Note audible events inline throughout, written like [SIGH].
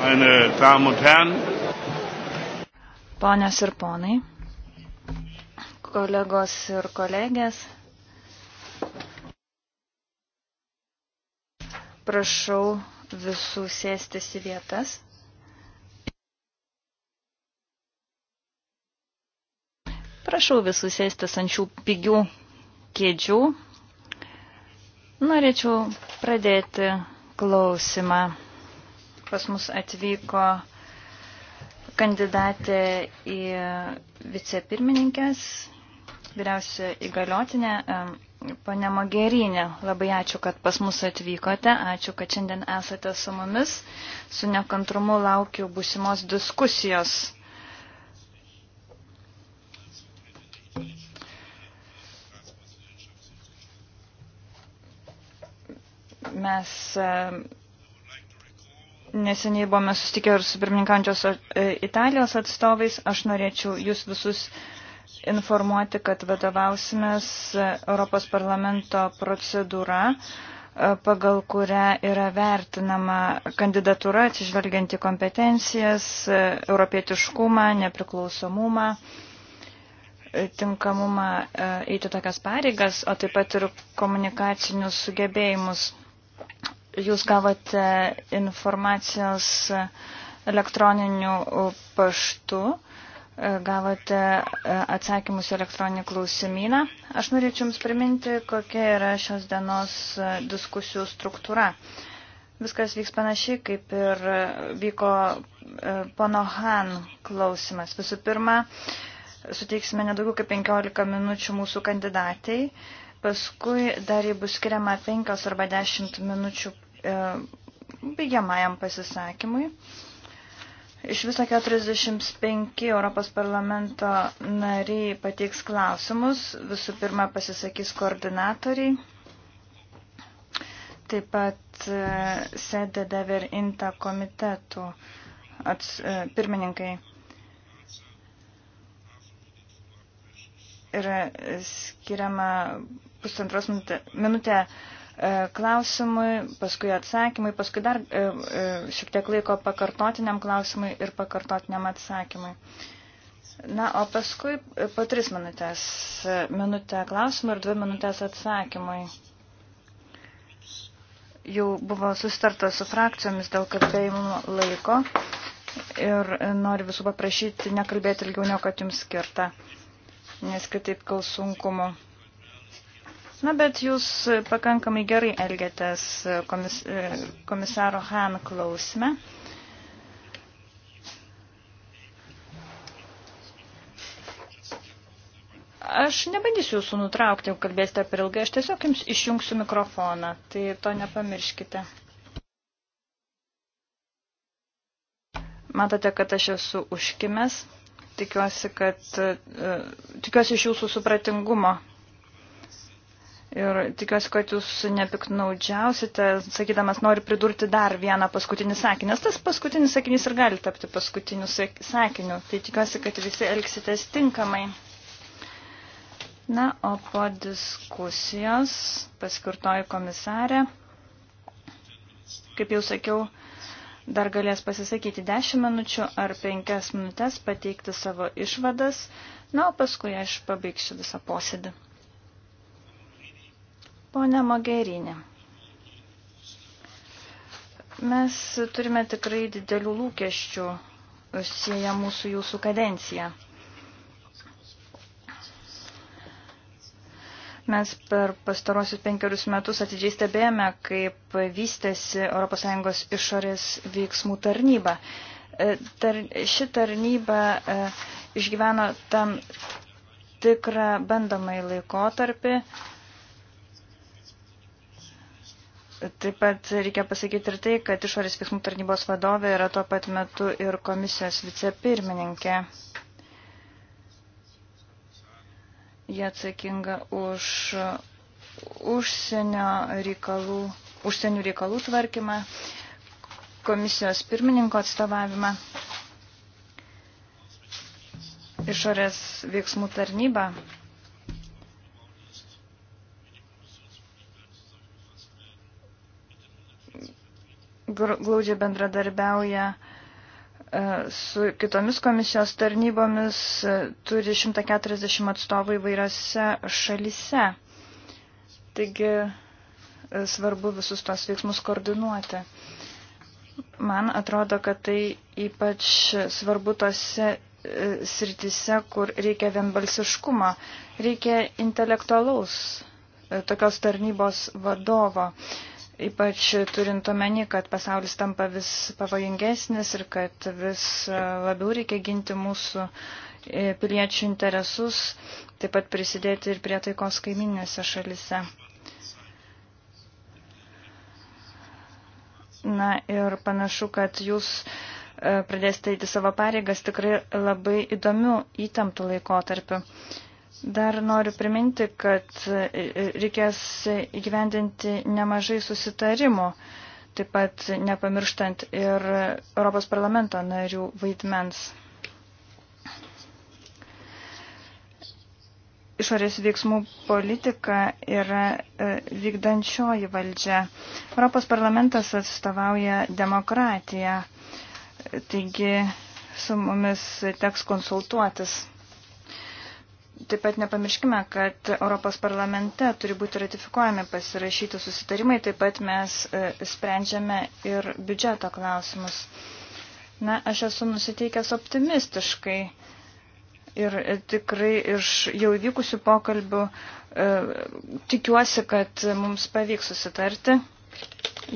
Meine Damen und Herren. Ponios ir ponai, kolegos ir kolegės, prašau visų sėstis į vietas. Prašau visų sėstis ant šių pigių kėdžių. Norėčiau pradėti klausimą. Pas mus atvyko kandidatė į vicepirmininkės, vyriausia įgaliotinė, ponė Mogerinė. Labai ačiū, kad pas mus atvykote, ačiū, kad šiandien esate su mumis. Su nekantrumu laukiu būsimos diskusijos. Mes Neseniai buvome susitikę ir su pirmininkančios e, Italijos atstovais. Aš norėčiau jūs visus informuoti, kad vadovausimės e, Europos parlamento procedūra, e, pagal kurią yra vertinama kandidatūra atsižvelgianti kompetencijas, europietiškumą, nepriklausomumą, tinkamumą eiti tokias pareigas, o taip pat ir komunikacinius sugebėjimus jūs gavote informacijos elektroniniu paštu, gavote atsakymus į elektroninį klausimyną. Aš norėčiau Jums priminti, kokia yra šios dienos diskusijų struktūra. Viskas vyks panašiai, kaip ir vyko e, pono Han klausimas. Visų pirma, suteiksime nedaugiau kaip 15 minučių mūsų kandidatai. Paskui dar jį bus skiriama 5 arba 10 minučių E, baigiamajam pasisakymui. Iš viso 45 Europos parlamento nariai pateiks klausimus. Visų pirma, pasisakys koordinatoriai. Taip pat e, sėdė Dever Inta komitetų ats, e, pirmininkai. Yra skiriama pusantros minutė, minutė E, klausimui, paskui atsakymui, paskui dar e, e, šiek tiek laiko pakartotiniam klausimui ir pakartotiniam atsakymui. Na, o paskui po tris minutės. Minutę klausimui ir dvi minutės atsakymui. Jau buvo sustarta su frakcijomis dėl kalbėjimo laiko ir noriu visų paprašyti nekalbėti ilgiau, negu kad jums skirta, nes kitaip kal sunkumu. Na, bet jūs pakankamai gerai elgėtės komis, komisaro Han klausime. Aš nebandysiu jūsų nutraukti, jeigu kalbėsite per ilgai, aš tiesiog jums išjungsiu mikrofoną, tai to nepamirškite. Matote, kad aš esu užkimęs. Tikiuosi, kad, e, tikiuosi iš jūsų supratingumo Ir tikiuosi, kad jūs nepiknaudžiausite, sakydamas, noriu pridurti dar vieną paskutinį sakinį, nes tas paskutinis sakinys ir gali tapti paskutiniu sakiniu. Tai tikiuosi, kad visi elgsitės tinkamai. Na, o po diskusijos paskirtoji komisarė, kaip jau sakiau, dar galės pasisakyti 10 minučių ar 5 minutės, pateikti savo išvadas, na, o paskui aš pabaigsiu visą posėdį. Pone Mogerinė, mes turime tikrai didelių lūkesčių sieja mūsų jūsų kadencija. Mes per pastarosius penkerius metus atidžiai stebėjome, kaip vystėsi ES išorės veiksmų tarnyba. E, tar, ši tarnyba e, išgyveno tam tikrą bandamąjį laikotarpį, Taip pat reikia pasakyti ir tai, kad išorės veiksmų tarnybos vadovė yra tuo pat metu ir komisijos vicepirmininkė. Jie atsakinga už užsienio reikalų, užsienio reikalų tvarkymą, komisijos pirmininko atstovavimą. Išorės veiksmų tarnyba glaudžiai bendradarbiauja e, su kitomis komisijos tarnybomis, e, turi 140 atstovų įvairiose šalise. Taigi e, svarbu visus tos veiksmus koordinuoti. Man atrodo, kad tai ypač svarbu tose sritise, kur reikia vienbalsiškumo, reikia intelektualaus tokios tarnybos vadovo. Uh, Ypač turint omeny, kad pasaulis tampa vis pavojingesnis ir kad vis e, labiau reikia ginti mūsų e, piliečių interesus, taip pat prisidėti ir prie taikos kaiminėse šalise. Na ir panašu, kad jūs e, pradėsite įti savo pareigas tikrai labai įdomių įtamptų laikotarpių. Dar noriu priminti, kad reikės įgyvendinti nemažai susitarimų, taip pat nepamirštant ir Europos parlamento narių vaidmens. Išorės veiksmų politika yra e, vykdančioji valdžia. Europos parlamentas atstovauja demokratiją, taigi su mumis teks konsultuotis. Taip pat nepamirškime, kad Europos parlamente turi būti ratifikuojami pasirašyti susitarimai, taip pat mes e, sprendžiame ir biudžeto klausimus. Na, aš esu nusiteikęs optimistiškai ir e, tikrai iš jau įvykusių pokalbių e, tikiuosi, kad mums pavyks susitarti.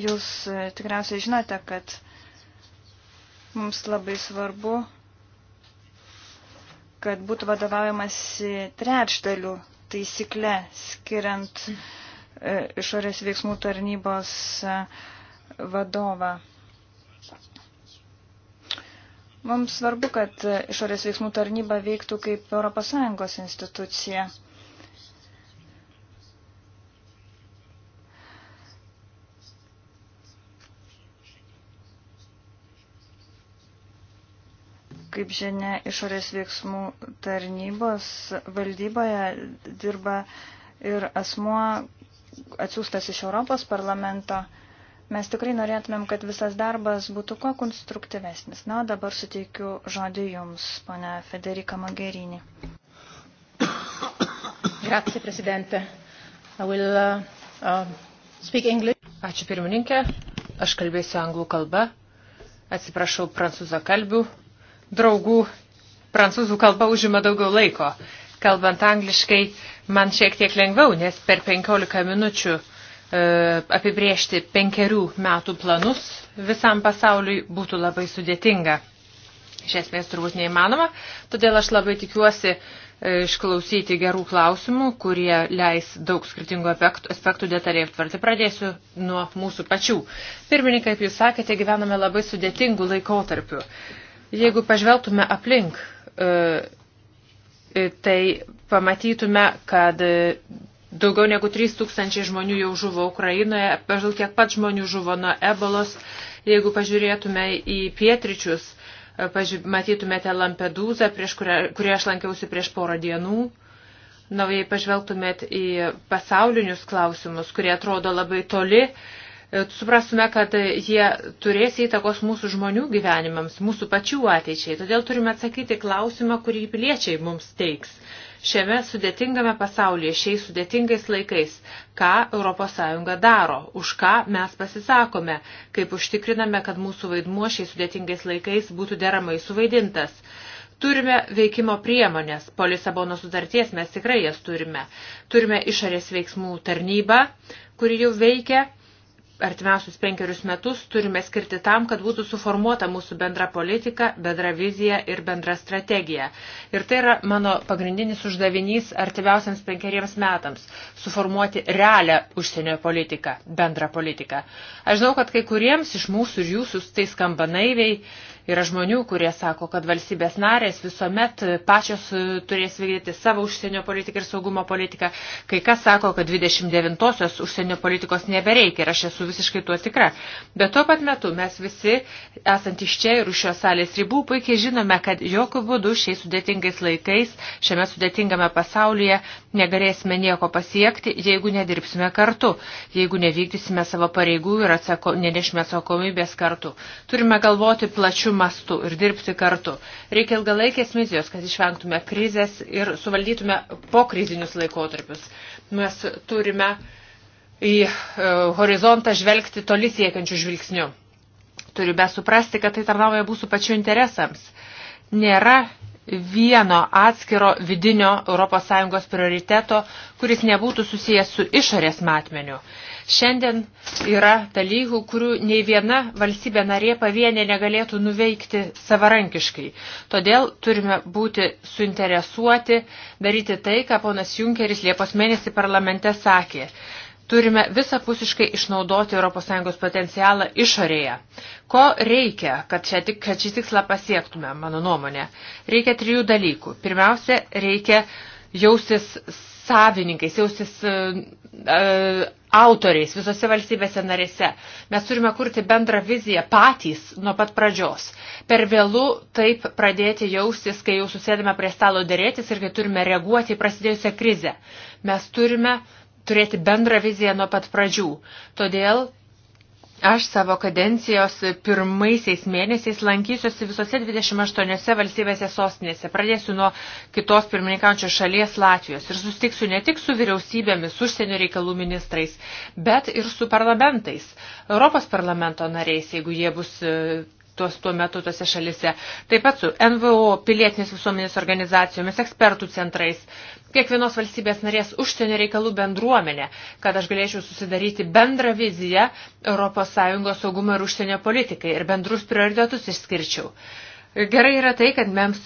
Jūs e, tikriausiai žinote, kad mums labai svarbu kad būtų vadovaujamas trečdalių taisykle, skiriant e, išorės veiksmų tarnybos e, vadovą. Mums svarbu, kad e, išorės veiksmų tarnyba veiktų kaip ES institucija. Kaip žinia, išorės veiksmų tarnybos valdyboje dirba ir asmuo atsiųstas iš Europos parlamento. Mes tikrai norėtumėm, kad visas darbas būtų kuo konstruktyvesnis. Na, dabar suteikiu žodį Jums, ponia Federika Magerinį. Grazie, prezidente. I will uh, um, speak English. Ačiū pirmininkė. Aš kalbėsiu anglų kalbą. Atsiprašau prancūzakalbių. kalbių draugų prancūzų kalba užima daugiau laiko. Kalbant angliškai, man šiek tiek lengviau, nes per 15 minučių e, apibriežti penkerių metų planus visam pasauliui būtų labai sudėtinga. Iš esmės turbūt neįmanoma, todėl aš labai tikiuosi e, išklausyti gerų klausimų, kurie leis daug skirtingų aspektų, aspektų detaliai aptvarti. Pradėsiu nuo mūsų pačių. Pirmininkai, kaip jūs sakėte, gyvename labai sudėtingų laikotarpių. E, Jeigu pažvelgtume aplink, e, e, tai pamatytume, kad e, daugiau negu 3000 žmonių jau žuvo Ukrainoje, pažvelg kiek pat žmonių žuvo nuo ebolos. Jeigu pažiūrėtume į pietričius, matytumėte Lampedūzą, kurį aš lankiausi prieš porą dienų. Na, jei pažvelgtumėt į pasaulinius klausimus, kurie atrodo labai toli, E, suprastume, kad jie turės įtakos mūsų žmonių gyvenimams, mūsų pačių ateičiai. Todėl turime atsakyti klausimą, kurį piliečiai mums teiks. Šiame sudėtingame pasaulyje, šiais sudėtingais laikais, ką ES daro, už ką mes pasisakome, kaip užtikriname, kad mūsų vaidmuo šiais sudėtingais laikais būtų deramai suvaidintas. Turime veikimo priemonės, po Lisabono sutarties mes tikrai jas turime. Turime išorės veiksmų tarnybą, kuri jau veikia artimiausius penkerius metus turime skirti tam, kad būtų suformuota mūsų bendra politika, bendra vizija ir bendra strategija. Ir tai yra mano pagrindinis uždavinys artimiausiams penkeriems metams - suformuoti realią užsienio politiką, bendrą politiką. Aš žinau, kad kai kuriems iš mūsų ir jūsų tai skamba naiviai, Yra žmonių, kurie sako, kad valstybės narės visuomet pačios turės vykdyti savo užsienio politiką ir saugumo politiką. Kai kas sako, kad 29-osios užsienio politikos nebereikia ir aš esu visiškai tuo tikra. Bet tuo pat metu mes visi, esant iš čia ir už šios salės ribų, puikiai žinome, kad jokių būdų šiais sudėtingais laikais, šiame sudėtingame pasaulyje negalėsime nieko pasiekti, jeigu nedirbsime kartu, jeigu nevykdysime savo pareigų ir atsako, nenešime atsakomybės kartu. Turime galvoti plačių mastu ir dirbti kartu. Reikia ilgalaikės misijos, kad išvengtume krizės ir suvaldytume pokrizinius laikotarpius. Mes turime į e, horizontą žvelgti toli siekiančių žvilgsnių. Turime suprasti, kad tai tarnauja mūsų pačių interesams. Nėra vieno atskiro vidinio ES prioriteto, kuris nebūtų susijęs su išorės matmeniu. Šiandien yra dalykų, kurių nei viena valstybė narė pavienė negalėtų nuveikti savarankiškai. Todėl turime būti suinteresuoti daryti tai, ką ponas Junkeris Liepos mėnesį parlamente sakė. Turime visapusiškai išnaudoti ES potencialą išorėje. Ko reikia, kad šią, kad šį tikslą pasiektume, mano nuomonė? Reikia trijų dalykų. Pirmiausia, reikia jaustis savininkais, jausis e, e, autoriais visose valstybėse narėse. Mes turime kurti bendrą viziją patys nuo pat pradžios. Per vėlų taip pradėti jaustis, kai jau susėdame prie stalo dėrėtis ir kai turime reaguoti į prasidėjusią krizę. Mes turime turėti bendrą viziją nuo pat pradžių. Todėl Aš savo kadencijos pirmaisiais mėnesiais lankysiuosi visose 28 valstybėse sostinėse. Pradėsiu nuo kitos pirmininkančios šalies Latvijos ir sustiksiu ne tik su vyriausybėmis, užsienio reikalų ministrais, bet ir su parlamentais, Europos parlamento nariais, jeigu jie bus tos tuo metu tose šalise. Taip pat su NVO, pilietinės visuomenės organizacijomis, ekspertų centrais, kiekvienos valstybės narės užsienio reikalų bendruomenė, kad aš galėčiau susidaryti bendrą viziją ES saugumo ir užsienio politikai ir bendrus prioritetus išskirčiau. Gerai yra tai, kad mes,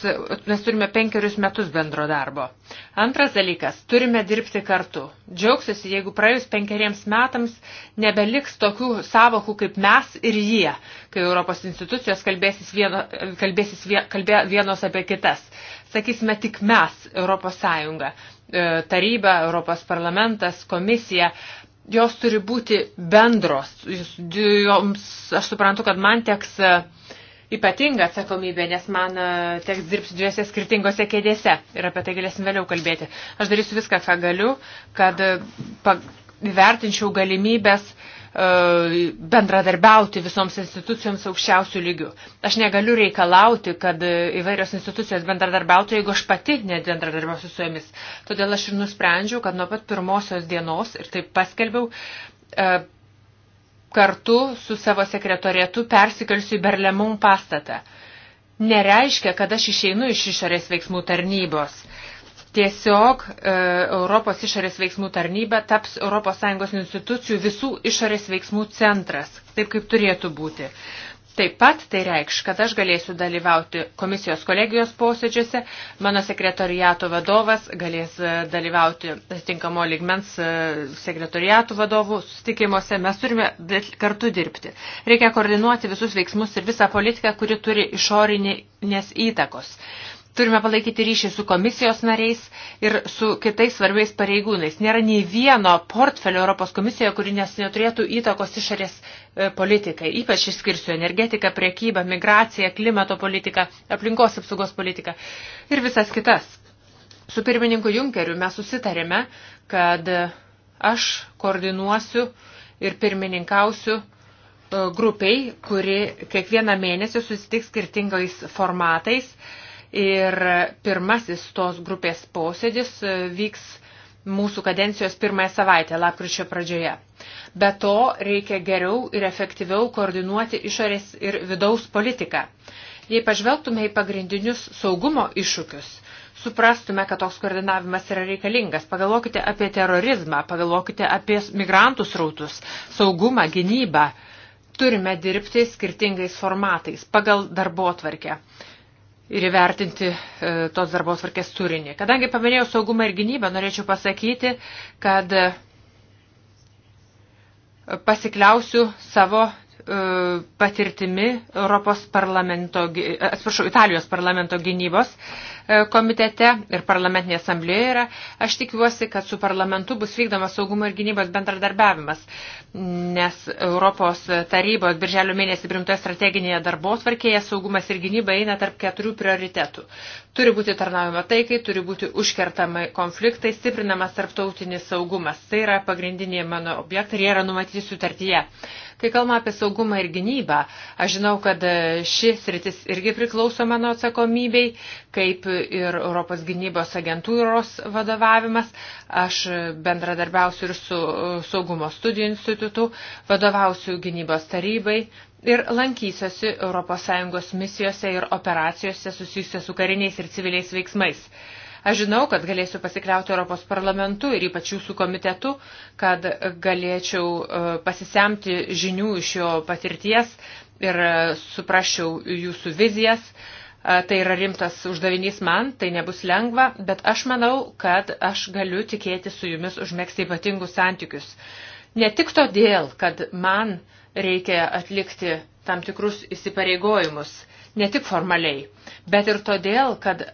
mes turime penkerius metus bendro darbo. Antras dalykas - turime dirbti kartu. Džiaugsiuosi, jeigu praėjus penkeriems metams nebeliks tokių savokų kaip mes ir jie, kai Europos institucijos kalbėsis, vieno, kalbėsis vie, kalbė, vienos apie kitas. Sakysime tik mes, Europos Sąjunga, e, taryba, Europos parlamentas, komisija, jos turi būti bendros. Joms, aš suprantu, kad man teks e, ypatinga atsakomybė, nes man e, teks dirbti dviese skirtingose kėdėse ir apie tai galėsim vėliau kalbėti. Aš darysiu viską, ką galiu, kad e, vertinčiau galimybės e, bendradarbiauti visoms institucijoms aukščiausių lygių. Aš negaliu reikalauti, kad įvairios institucijos bendradarbiautų, jeigu aš pati nebendradarbiausiu su jomis. Todėl aš ir nusprendžiau, kad nuo pat pirmosios dienos, ir taip paskelbiau, kartu su savo sekretorietu persikelsiu į Berlemum pastatą. Nereiškia, kad aš išeinu iš išorės veiksmų tarnybos. Tiesiog e, Europos išorės veiksmų tarnyba taps ES institucijų visų išorės veiksmų centras, taip kaip turėtų būti. Taip pat tai reikš, kad aš galėsiu dalyvauti komisijos kolegijos posėdžiuose, mano sekretoriato vadovas galės e, dalyvauti tinkamo ligmens e, sekretoriato vadovų sustikimuose. Mes turime kartu dirbti. Reikia koordinuoti visus veiksmus ir visą politiką, kuri turi išorinės įtakos. Turime palaikyti ryšį su komisijos nariais ir su kitais svarbiais pareigūnais. Nėra nei vieno portfelio Europos komisijoje, kuri nes neturėtų įtakos išorės e, politikai. Ypač išskirsiu energetiką, priekybą, migraciją, klimato politiką, aplinkos apsaugos politiką ir visas kitas. Su pirmininku Junkeriu mes susitarėme, kad aš koordinuosiu ir pirmininkausiu e, grupiai, kuri kiekvieną mėnesį susitiks skirtingais formatais Ir pirmasis tos grupės posėdis e, vyks mūsų kadencijos pirmąją savaitę, lapkričio pradžioje. Be to, reikia geriau ir efektyviau koordinuoti išorės ir vidaus politiką. Jei pažvelgtume į pagrindinius saugumo iššūkius, suprastume, kad toks koordinavimas yra reikalingas. Pagalvokite apie terorizmą, pagalvokite apie migrantų srautus, saugumą, gynybą. Turime dirbti skirtingais formatais pagal darbo atvarkę ir įvertinti e, tos darbos varkės turinį. Kadangi paminėjau saugumą ir gynybę, norėčiau pasakyti, kad e, pasikliausiu savo e, patirtimi Europos parlamento, atsiprašau, Italijos parlamento gynybos E, komitete ir parlamentinė asamblėje yra. Aš tikiuosi, kad su parlamentu bus vykdomas saugumo ir gynybos bendradarbiavimas, nes Europos tarybos birželio mėnesį primtoje strateginėje darbos varkėje saugumas ir gynyba eina tarp keturių prioritetų. Turi būti tarnaujama taikai, turi būti užkertama konfliktai, stiprinamas tarptautinis saugumas. Tai yra pagrindiniai mano objektai ir jie yra numatyti sutartyje. Kai kalbame apie saugumą ir gynybą, aš žinau, kad šis rytis irgi priklauso mano atsakomybei, kaip ir Europos gynybos agentūros vadovavimas. Aš bendradarbiausiu ir su saugumo studijų institutu, vadovausiu gynybos tarybai ir lankysiuosi ES misijose ir operacijose susijusiuose su kariniais ir civiliais veiksmais. Aš žinau, kad galėsiu pasikliauti Europos parlamentu ir ypač jūsų komitetu, kad galėčiau e, pasisemti žinių iš jo patirties ir e, suprasčiau jūsų vizijas. Tai yra rimtas uždavinys man, tai nebus lengva, bet aš manau, kad aš galiu tikėti su jumis užmėgsti ypatingus santykius. Ne tik todėl, kad man reikia atlikti tam tikrus įsipareigojimus, ne tik formaliai, bet ir todėl, kad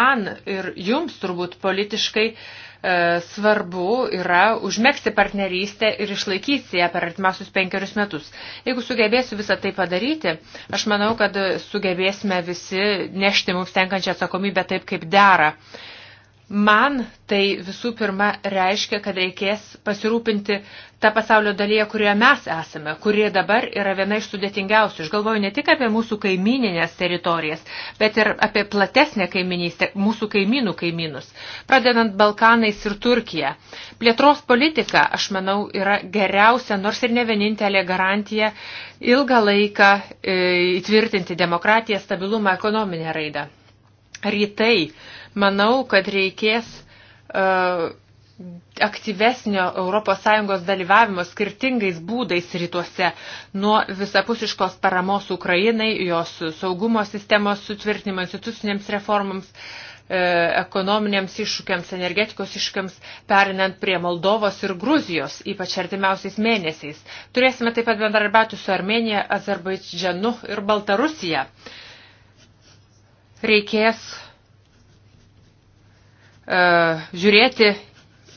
man ir jums turbūt politiškai uh, E, svarbu yra užmėgsti partnerystę ir išlaikyti ją per artimiausius penkerius metus. Jeigu sugebėsiu visą tai padaryti, aš manau, kad sugebėsime visi nešti mums tenkančią atsakomybę taip, kaip dera. Uh, Man tai visų pirma reiškia, kad reikės pasirūpinti tą pasaulio dalyje, kurioje mes esame, kurie dabar yra viena iš sudėtingiausių. Aš galvoju ne tik apie mūsų kaimininės teritorijas, bet ir apie platesnę kaiminystę, mūsų kaimynų kaimynus, pradedant Balkanais ir Turkija. Plėtros politika, aš manau, yra geriausia, nors ir ne vienintelė garantija ilgą laiką e, įtvirtinti demokratiją, stabilumą, ekonominę raidą. Rytai Manau, kad reikės uh, aktyvesnio ES dalyvavimo skirtingais būdais rytuose nuo visapusiškos paramos Ukrainai, jos saugumo sistemos sutvirtinimo institucinėms reformams, e, ekonominiams iššūkiams, energetikos iššūkiams, perinant prie Moldovos ir Gruzijos, ypač artimiausiais mėnesiais. Turėsime taip pat bendradarbiauti su Armenija, Azerbaidžianu ir Baltarusija. Reikės E, žiūrėti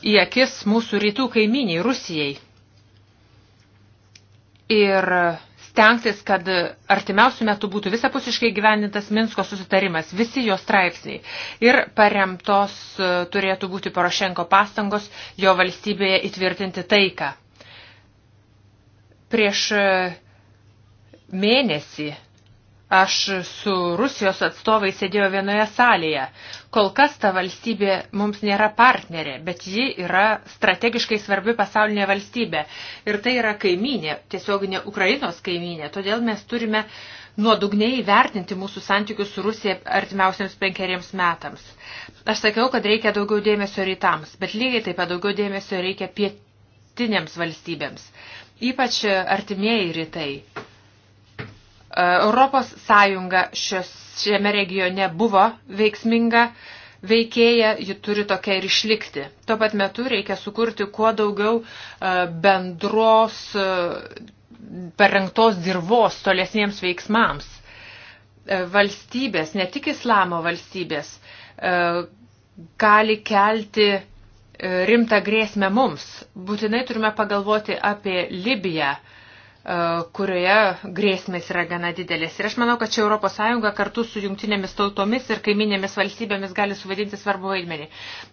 į akis mūsų rytų kaiminiai Rusijai. Ir stengtis, kad artimiausių metų būtų visapusiškai gyvenintas Minsko susitarimas, visi jo straipsniai. Ir paremtos e, turėtų būti Porošenko pastangos jo valstybėje įtvirtinti taiką. Prieš e, mėnesį Aš su Rusijos atstovai sėdėjau vienoje salėje. Kol kas ta valstybė mums nėra partnerė, bet ji yra strategiškai svarbi pasaulinė valstybė. Ir tai yra kaiminė, tiesioginė Ukrainos kaiminė. Todėl mes turime nuodugniai vertinti mūsų santykius su Rusija artimiausiams penkeriems metams. Aš sakiau, kad reikia daugiau dėmesio rytams, bet lygiai taip pat daugiau dėmesio reikia pietinėms valstybėms, ypač artimieji rytai. Europos Sąjunga šios, šiame regione buvo veiksminga veikėja, ji turi tokia ir išlikti. Tuo pat metu reikia sukurti kuo daugiau e, bendros e, parengtos dirvos tolesniems veiksmams. E, valstybės, ne tik islamo valstybės, gali kelti rimtą grėsmę mums. Būtinai turime pagalvoti apie Libiją, E, kurioje grėsmės yra gana didelės. Ir aš manau, kad čia ES kartu su jungtinėmis tautomis ir kaiminėmis valstybėmis gali suvaidinti svarbu vaidmenį.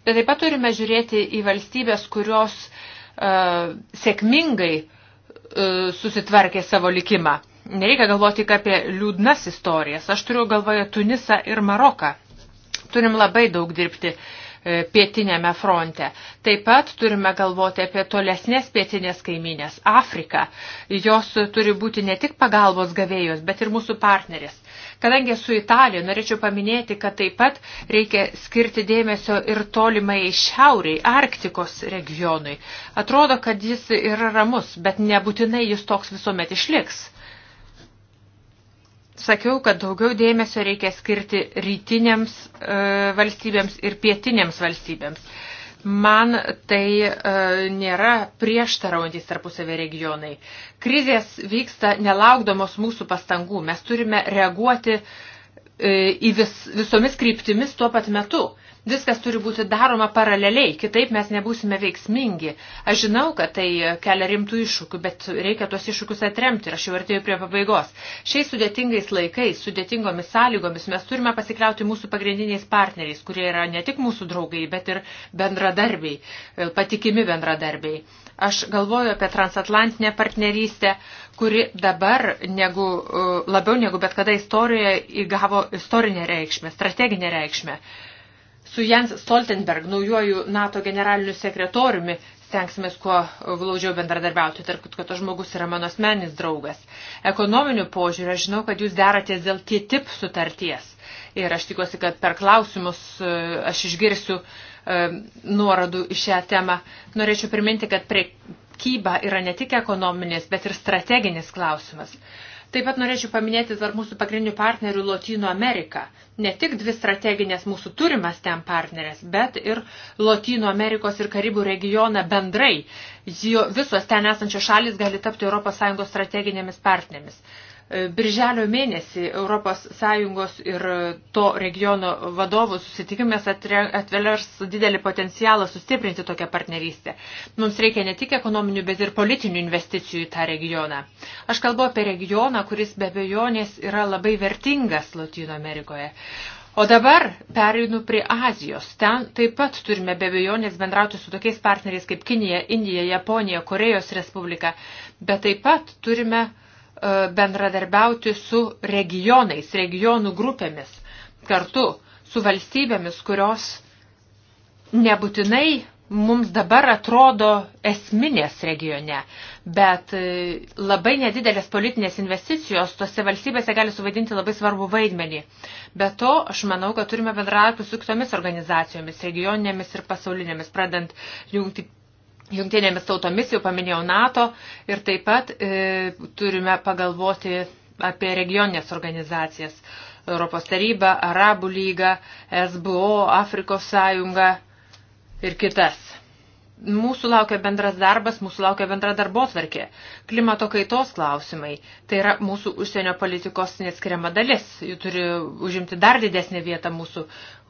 Bet taip pat turime žiūrėti į valstybės, kurios uh, sėkmingai uh, susitvarkė savo likimą. Nereikia galvoti tik apie liūdnas istorijas. Aš turiu galvoje Tunisą ir Maroką. Turim labai daug dirbti uh, E, pietinėme fronte. Taip pat turime galvoti apie tolesnės pietinės kaiminės - Afriką. Jos turi būti ne tik pagalbos gavėjos, bet ir mūsų partnerės. Kadangi su Italija, norėčiau paminėti, kad taip pat reikia skirti dėmesio ir tolimai šiauriai, Arktikos regionui. Atrodo, kad jis yra ramus, bet nebūtinai jis toks visuomet išliks sakiau, kad daugiau dėmesio reikia skirti rytinėms e, valstybėms ir pietinėms valstybėms. Man tai e, nėra prieštaraujantis tarpusavė regionai. Krizės vyksta nelaukdamos mūsų pastangų. Mes turime reaguoti e, į vis, visomis kryptimis tuo pat metu. E, Viskas turi būti daroma paraleliai, kitaip mes nebūsime veiksmingi. Aš žinau, kad tai kelia rimtų iššūkių, bet reikia tuos iššūkius atremti ir aš jau artėjau prie pabaigos. Šiais sudėtingais laikais, sudėtingomis sąlygomis mes turime pasikliauti mūsų pagrindiniais partneriais, kurie yra ne tik mūsų draugai, bet ir bendradarbiai, e, patikimi bendradarbiai. Aš galvoju apie transatlantinę partnerystę, kuri dabar negu, e, labiau negu bet kada istorijoje įgavo istorinę reikšmę, strateginę reikšmę. Su Jens Stoltenberg, naujuoju NATO generaliniu sekretoriumi, stengsimės kuo glaudžiau bendradarbiauti, tarp kad tas žmogus yra mano asmenis draugas. Ekonominiu požiūriu, aš žinau, kad jūs deratės dėl TTIP sutarties. Ir aš tikiuosi, kad per klausimus e, aš išgirsiu e, nuorodų į šią temą. Norėčiau priminti, kad prekyba yra ne tik ekonominis, bet ir strateginis klausimas. Taip pat norėčiau paminėti tarp mūsų pagrindinių partnerių Lotynų Ameriką. Ne tik dvi strateginės mūsų turimas ten partnerės, bet ir Lotynų Amerikos ir Karibų regioną bendrai. Visos ten esančios šalis gali tapti ES strateginėmis partnerėmis. Birželio mėnesį ES ir to regiono vadovų susitikimas atveliars didelį potencialą sustiprinti tokią partnerystę. Mums reikia ne tik ekonominių, bet ir politinių investicijų į tą regioną. Aš kalbu apie regioną, kuris be bejonės yra labai vertingas Latino Amerikoje. O dabar pereinu prie Azijos. Ten taip pat turime be bejonės bendrauti su tokiais partneriais kaip Kinija, Indija, Japonija, Korejos Respublika, bet taip pat turime uh, E, bendradarbiauti su regionais, regionų grupėmis, kartu su valstybėmis, kurios nebūtinai mums dabar atrodo esminės regione, bet e, labai nedidelės politinės investicijos tose valstybėse gali suvaidinti labai svarbų vaidmenį. Be to, aš manau, kad turime bendrauti su kitomis organizacijomis, regioninėmis ir pasaulinėmis, pradant jungti jungtinėmis tautomis, jau paminėjau NATO ir taip pat e, turime pagalvoti apie regioninės organizacijas. Europos taryba, Arabų lyga, SBO, Afrikos sąjunga ir kitas. Mūsų laukia bendras darbas, mūsų laukia bendra darbotvarkė. Klimato kaitos klausimai - tai yra mūsų užsienio politikos neatskiriama dalis. Jų turi užimti dar didesnį vietą mūsų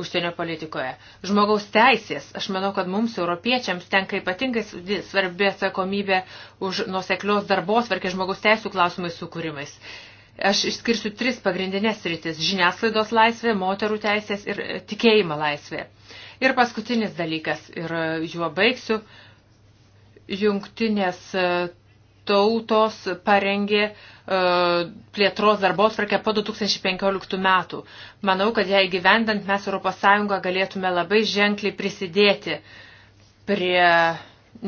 užsienio politikoje. Žmogaus teisės. Aš manau, kad mums, europiečiams, tenka ypatingai svarbi atsakomybė už nuoseklios darbotvarkės žmogaus teisų klausimais sukūrimais. Aš išskirsiu tris pagrindinės rytis - žiniasklaidos laisvė, moterų teisės ir tikėjimo laisvė. Ir paskutinis dalykas, ir juo baigsiu, jungtinės e, tautos parengė e, plėtros darbos varkę po 2015 metų. Manau, kad ją įgyvendant mes ES galėtume labai ženkliai prisidėti prie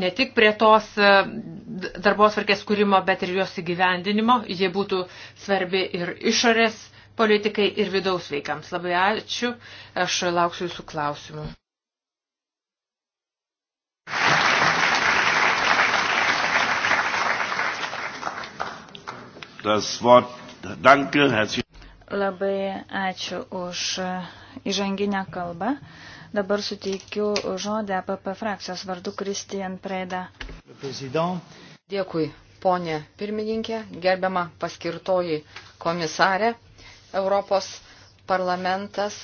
ne tik prie tos e, darbos varkės kūrimo, bet ir jos įgyvendinimo. Jie būtų svarbi ir išorės politikai, ir vidaus veikams. Labai ačiū. Aš lauksiu jūsų klausimų. das Wort. Danke, herzlichen Labai ačiū už įžanginę kalbą. Dabar suteikiu žodį APP frakcijos vardu Kristijan Preda. Dėkui, ponė pirmininkė, gerbiama paskirtoji komisarė. Europos parlamentas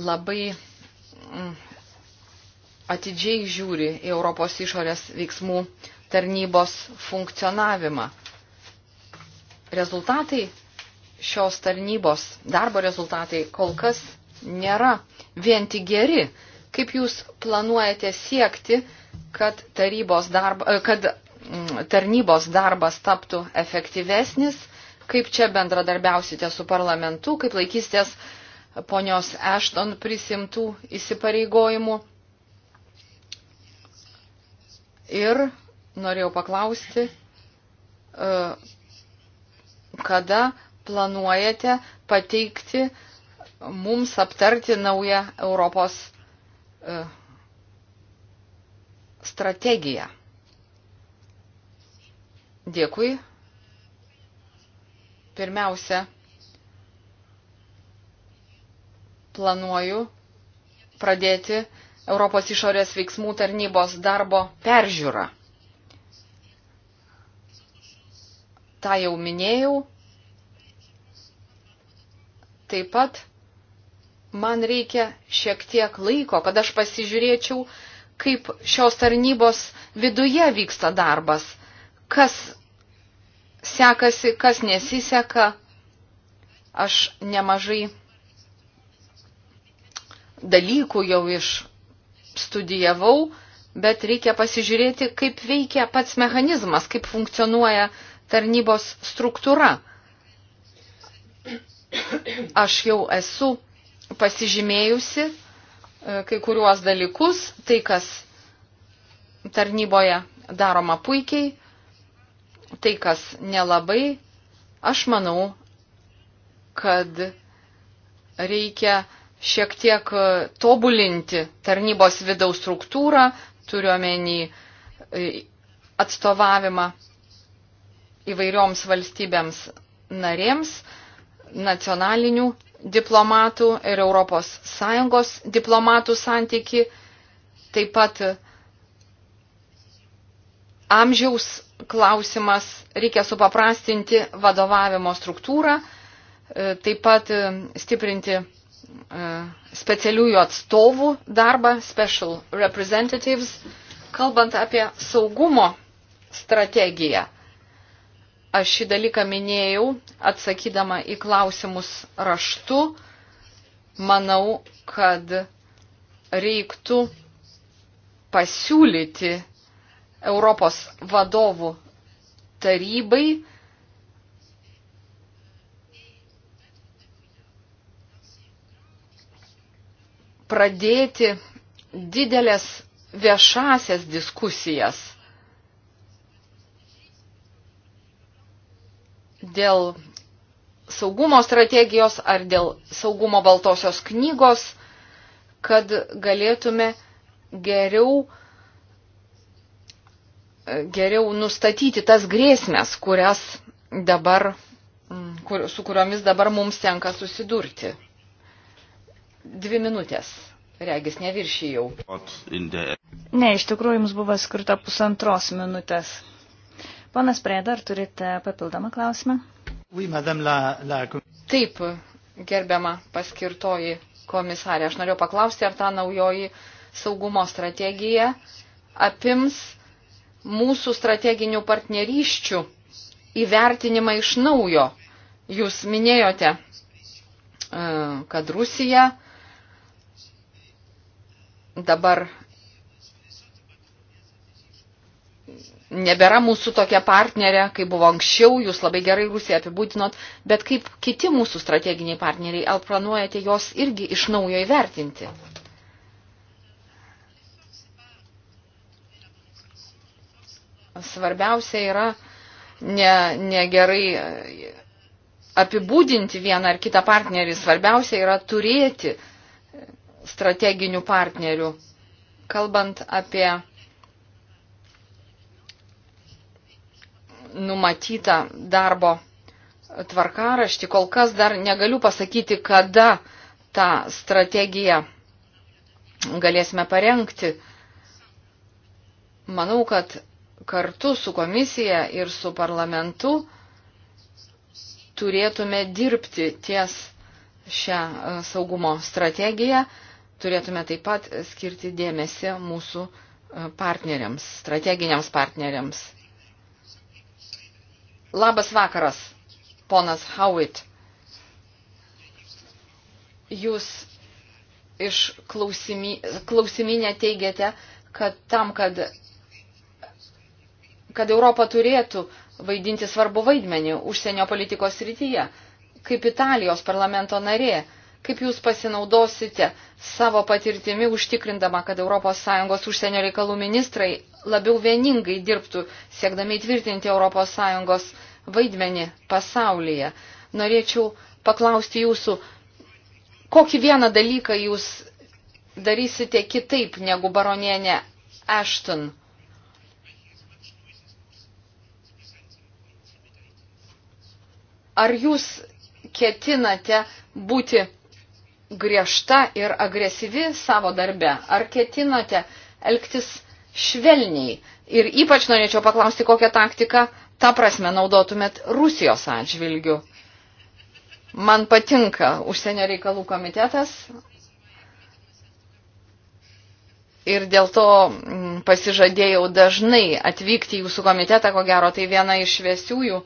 labai mm, atidžiai žiūri į Europos išorės veiksmų tarnybos funkcionavimą rezultatai šios tarnybos, darbo rezultatai kol kas nėra vien tik geri. Kaip jūs planuojate siekti, kad, darba, e, kad mm, tarnybos darbas taptų efektyvesnis? Kaip čia bendradarbiausite su parlamentu? Kaip laikysitės ponios Ešton prisimtų įsipareigojimų? Ir norėjau paklausti, e, kada planuojate pateikti mums aptarti naują Europos e, strategiją. Dėkui. Pirmiausia, planuoju pradėti Europos išorės veiksmų tarnybos darbo peržiūrą. Ta jau minėjau. Taip pat man reikia šiek tiek laiko, kad aš pasižiūrėčiau, kaip šios tarnybos viduje vyksta darbas, kas sekasi, kas nesiseka. Aš nemažai dalykų jau išstudijavau, bet reikia pasižiūrėti, kaip veikia pats mechanizmas, kaip funkcionuoja tarnybos struktūra aš jau esu pasižymėjusi e, kai kuriuos dalykus, tai kas tarnyboje daroma puikiai, tai kas nelabai, aš manau, kad reikia šiek tiek e, tobulinti tarnybos vidaus struktūrą, turiuomenį e, atstovavimą įvairioms valstybėms narėms, nacionalinių diplomatų ir ES diplomatų santyki, taip pat amžiaus klausimas, reikia supaprastinti vadovavimo struktūrą, e, taip pat e, stiprinti e, specialiųjų atstovų darbą, special representatives, kalbant apie saugumo strategiją. Aš šį dalyką minėjau, atsakydama į klausimus raštu. Manau, kad reiktų pasiūlyti Europos vadovų tarybai pradėti didelės viešasias diskusijas dėl saugumo strategijos ar dėl saugumo baltosios knygos, kad galėtume geriau, geriau nustatyti tas grėsmės, kurias dabar, mm, kur, su kuriomis dabar mums tenka susidurti. Dvi minutės. Regis neviršijau. Ne, iš tikrųjų jums buvo skirta pusantros minutės. Ponas Preda, ar turite papildomą klausimą? Oui, la, la... Taip, gerbiama paskirtoji komisarė, aš noriu paklausti, ar ta naujoji saugumo strategija apims mūsų strateginių partnerysčių įvertinimą iš naujo. Jūs minėjote, e, kad Rusija dabar nebėra mūsų tokia partnerė, kaip buvo anksčiau, jūs labai gerai Rusiją apibūdinot, bet kaip kiti mūsų strateginiai partneriai, ar planuojate jos irgi iš naujo įvertinti? Svarbiausia yra negerai ne, ne apibūdinti vieną ar kitą partnerį, svarbiausia yra turėti strateginių partnerių. Kalbant apie numatytą darbo tvarkaraštį. Kol kas dar negaliu pasakyti, kada tą strategiją galėsime parengti. Manau, kad kartu su komisija ir su parlamentu turėtume dirbti ties šią e, saugumo strategiją, turėtume taip pat skirti dėmesį mūsų e, partneriams, strateginiams partneriams. Labas vakaras, ponas Howitt. Jūs iš klausimy, klausiminę teigiate, kad tam, kad, kad Europa turėtų vaidinti svarbu vaidmenį užsienio politikos srityje, kaip Italijos parlamento narė, kaip jūs pasinaudosite savo patirtimi, užtikrindama, kad ES užsienio reikalų ministrai labiau vieningai dirbtų, siekdami įtvirtinti ES vaidmenį pasaulyje. Norėčiau paklausti jūsų, kokį vieną dalyką jūs darysite kitaip negu baronienė Ashton? Ar jūs ketinate būti griežta ir agresyvi savo darbe, ar ketinate elgtis švelniai? Ir ypač norėčiau paklausti, kokią taktiką tą prasme naudotumėt Rusijos atžvilgiu. Man patinka užsienio reikalų komitetas ir dėl to mm, pasižadėjau dažnai atvykti į jūsų komitetą, ko gero tai viena iš šviesiųjų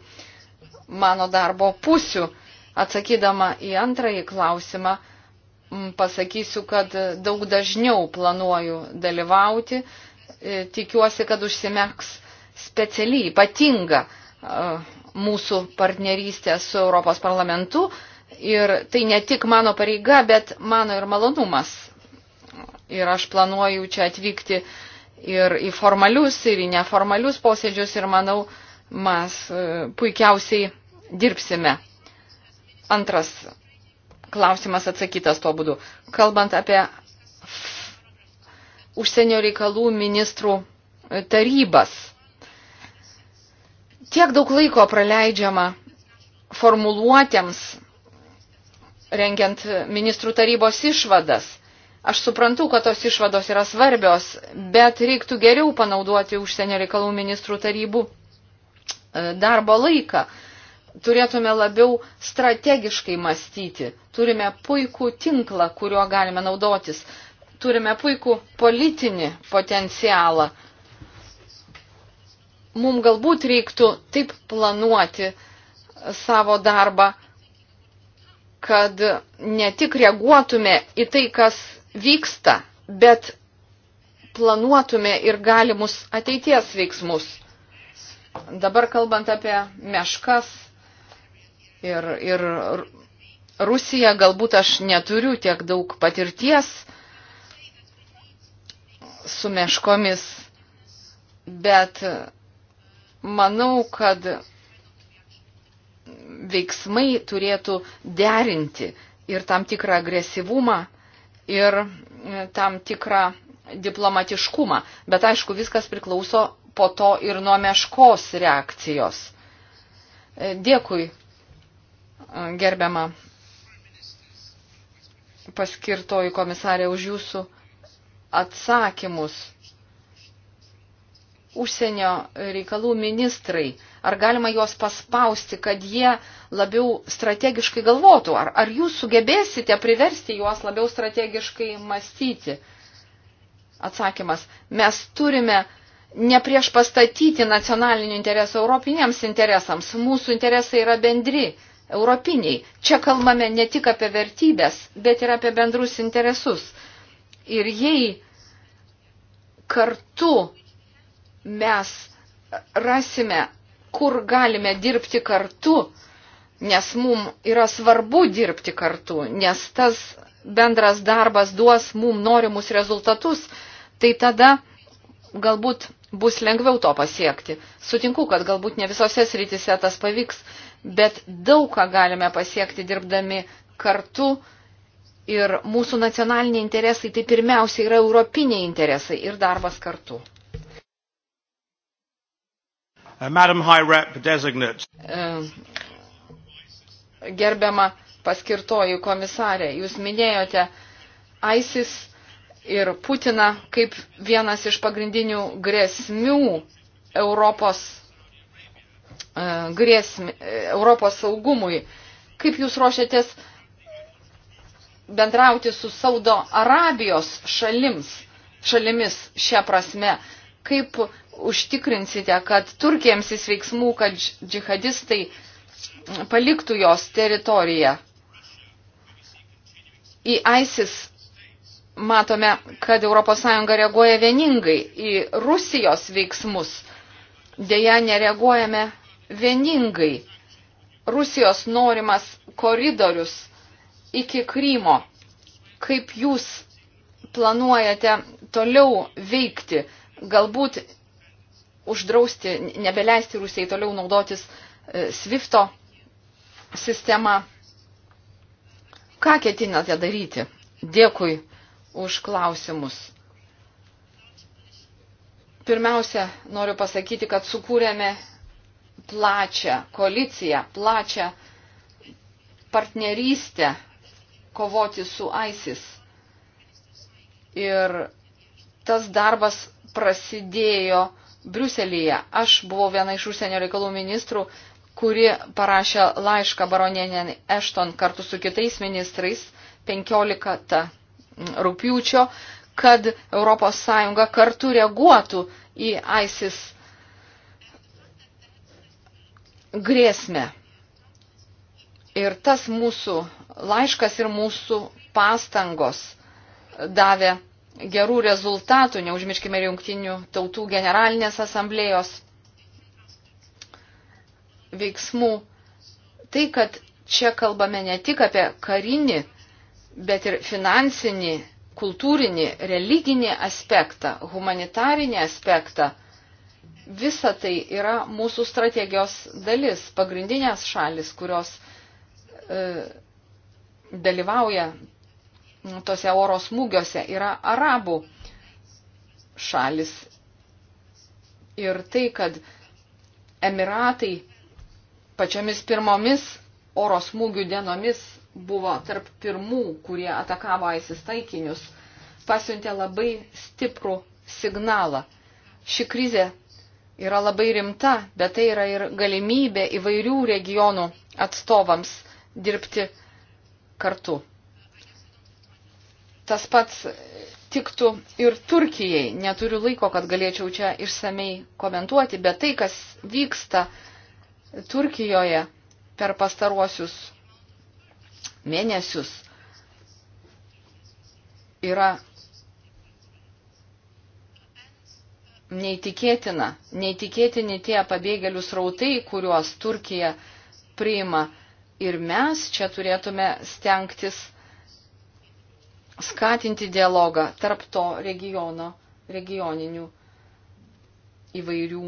mano darbo pusių. Atsakydama į antrąjį klausimą, pasakysiu, kad daug dažniau planuoju dalyvauti. E, tikiuosi, kad užsimeks specialiai ypatinga e, mūsų partnerystė su Europos parlamentu. Ir tai ne tik mano pareiga, bet mano ir malonumas. Ir aš planuoju čia atvykti ir į formalius, ir į neformalius posėdžius ir manau, mes e, puikiausiai dirbsime. Antras klausimas atsakytas tuo būdu. Kalbant apie užsienio reikalų ministrų tarybas. Tiek daug laiko praleidžiama formuluotėms, rengiant ministrų tarybos išvadas. Aš suprantu, kad tos išvados yra svarbios, bet reiktų geriau panaudoti užsienio reikalų ministrų tarybų e, darbo laiką turėtume labiau strategiškai mąstyti. Turime puikų tinklą, kuriuo galime naudotis. Turime puikų politinį potencialą. Mums galbūt reiktų taip planuoti savo darbą, kad ne tik reaguotume į tai, kas vyksta, bet planuotume ir galimus ateities veiksmus. Dabar kalbant apie meškas, ir, ir Rusija, galbūt aš neturiu tiek daug patirties su meškomis, bet manau, kad veiksmai turėtų derinti ir tam tikrą agresyvumą, ir e, tam tikrą diplomatiškumą. Bet aišku, viskas priklauso po to ir nuo meškos reakcijos. E, dėkui gerbiama paskirtoji komisarė už jūsų atsakymus. Užsienio reikalų ministrai, ar galima juos paspausti, kad jie labiau strategiškai galvotų, ar, ar jūs sugebėsite priversti juos labiau strategiškai mąstyti? Atsakymas, mes turime ne prieš pastatyti nacionalinių interesų europiniams interesams, mūsų interesai yra bendri europiniai. Čia kalbame ne tik apie vertybės, bet ir apie bendrus interesus. Ir jei kartu mes rasime, kur galime dirbti kartu, nes mums yra svarbu dirbti kartu, nes tas bendras darbas duos mums norimus rezultatus, tai tada galbūt bus lengviau to pasiekti. Sutinku, kad galbūt ne visose srityse tas pavyks, bet daug ką galime pasiekti dirbdami kartu ir mūsų nacionaliniai interesai tai pirmiausia yra europiniai interesai ir darbas kartu. Uh, uh, gerbiama paskirtoji komisarė, jūs minėjote ISIS ir Putiną kaip vienas iš pagrindinių grėsmių Europos E, grėsmė e, Europos saugumui. Kaip jūs ruošiatės bendrauti su Saudo Arabijos šalims, šalimis šią prasme? Kaip užtikrinsite, kad Turkijams įsveiksmų, kad džihadistai paliktų jos teritoriją? Į ISIS matome, kad ES reaguoja vieningai į Rusijos veiksmus. Deja, nereaguojame vieningai Rusijos norimas koridorius iki Krymo. Kaip jūs planuojate toliau veikti, galbūt uždrausti, nebeleisti Rusijai toliau naudotis e, Swifto sistema. Ką ketinate daryti? Dėkui už klausimus. Pirmiausia, noriu pasakyti, kad sukūrėme plačią koaliciją, plačią partnerystę kovoti su ISIS. Ir tas darbas prasidėjo Briuselyje. Aš buvau viena iš užsienio reikalų ministrų, kuri parašė laišką baronienė Ešton kartu su kitais ministrais 15 rūpiučio, kad ES kartu reaguotų į ISIS grėsmę. Ir tas mūsų laiškas ir mūsų pastangos davė gerų rezultatų, neužmirškime ir jungtinių tautų generalinės asamblėjos veiksmų. Tai, kad čia kalbame ne tik apie karinį, bet ir finansinį, kultūrinį, religinį aspektą, humanitarinį aspektą – Visa tai yra mūsų strategijos dalis, pagrindinės šalis, kurios e, dalyvauja tose oro smūgiuose, yra arabų šalis. Ir tai, kad Emiratai pačiomis pirmomis oro smūgių dienomis buvo tarp pirmų, kurie atakavo ISIS taikinius, pasiuntė labai stiprų signalą. Ši krizė yra labai rimta, bet tai yra ir galimybė įvairių regionų atstovams dirbti kartu. Tas pats tiktų ir Turkijai. Neturiu laiko, kad galėčiau čia išsamei komentuoti, bet tai, kas vyksta Turkijoje per pastaruosius mėnesius, yra neįtikėtina, neįtikėtini tie pabėgėlių srautai, kuriuos Turkija priima. Ir mes čia turėtume stengtis skatinti dialogą tarp to regiono, regioninių įvairių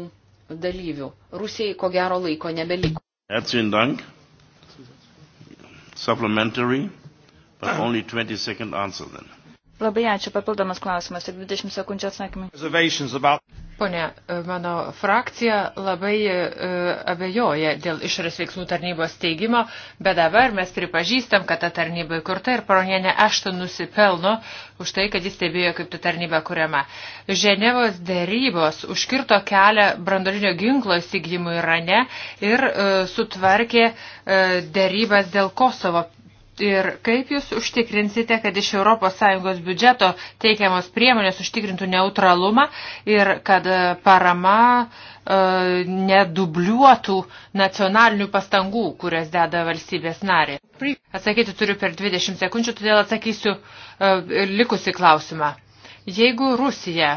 dalyvių. Rusijai ko gero laiko nebeliko. Herzlichen Dank. Supplementary, but only 20 second answer then. Labai ačiū, papildomas klausimas, tik 20 sekundžių atsakymai. Pone, e, mano frakcija labai e, abejoja dėl išorės veiksmų tarnybos steigimo, bet dabar mes pripažįstam, kad ta tarnyba įkurta ir paronienė Ašton nusipelno už tai, kad jis stebėjo, kaip ta tarnyba kuriama. Ženevos dėrybos užkirto kelią brandolinio ginklo įsigymui Irane ir e, sutvarkė dėrybas dėl Kosovo Ir kaip jūs užtikrinsite, kad iš ES biudžeto teikiamos priemonės užtikrintų neutralumą ir kad e, parama e, nedubliuotų nacionalinių pastangų, kurias deda valstybės narė? Atsakyti turiu per 20 sekundžių, todėl atsakysiu e, likusi klausimą. Jeigu Rusija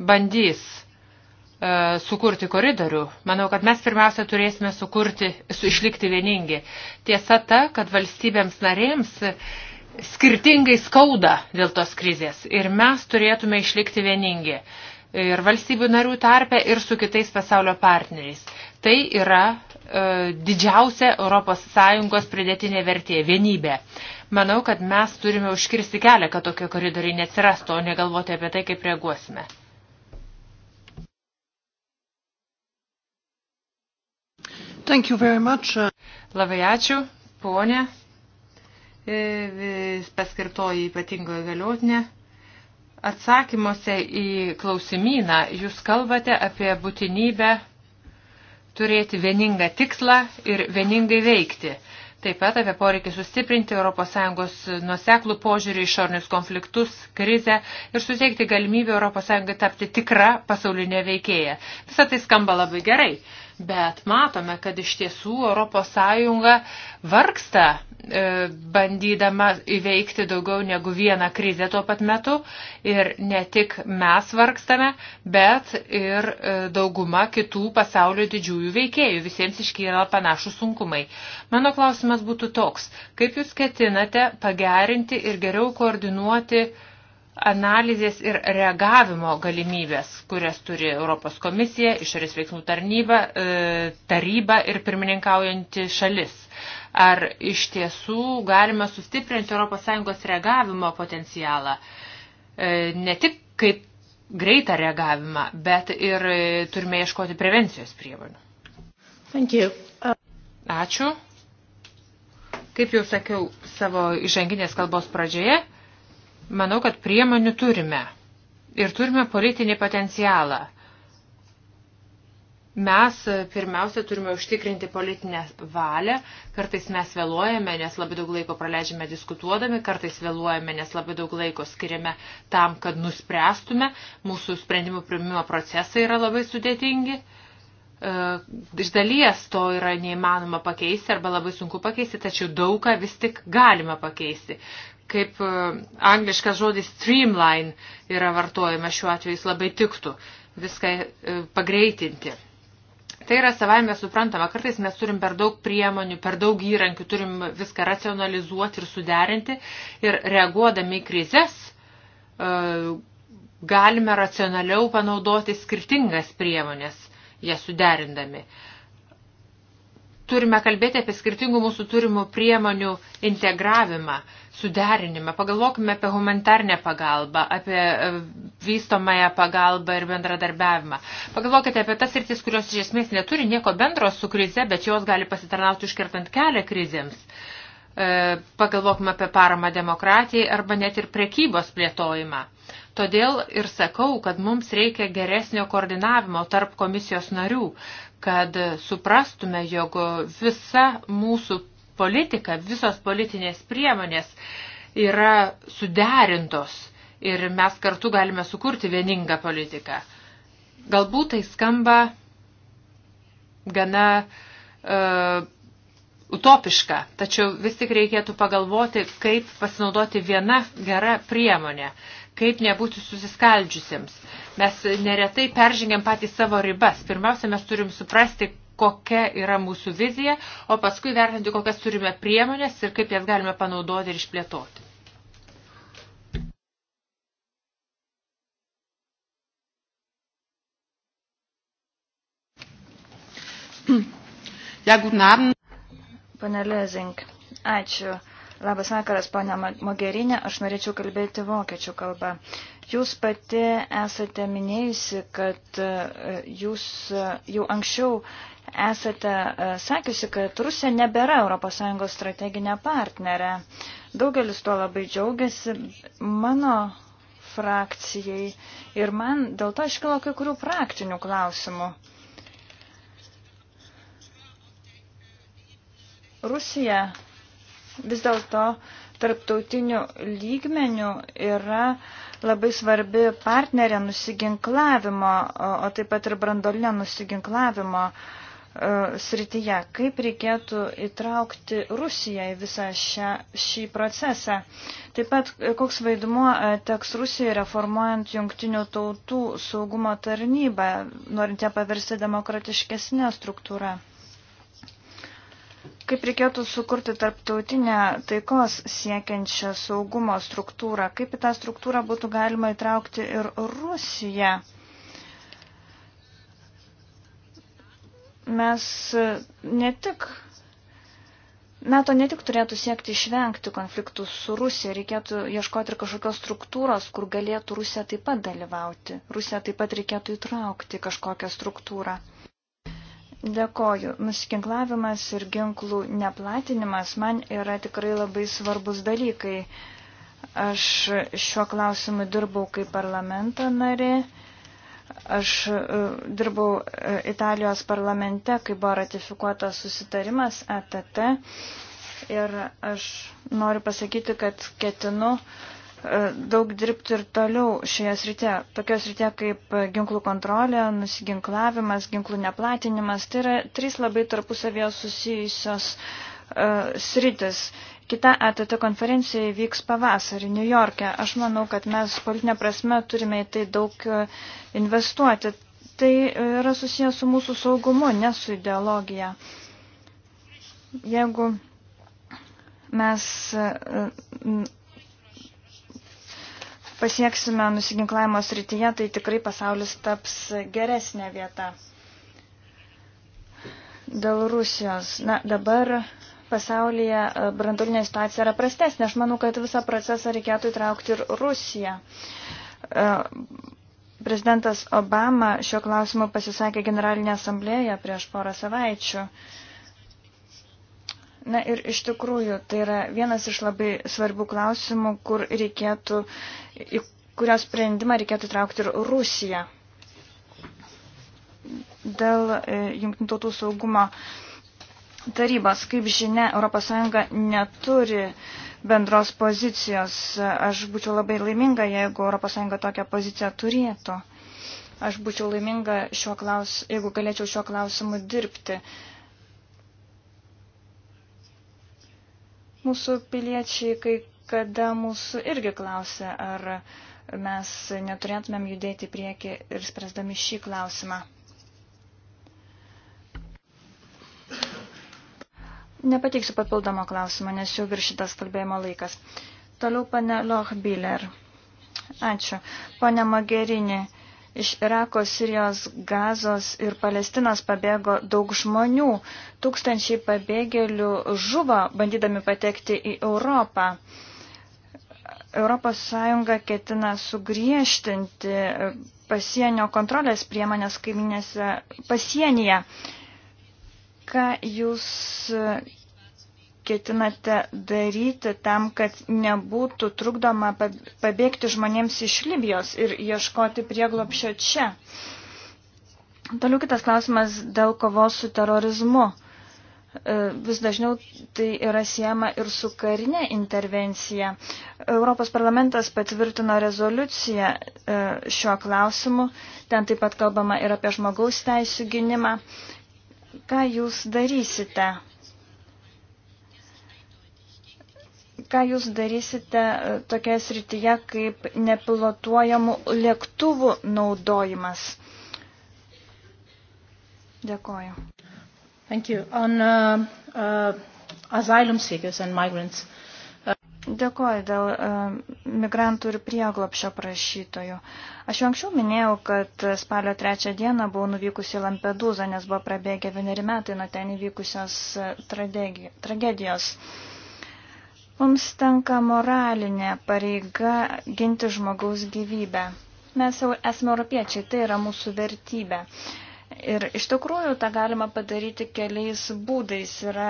bandys E, sukurti koridorių. Manau, kad mes pirmiausia turėsime sukurti, su, išlikti vieningi. Tiesa ta, kad valstybėms narėms skirtingai skauda dėl tos krizės ir mes turėtume išlikti vieningi. Ir valstybių narių tarpe, ir su kitais pasaulio partneriais. Tai yra e, didžiausia ES pridėtinė vertė - vienybė. Manau, kad mes turime užkirsti kelią, kad tokie koridoriai neatsirastų, o negalvoti apie tai, kaip reaguosime. Labai ačiū, ponė, e, vis paskirtoji ypatingoje galiotinė. Atsakymuose į klausimyną jūs kalbate apie būtinybę turėti vieningą tikslą ir vieningai veikti. Taip pat apie poreikį sustiprinti ES nuoseklų požiūrį išornius konfliktus, krizę ir suteikti galimybę ES tapti tikra pasaulinė veikėja. Visą tai skamba labai gerai. Bet matome, kad iš tiesų ES vargsta e, bandydama įveikti daugiau negu vieną krizę tuo pat metu. Ir ne tik mes vargstame, bet ir e, dauguma kitų pasaulio didžiųjų veikėjų. Visiems iškyla panašus sunkumai. Mano klausimas būtų toks. Kaip Jūs ketinate pagerinti ir geriau koordinuoti uh, analizės ir reagavimo galimybės, kurias turi Europos komisija, išorės veiksmų tarnyba, e, taryba ir pirmininkaujanti šalis. Ar iš tiesų galime sustiprinti ES reagavimo potencialą? E, ne tik kaip greitą reagavimą, bet ir e, turime ieškoti prevencijos priemonių. Thank you. Uh... Ačiū. Kaip jau sakiau savo įžanginės kalbos pradžioje, uh, Manau, kad priemonių turime. Ir turime politinį potencialą. Mes e, pirmiausia turime užtikrinti politinę valią, kartais mes vėluojame, nes labai daug laiko praleidžiame diskutuodami, kartais vėluojame, nes labai daug laiko skiriame tam, kad nuspręstume, mūsų sprendimų primimo procesai yra labai sudėtingi. E, iš dalies to yra neįmanoma pakeisti arba labai sunku pakeisti, tačiau daugą vis tik galima pakeisti kaip e, angliškas žodis streamline yra vartojama šiuo atveju, jis labai tiktų viską e, pagreitinti. Tai yra savaime suprantama, kartais mes turim per daug priemonių, per daug įrankių, turim viską racionalizuoti ir suderinti ir reaguodami į krizės e, galime racionaliau panaudoti skirtingas priemonės, jas suderindami turime kalbėti apie skirtingų mūsų turimų priemonių integravimą, suderinimą. Pagalvokime apie humanitarnę pagalbą, apie e, vystomąją pagalbą ir bendradarbiavimą. Pagalvokite apie tas rytis, kurios iš esmės neturi nieko bendro su krize, bet jos gali pasitarnauti užkertant kelią krizėms. E, pagalvokime apie paramą demokratijai arba net ir prekybos plėtojimą. Todėl ir sakau, kad mums reikia geresnio koordinavimo tarp komisijos narių, kad suprastume, jog visa mūsų politika, visos politinės priemonės yra suderintos ir mes kartu galime sukurti vieningą politiką. Galbūt tai skamba gana uh, utopiška, tačiau vis tik reikėtų pagalvoti, kaip pasinaudoti vieną gerą priemonę, kaip nebūti susiskaldžiusiems. Mes neretai peržengiam patys savo ribas. Pirmiausia, mes turim suprasti, kokia yra mūsų vizija, o paskui vertinti, kokias turime priemonės ir kaip jas galime panaudoti ir išplėtoti. Ja, guten Abend. Pane Lezink, ačiū. Labas vakaras, ponia Mogerinė, aš norėčiau kalbėti vokiečių kalbą. Jūs pati esate minėjusi, kad e, jūs e, jau anksčiau esate e, sakiusi, kad Rusija nebėra ES strateginė partnerė. Daugelis tuo labai džiaugiasi. Mano frakcijai ir man dėl to iškilo kai kurių praktinių klausimų. Rusija vis dėlto tarptautinių lygmenių yra labai svarbi partnerė nusiginklavimo, o taip pat ir brandolinio nusiginklavimo uh, E, srityje. Kaip reikėtų įtraukti Rusiją į visą šią, šį procesą? Taip pat, e, koks vaidmuo e, teks Rusijai reformuojant jungtinių tautų saugumo tarnybą, norint ją paversti demokratiškesnę struktūrą? Kaip reikėtų sukurti tarptautinę taikos siekiančią saugumo struktūrą? Kaip į tą struktūrą būtų galima įtraukti ir Rusiją? mes e, ne tik, NATO ne tik turėtų siekti išvengti konfliktų su Rusija, reikėtų ieškoti ir kažkokios struktūros, kur galėtų Rusija taip pat dalyvauti. Rusija taip pat reikėtų įtraukti kažkokią struktūrą. Dėkoju. Nusikinklavimas ir ginklų neplatinimas man yra tikrai labai svarbus dalykai. Aš šiuo klausimu dirbau kaip parlamento narė Aš e, dirbau e, Italijos parlamente, kai buvo ratifikuotas susitarimas ATT e ir aš noriu pasakyti, kad ketinu daug dirbti ir toliau šioje srityje. Tokios srityje kaip ginklų kontrolė, nusiginklavimas, ginklų neplatinimas. Tai yra trys labai tarpusavėje susijusios uh, sritis. Kita ATT konferencija vyks pavasarį New York'e. Aš manau, kad mes politinė prasme turime į tai daug e, investuoti. Tai yra susijęs su mūsų saugumu, ne su ideologija. Jeigu mes e, pasieksime nusiginklavimo srityje, tai tikrai pasaulis taps geresnė vieta. Dėl Rusijos. Na, dabar pasaulyje e, brandulinė situacija yra prastesnė. Aš manau, kad visą procesą reikėtų įtraukti ir Rusiją. E, prezidentas Obama šio klausimu pasisakė Generalinė asamblėje prieš porą savaičių. Na ir iš tikrųjų, tai yra vienas iš labai svarbių klausimų, kur reikėtų, į kurio sprendimą reikėtų traukti ir Rusiją. Dėl e, jungtinių tautų saugumo uh, tarybos. Kaip žinia, ES neturi bendros pozicijos. Aš būčiau labai laiminga, jeigu ES tokią poziciją turėtų. Aš būčiau laiminga, klaus, jeigu galėčiau šiuo klausimu dirbti. Mūsų piliečiai kai kada mūsų irgi klausia, ar mes neturėtumėm judėti prieki ir spręsdami šį klausimą. Nepateiksiu papildomo klausimo, nes jau viršytas kalbėjimo laikas. Toliau pane Lochbiller. Ačiū. Pone Magerini, iš Irako, Sirijos, Gazos ir Palestinos pabėgo daug žmonių. Tūkstančiai pabėgėlių žuvo, bandydami patekti į Europą. Europos Sąjunga ketina sugriežtinti pasienio kontrolės priemonės kaiminėse pasienyje. Ką jūs e, ketinate daryti tam, kad nebūtų trukdoma pabėgti žmonėms iš Libijos ir ieškoti prieglopšio čia? Toliau kitas klausimas dėl kovos su terorizmu. E, vis dažniau tai yra siema ir su karinė intervencija. Europos parlamentas patvirtino rezoliuciją e, šiuo klausimu. Ten taip pat kalbama ir apie žmogaus teisų gynimą. Ką jūs darysite? Ką jūs darysite e, tokia srityje kaip nepilotuojamų lėktuvų naudojimas? Dėkoju. Thank you. On uh, uh, asylum seekers and migrants. Uh, Dėkoju dėl e, migrantų ir prieglopšio prašytojų. Aš jau anksčiau minėjau, kad spalio trečią dieną buvau nuvykusi į Lampedūzą, nes buvo prabėgę vieneri metai nuo ten įvykusios e, tragedijos. Mums tenka moralinė pareiga ginti žmogaus gyvybę. Mes jau esame europiečiai, tai yra mūsų vertybė. Ir iš tikrųjų tą galima padaryti keliais būdais. Yra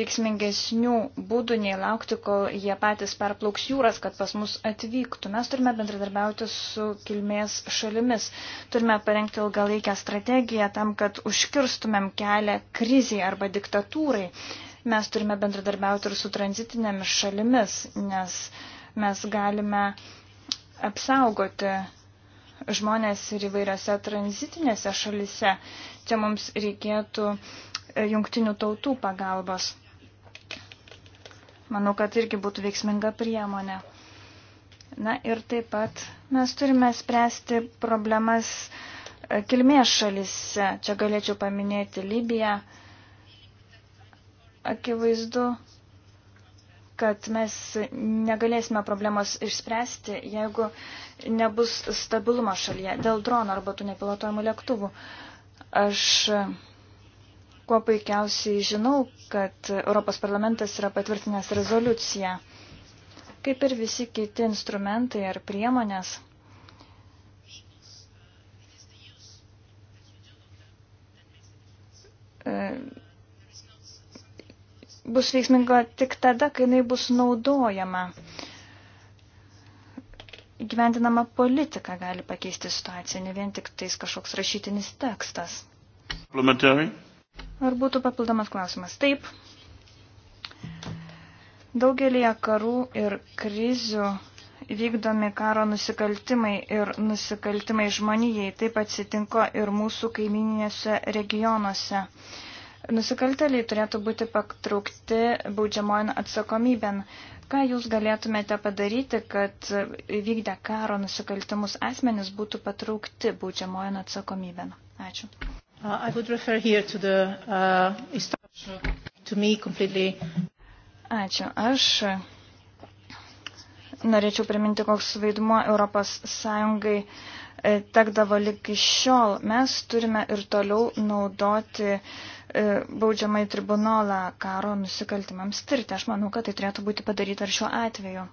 veiksmingesnių būdų nei laukti, kol jie patys perplauks jūras, kad pas mus atvyktų. Mes turime bendradarbiauti su kilmės šalimis. Turime parengti ilgalaikę strategiją tam, kad užkirstumėm kelią kriziai arba diktatūrai. Mes turime bendradarbiauti ir su tranzitinėmis šalimis, nes mes galime apsaugoti žmonės ir įvairiose tranzitinėse šalise. Čia mums reikėtų e, jungtinių tautų pagalbos. Manau, kad irgi būtų veiksminga priemonė. Na ir taip pat mes turime spręsti problemas e, kilmės šalise. Čia galėčiau paminėti Libiją. Akivaizdu, kad mes negalėsime problemos išspręsti, jeigu nebus stabilumo šalyje dėl dronų arba tų nepilotuojamų lėktuvų. Aš e, kuo puikiausiai žinau, kad Europos parlamentas yra patvirtinęs rezoliuciją. Kaip ir visi kiti instrumentai ar priemonės, e, bus veiksminga tik tada, kai jinai bus naudojama gyvendinama politika gali pakeisti situaciją, ne vien tik tais kažkoks rašytinis tekstas. Ar būtų papildomas klausimas? Taip. Daugelie karų ir krizių vykdomi karo nusikaltimai ir nusikaltimai žmonijai taip atsitinko ir mūsų kaimininėse regionuose. Nusikalteliai turėtų būti patraukti baudžiamojant atsakomybėn. Ką jūs galėtumėte padaryti, kad vykdę karo nusikaltimus asmenys būtų patraukti baudžiamojant atsakomybėn? Ačiū. Uh, the, uh, Ačiū. Aš norėčiau priminti, koks vaidmuo Europos Sąjungai uh, E, tekdavo lik iš šiol. Mes turime ir toliau naudoti e, baudžiamai tribunolą karo nusikaltimams tirti. Aš manau, kad tai turėtų būti padaryta ir šiuo atveju.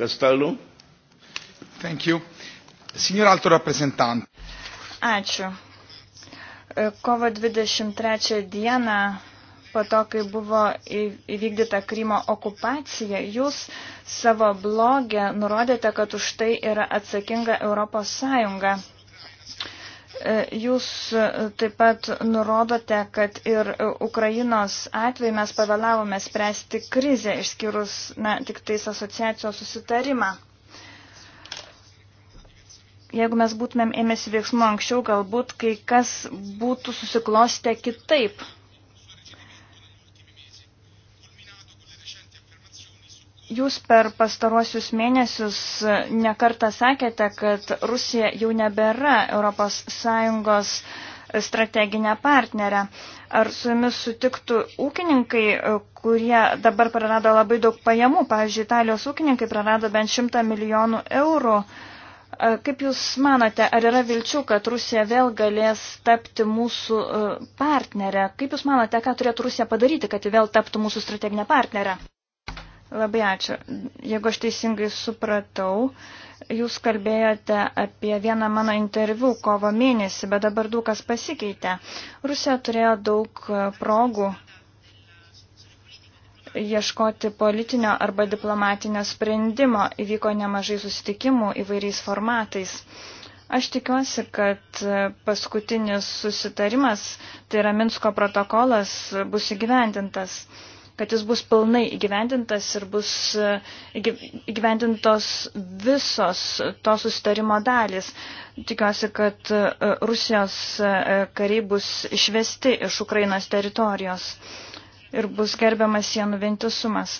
Kastalų. Thank you. Signor Alto Representant. Ačiū. E, kovo 23 dieną po to, kai buvo įvykdyta Krymo okupacija, jūs savo blogę nurodėte, kad už tai yra atsakinga Europos Sąjunga. E, jūs taip pat nurodote, kad ir Ukrainos atveju mes pavėlavome spręsti krizę, išskyrus na, tik tais asociacijos susitarimą. Jeigu mes būtumėm ėmėsi veiksmų anksčiau, galbūt kai kas būtų susiklostę kitaip. Jūs per pastaruosius mėnesius nekartą sakėte, kad Rusija jau nebėra ES strateginė partnerė. Ar su jumis sutiktų ūkininkai, kurie dabar prarado labai daug pajamų? Pavyzdžiui, Italijos ūkininkai prarado bent 100 milijonų eurų. Kaip Jūs manote, ar yra vilčių, kad Rusija vėl galės tapti mūsų e, partnerę? Kaip Jūs manote, ką turėtų Rusija padaryti, kad ji vėl taptų mūsų strateginę partnerę? Labai ačiū. Jeigu aš teisingai supratau, jūs kalbėjote apie vieną mano interviu kovo mėnesį, bet dabar daug kas pasikeitė. Rusija turėjo daug e, progų ieškoti politinio arba diplomatinio sprendimo. Įvyko nemažai susitikimų įvairiais formatais. Aš tikiuosi, kad e, paskutinis susitarimas, tai yra Minsko protokolas, bus įgyvendintas kad jis bus pilnai įgyvendintas ir bus e, įgyvendintos visos to susitarimo dalis. Tikiuosi, kad e, Rusijos e, kariai bus išvesti iš Ukrainos teritorijos ir bus gerbiamas sienų vientisumas.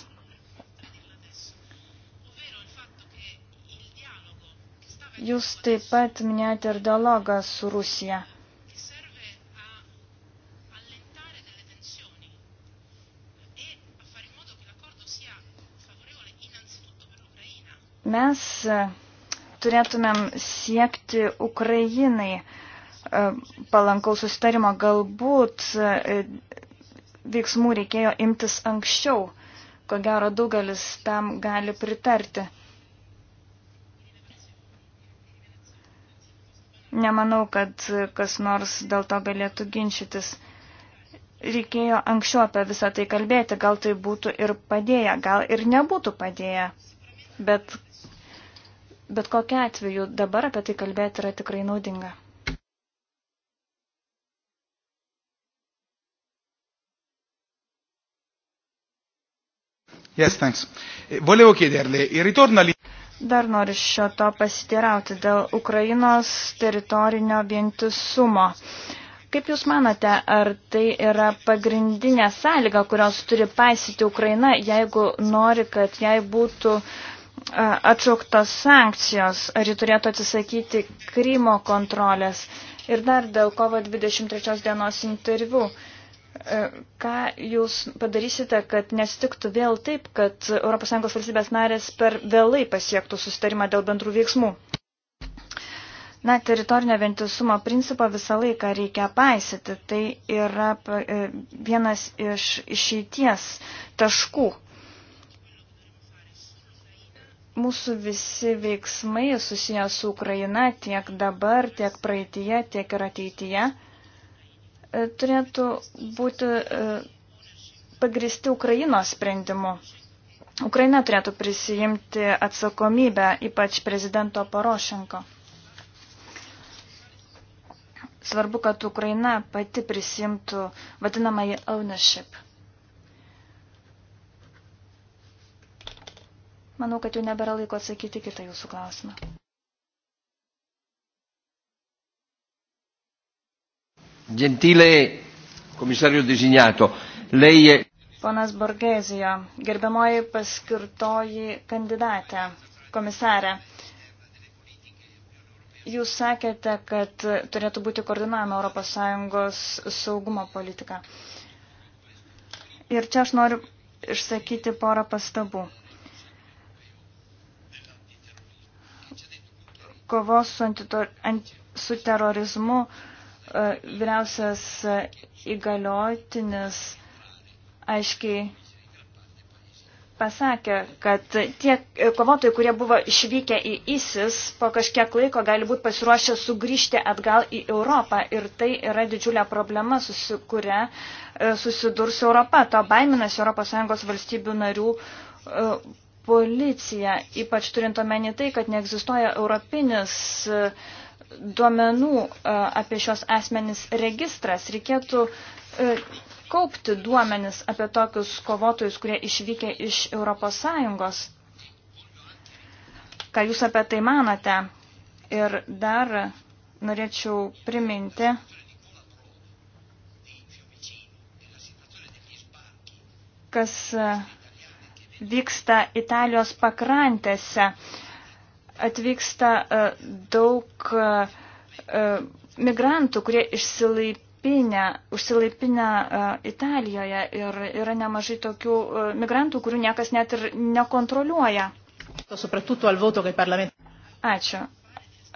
Jūs taip pat minėjote ir dialogą su Rusija. Mes e, turėtumėm siekti Ukrainai e, palankaus sustarimo. Galbūt e, veiksmų reikėjo imtis anksčiau. Ko gero daugelis tam gali pritarti. Nemanau, kad kas nors dėl to galėtų ginčytis. Reikėjo anksčiau apie visą tai kalbėti, gal tai būtų ir padėję, gal ir nebūtų padėję. Bet bet kokia atveju dabar apie tai kalbėti yra tikrai naudinga. Yes, thanks. Volevo chiederle, il ritorno all'Italia. Dar noriu šio to pasiteirauti dėl Ukrainos teritorinio vientisumo. Kaip Jūs manote, ar tai yra pagrindinė sąlyga, kurios turi paisyti Ukraina, jeigu nori, kad jai būtų uh, atšauktos sankcijos, ar ji turėtų atsisakyti Krymo kontrolės. Ir dar dėl kovo 23 dienos interviu. Ką jūs padarysite, kad nesitiktų vėl taip, kad ES valstybės narės per vėlai pasiektų sustarimą dėl bendrų veiksmų? Na, teritorinio vientisumo principą visą laiką reikia paisyti. Tai yra e, vienas iš išeities taškų mūsų visi veiksmai susiję su Ukraina tiek dabar, tiek praeitie, tiek ir ateityje e, turėtų būti e, pagristi Ukrainos sprendimu. Ukraina turėtų prisijimti atsakomybę, ypač prezidento Porošenko. Svarbu, kad Ukraina pati prisimtų vadinamąjį ownership. Manau, kad jau nebėra laiko atsakyti kitą jūsų klausimą. Gentile komisarijos designato, lei è... Ponas Borgezijo, gerbiamoji paskirtoji kandidatė, komisarė. Jūs sakėte, kad turėtų būti koordinuojama ES saugumo politika. Ir čia aš noriu išsakyti porą pastabų. kovos su, antitor, ant, su terorizmu e, vyriausias e, įgaliotinis aiškiai pasakė, kad tie e, kovotojai, kurie buvo išvykę į ISIS, po kažkiek laiko gali būti pasiruošę sugrįžti atgal į Europą. Ir tai yra didžiulė problema, su kuria susidurs Europa. To baiminas ES valstybių narių policija, ypač turint omeny tai, kad neegzistuoja europinis e, duomenų e, apie šios asmenys registras. Reikėtų e, kaupti duomenis apie tokius kovotojus, kurie išvykė iš Europos Sąjungos. Ką jūs apie tai manote? Ir dar norėčiau priminti, kas vyksta Italijos pakrantėse. Atvyksta e, daug e, e, migrantų, kurie išsilaipinę, užsilaipinę Italijoje ir yra nemažai tokių migrantų, kurių niekas net ir nekontroliuoja. Ačiū.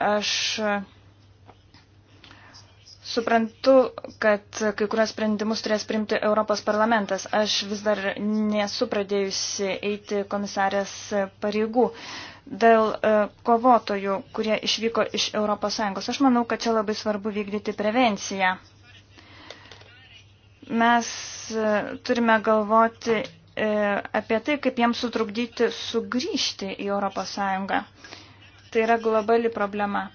Aš Suprantu, kad kai kurios sprendimus turės primti Europos parlamentas. Aš vis dar nesu pradėjusi eiti komisarės pareigų dėl e, kovotojų, kurie išvyko iš ES. Aš manau, kad čia labai svarbu vykdyti prevenciją. Mes e, turime galvoti e, apie tai, kaip jiems sutrukdyti sugrįžti į ES. Tai yra globali problema.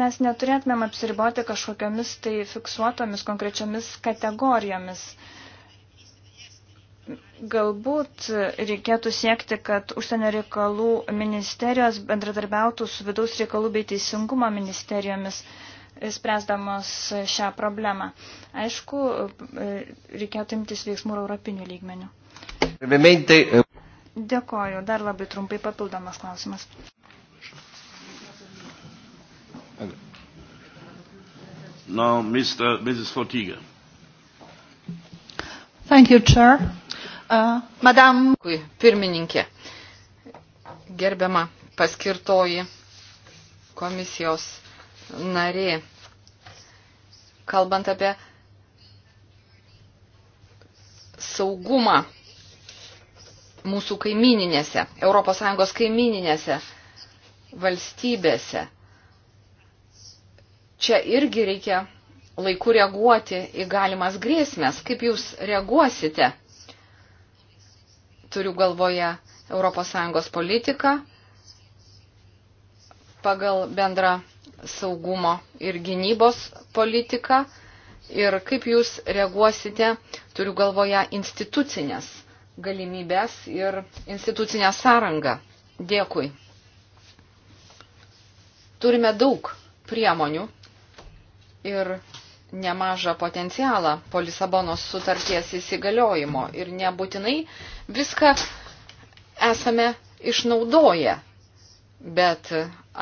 Mes neturėtumėm apsiriboti kažkokiamis tai fiksuotomis konkrečiomis kategorijomis. Galbūt reikėtų siekti, kad užsienio reikalų ministerijos bendradarbiautų su vidaus reikalų bei teisingumo ministerijomis e, spręsdamos šią problemą. Aišku, e, reikėtų imtis veiksmų europinių lygmenių. E, Dėkoju. Dar labai trumpai papildomas klausimas. Now, Mr. Mrs. Fortiga. Thank you, Chair. Uh, Madam. Pirmininkė, gerbiama paskirtoji komisijos narė, kalbant apie saugumą mūsų kaimininėse, ES kaimininėse valstybėse čia irgi reikia laiku reaguoti į galimas grėsmės. Kaip jūs reaguosite? Turiu galvoje ES politiką pagal bendrą saugumo ir gynybos politiką ir kaip jūs reaguosite, turiu galvoje, institucinės galimybės ir institucinę sąrangą. Dėkui. Turime daug priemonių ir nemažą potencialą po Lisabonos sutarties įsigaliojimo ir nebūtinai viską esame išnaudoję, bet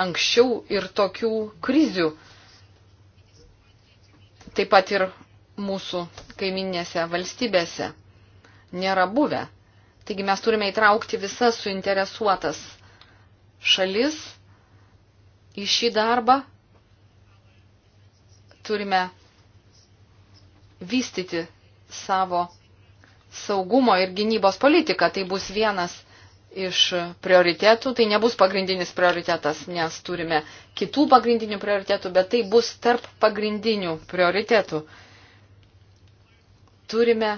anksčiau ir tokių krizių taip pat ir mūsų kaiminėse valstybėse nėra buvę. Taigi mes turime įtraukti visas suinteresuotas šalis į šį darbą turime vystyti savo saugumo ir gynybos politiką. Tai bus vienas iš prioritetų, tai nebus pagrindinis prioritetas, nes turime kitų pagrindinių prioritetų, bet tai bus tarp pagrindinių prioritetų. Turime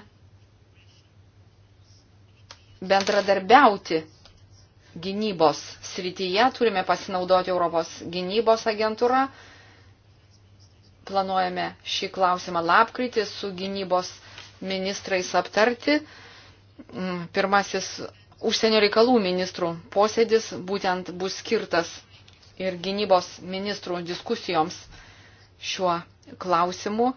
bendradarbiauti gynybos srityje, turime pasinaudoti Europos gynybos agentūrą, planuojame šį klausimą lapkritį su gynybos ministrais aptarti. Mm, pirmasis užsienio reikalų ministrų posėdis būtent bus skirtas ir gynybos ministrų diskusijoms šiuo klausimu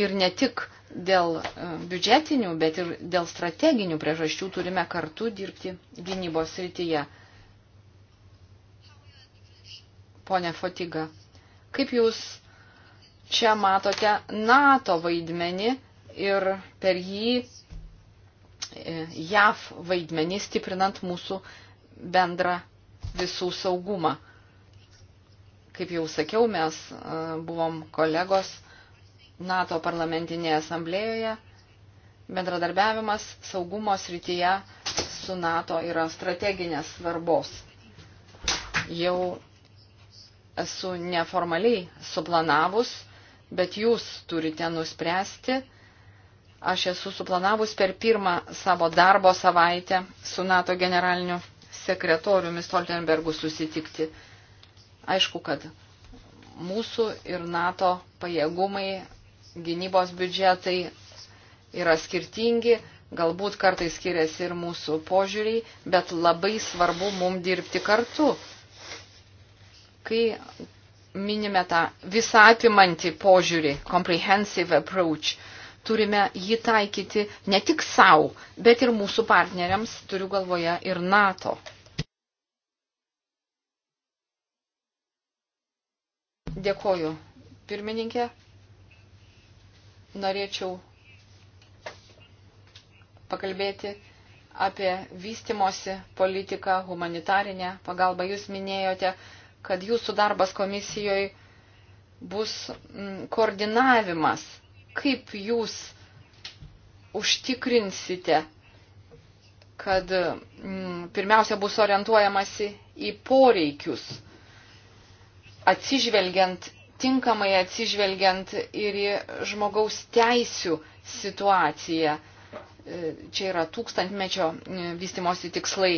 ir ne tik dėl e, biudžetinių, bet ir dėl strateginių priežasčių turime kartu dirbti gynybos srityje. Pone Fotiga, kaip Jūs Čia matote NATO vaidmenį ir per jį e, JAV vaidmenį stiprinant mūsų bendrą visų saugumą. Kaip jau sakiau, mes e, buvom kolegos NATO parlamentinėje asamblėjoje. Bendradarbiavimas saugumo srityje su NATO yra strateginės svarbos. Jau esu neformaliai suplanavus bet jūs turite nuspręsti. Aš esu suplanavus per pirmą savo darbo savaitę su NATO generaliniu sekretoriumi Stoltenbergu susitikti. Aišku, kad mūsų ir NATO pajėgumai, gynybos biudžetai yra skirtingi, galbūt kartais skiriasi ir mūsų požiūriai, bet labai svarbu mum dirbti kartu. Kai minime tą visatimantį požiūrį, comprehensive approach. Turime jį taikyti ne tik savo, bet ir mūsų partneriams, turiu galvoje ir NATO. Dėkoju, pirmininkė. Norėčiau pakalbėti apie vystimosi politiką, humanitarinę pagalbą. Jūs minėjote, kad jūsų darbas komisijoje bus mm, koordinavimas, kaip jūs užtikrinsite, kad mm, pirmiausia bus orientuojamasi į poreikius, atsižvelgiant, tinkamai atsižvelgiant ir į žmogaus teisių situaciją. E, čia yra tūkstantmečio e, vystimosi tikslai.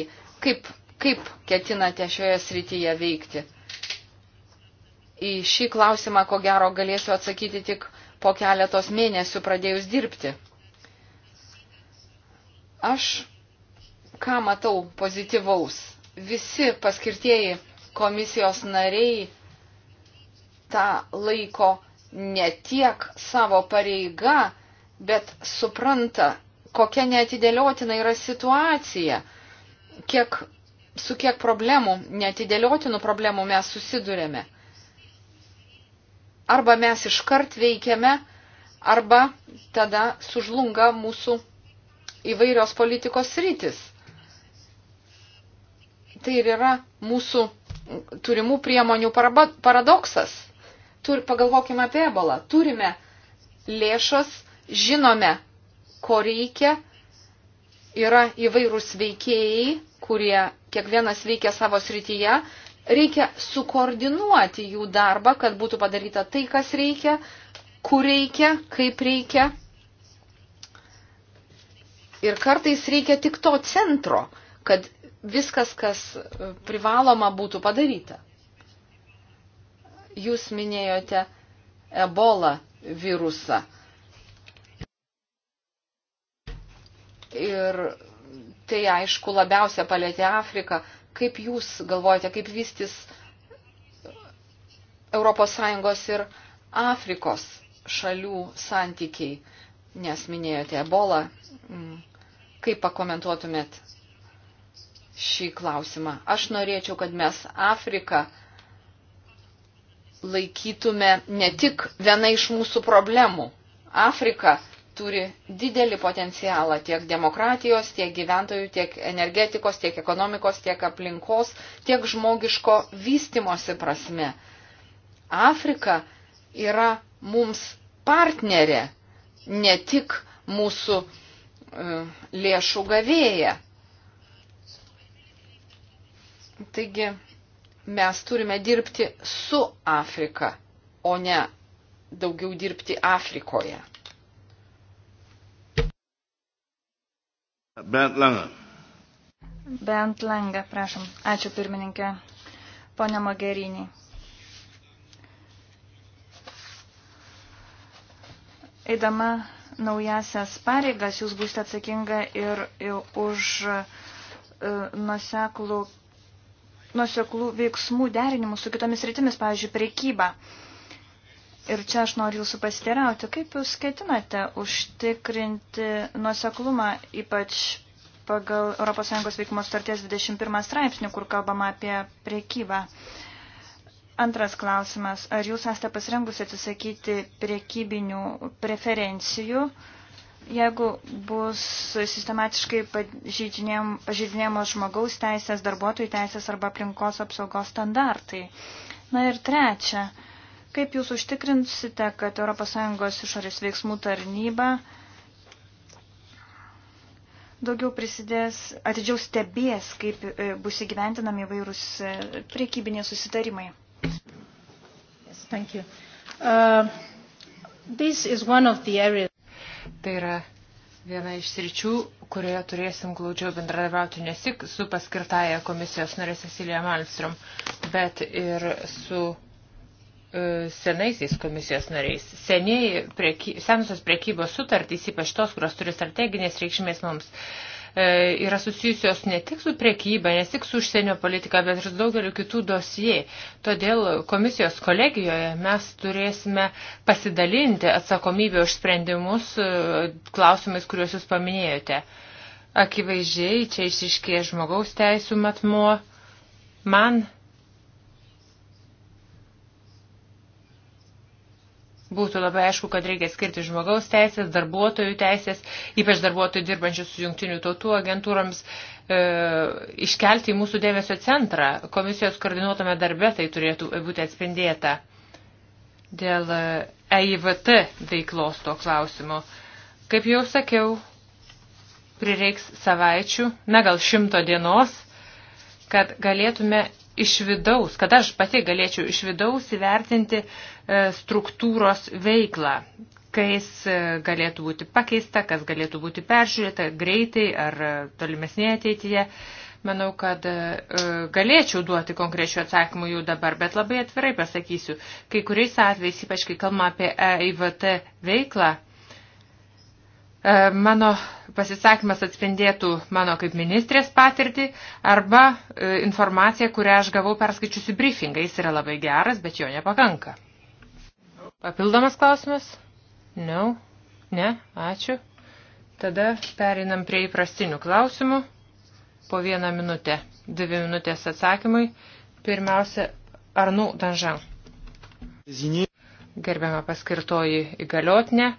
Kaip Kaip ketinate šioje srityje veikti? Į šį klausimą, ko gero, galėsiu atsakyti tik po keletos mėnesių pradėjus dirbti. Aš ką matau pozityvaus? Visi paskirtieji komisijos nariai tą laiko ne tiek savo pareiga, bet supranta, kokia neatidėliotina yra situacija, kiek su kiek problemų, netidėliotinų problemų mes susidurėme. Arba mes iškart veikiame, arba tada sužlunga mūsų įvairios politikos rytis. Tai ir yra mūsų turimų priemonių paradoksas. Tur, pagalvokime apie ebolą. Turime lėšas, žinome, ko reikia, yra įvairūs veikėjai, kurie kiekvienas veikia savo srityje, reikia sukoordinuoti jų darbą, kad būtų padaryta tai, kas reikia, kur reikia, kaip reikia. Ir kartais reikia tik to centro, kad viskas, kas privaloma, būtų padaryta. Jūs minėjote ebola virusą. Ir tai aišku labiausia palėtė Afriką. Kaip jūs galvojate, kaip vystis ES ir Afrikos šalių santykiai, nes minėjote ebolą, mm. kaip pakomentuotumėt šį klausimą? Aš norėčiau, kad mes Afriką laikytume ne tik viena iš mūsų problemų. Afrika turi didelį potencialą tiek demokratijos, tiek gyventojų, tiek energetikos, tiek ekonomikos, tiek aplinkos, tiek žmogiško vystimosi prasme. Afrika yra mums partnerė, ne tik mūsų e, lėšų gavėja. Taigi mes turime dirbti su Afrika, o ne daugiau dirbti Afrikoje. Bent Lange. Bent Lange, prašom. Ačiū pirmininkė. Pone Mogerinį. Eidama naujasias pareigas, jūs būsite atsakinga ir už e, nuseklų, nuseklų veiksmų derinimus su kitomis rytimis, pavyzdžiui, prekybą. Ir čia aš noriu jūsų pasiteirauti, kaip jūs ketinate užtikrinti nuoseklumą, ypač pagal ES veikimo starties 21 straipsnių, kur kalbama apie priekybą. Antras klausimas, ar jūs esate pasirengusi atsisakyti priekybinių preferencijų, jeigu bus sistematiškai pažydinėjamos žmogaus teisės, darbuotojų teisės arba aplinkos apsaugos standartai? Na ir trečia, Kaip jūs užtikrinsite, kad ES išorės veiksmų tarnyba daugiau prisidės, atidžiau stebės, kaip e, bus įgyventinami įvairūs e, priekybiniai susitarimai? Yes, thank you. Uh, this is one of the areas. Tai yra viena iš sričių, kurioje turėsim glaudžiau bendradarbiauti ne tik su paskirtaja komisijos narė Cecilija Malmström, bet ir su E, senaisiais komisijos nariais. Seniai, prieky, senusios priekybos sutartys, ypač tos, kurios turi strateginės reikšmės mums, e, yra susijusios ne tik su priekyba, ne tik su užsienio politika, bet ir su daugeliu kitų dosijai. Todėl komisijos kolegijoje mes turėsime pasidalinti atsakomybę už sprendimus e, klausimais, kuriuos jūs paminėjote. Akivaizdžiai čia išiškė žmogaus teisų matmuo. Man Būtų labai aišku, kad reikia skirti žmogaus teisės, darbuotojų teisės, ypač darbuotojų dirbančių su jungtinių tautų agentūroms, e, iškelti į mūsų dėmesio centrą. Komisijos koordinuotame darbe tai turėtų būti atspindėta dėl EIVT e veiklos to klausimo. Kaip jau sakiau, prireiks savaičių, na gal šimto dienos, kad galėtume iš vidaus, kad aš pati galėčiau iš vidaus įvertinti e, struktūros veiklą, kas e, galėtų būti pakeista, kas galėtų būti peržiūrėta greitai ar e, tolimesnėje ateityje. Manau, kad galėčiau duoti konkrečių atsakymų jau dabar, bet labai atvirai pasakysiu, kai kuriais atvejais, ypač kai kalbame apie EIVT veiklą, E, mano pasisakymas atspindėtų mano kaip ministrės patirtį arba e, informaciją, kurią aš gavau perskaičiusi briefingą. Jis yra labai geras, bet jo nepakanka. Papildomas klausimas? Ne. No. Ne, ačiū. Tada perinam prie įprastinių klausimų. Po vieną minutę. Dvi minutės atsakymui. Pirmiausia, Arnų Danžan. Gerbiama paskirtoji įgaliotinė.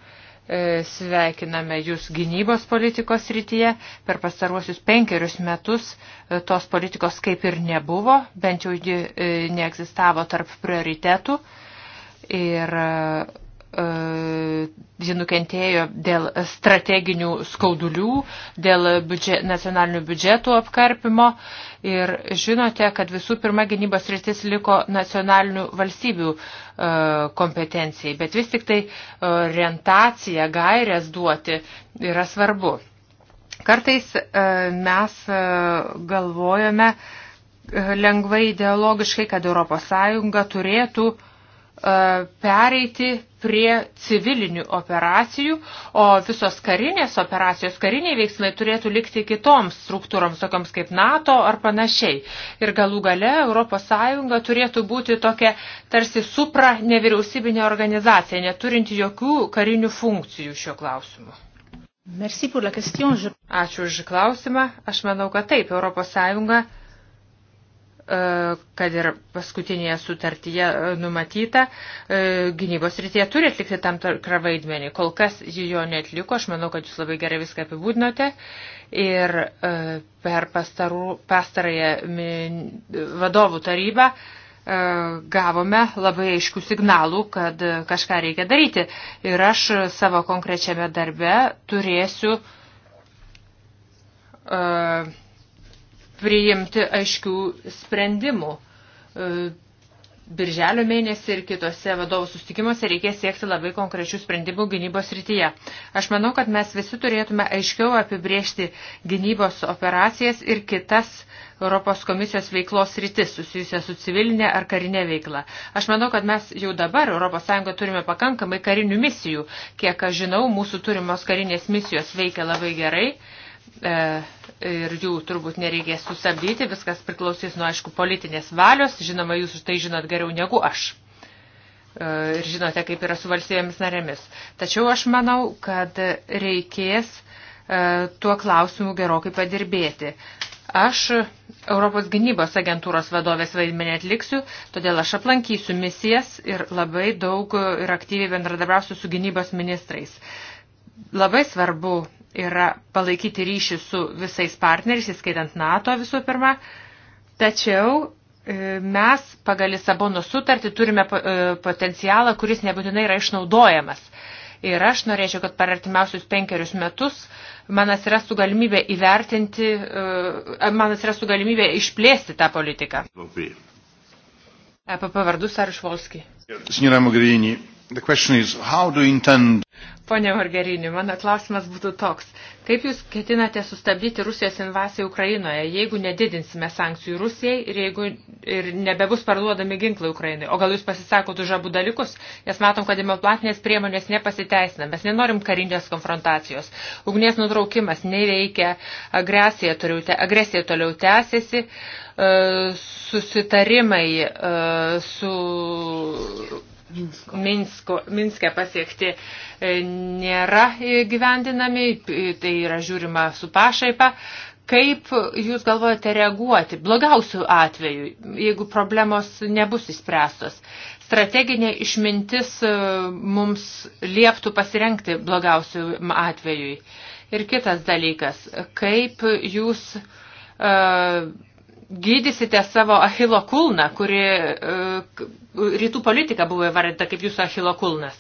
E, sveikiname jūs gynybos politikos rytyje. Per pastaruosius penkerius metus e, tos politikos kaip ir nebuvo, bent jau ji e, neegzistavo tarp prioritetų. Ir E, ji nukentėjo dėl strateginių skaudulių, dėl biudžet, nacionalinių biudžetų apkarpimo ir žinote, kad visų pirma gynybos rytis liko nacionalinių valstybių e, kompetencijai, bet vis tik tai e, orientacija, gairės duoti yra svarbu. Kartais mes galvojame lengvai ideologiškai, kad ES turėtų pereiti prie civilinių operacijų, o visos karinės operacijos, kariniai veiksmai turėtų likti kitoms struktūroms, tokiams kaip NATO ar panašiai. Ir galų gale ES turėtų būti tokia tarsi supra nevyriausybinė organizacija, neturinti jokių karinių funkcijų šiuo klausimu. Ačiū už klausimą. Aš manau, kad taip, ES E, kad ir paskutinėje sutartyje e, numatyta, e, gynybos rytyje turi atlikti tam tikrą vaidmenį. Kol kas ji jo netliko, aš manau, kad jūs labai gerai viską apibūdinote. Ir per pastarų, pastarąją vadovų tarybą gavome labai aiškių signalų, kad kažką reikia daryti. Ir aš savo konkrečiame darbe turėsiu uh, priimti aiškių sprendimų. E, Birželio mėnesį ir kitose vadovų sustikimuose reikės siekti labai konkrečių sprendimų gynybos rytyje. Aš manau, kad mes visi turėtume aiškiau apibriežti gynybos operacijas ir kitas Europos komisijos veiklos rytis susijusias su civilinė ar karinė veikla. Aš manau, kad mes jau dabar ES turime pakankamai karinių misijų. Kiek aš žinau, mūsų turimos karinės misijos veikia labai gerai E, ir jų turbūt nereikės sustabdyti, viskas priklausys nuo, aišku, politinės valios, žinoma, jūs už tai žinot geriau negu aš. E, ir žinote, kaip yra su valstybėmis narėmis. Tačiau aš manau, kad reikės e, tuo klausimu gerokai padirbėti. Aš Europos gynybos agentūros vadovės vaidmenį atliksiu, todėl aš aplankysiu misijas ir labai daug ir aktyviai bendradarbiausiu su gynybos ministrais. Labai svarbu yra palaikyti ryšį su visais partneriais, įskaitant NATO visų pirma. Tačiau e, mes pagal Lisabono sutartį turime e, potencialą, kuris nebūtinai yra išnaudojamas. Ir aš norėčiau, kad per artimiausius penkerius metus man atsirastų galimybė įvertinti, e, man atsirastų galimybė išplėsti tą politiką. EPP vardus ar Švolski? Signora Mogherini, Is, intend... Pone Margerini, mano klausimas būtų toks. Kaip Jūs ketinate sustabdyti Rusijos invasiją Ukrainoje, jeigu nedidinsime sankcijų Rusijai ir jeigu ir nebebus parduodami ginklai Ukrainai? O gal Jūs pasisakot už abu dalykus, nes matom, kad diplomatinės priemonės nepasiteisina. Mes nenorim karinės konfrontacijos. Ugnies nutraukimas neveikia, agresija, toliau te, agresija toliau tęsiasi, e, susitarimai e, su Minsko. Minsko, Minske pasiekti e, nėra gyvendinami, tai yra žiūrima su pašaipa. Kaip jūs galvojate reaguoti blogiausių atveju, jeigu problemos nebus įspręstos? Strateginė išmintis e, mums lieptų pasirenkti blogiausių atvejui. Ir kitas dalykas, kaip jūs uh, gydysite savo Achilo kulną, kuri uh, rytų politika buvo įvardinta kaip jūsų Achilo kulnas?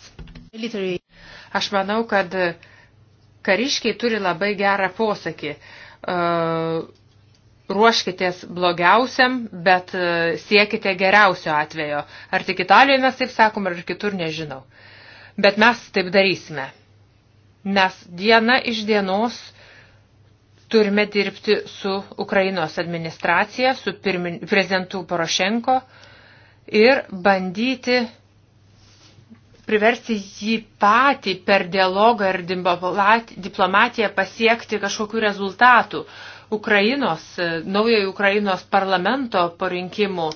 Aš manau, kad kariškiai turi labai gerą posakį. Uh, ruoškitės blogiausiam, bet e, siekite geriausio atvejo. Ar tik Italijoje mes taip sakom, ar kitur nežinau. Bet mes taip darysime. Mes diena iš dienos Turime dirbti su Ukrainos administracija, su pirmin, prezidentu Porošenko ir bandyti priversti jį patį per dialogą ir diplomatiją pasiekti kažkokių rezultatų. Ukrainos, naujojo Ukrainos parlamento porinkimų,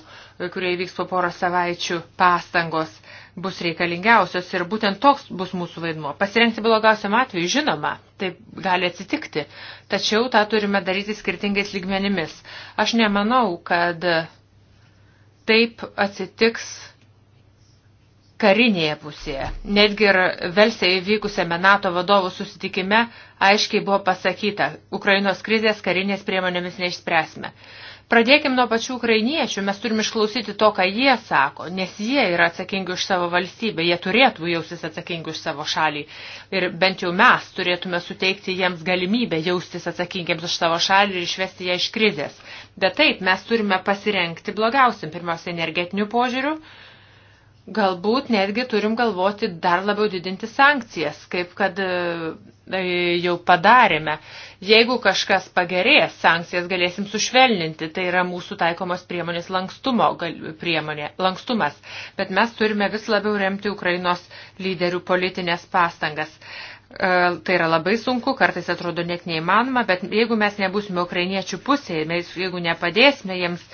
kurie vyks po poro savaičių pastangos bus reikalingiausios ir būtent toks bus mūsų vaidmuo. Pasirengti blogiausiam atveju, žinoma, taip gali atsitikti, tačiau tą turime daryti skirtingais lygmenimis. Aš nemanau, kad taip atsitiks karinėje pusėje. Netgi ir Velsėje vykusiame NATO vadovų susitikime aiškiai buvo pasakyta, Ukrainos krizės karinės priemonėmis neišspręsime. Pradėkim nuo pačių ukrainiečių, mes turime išklausyti to, ką jie sako, nes jie yra atsakingi už savo valstybę, jie turėtų jaustis atsakingi už savo šalį ir bent jau mes turėtume suteikti jiems galimybę jaustis atsakingiams už savo šalį ir išvesti ją iš krizės. Bet taip, mes turime pasirenkti blogiausiam, pirmiausia, energetiniu požiūriu, galbūt netgi turim galvoti dar labiau didinti sankcijas, kaip kad E, jau padarėme. Jeigu kažkas pagerės, sankcijas galėsim sušvelninti, tai yra mūsų taikomos priemonės lankstumo priemonė, lankstumas. Bet mes turime vis labiau remti Ukrainos lyderių politinės pastangas. E, tai yra labai sunku, kartais atrodo net neįmanoma, bet jeigu mes nebusime ukrainiečių pusėje, mes, jeigu nepadėsime jiems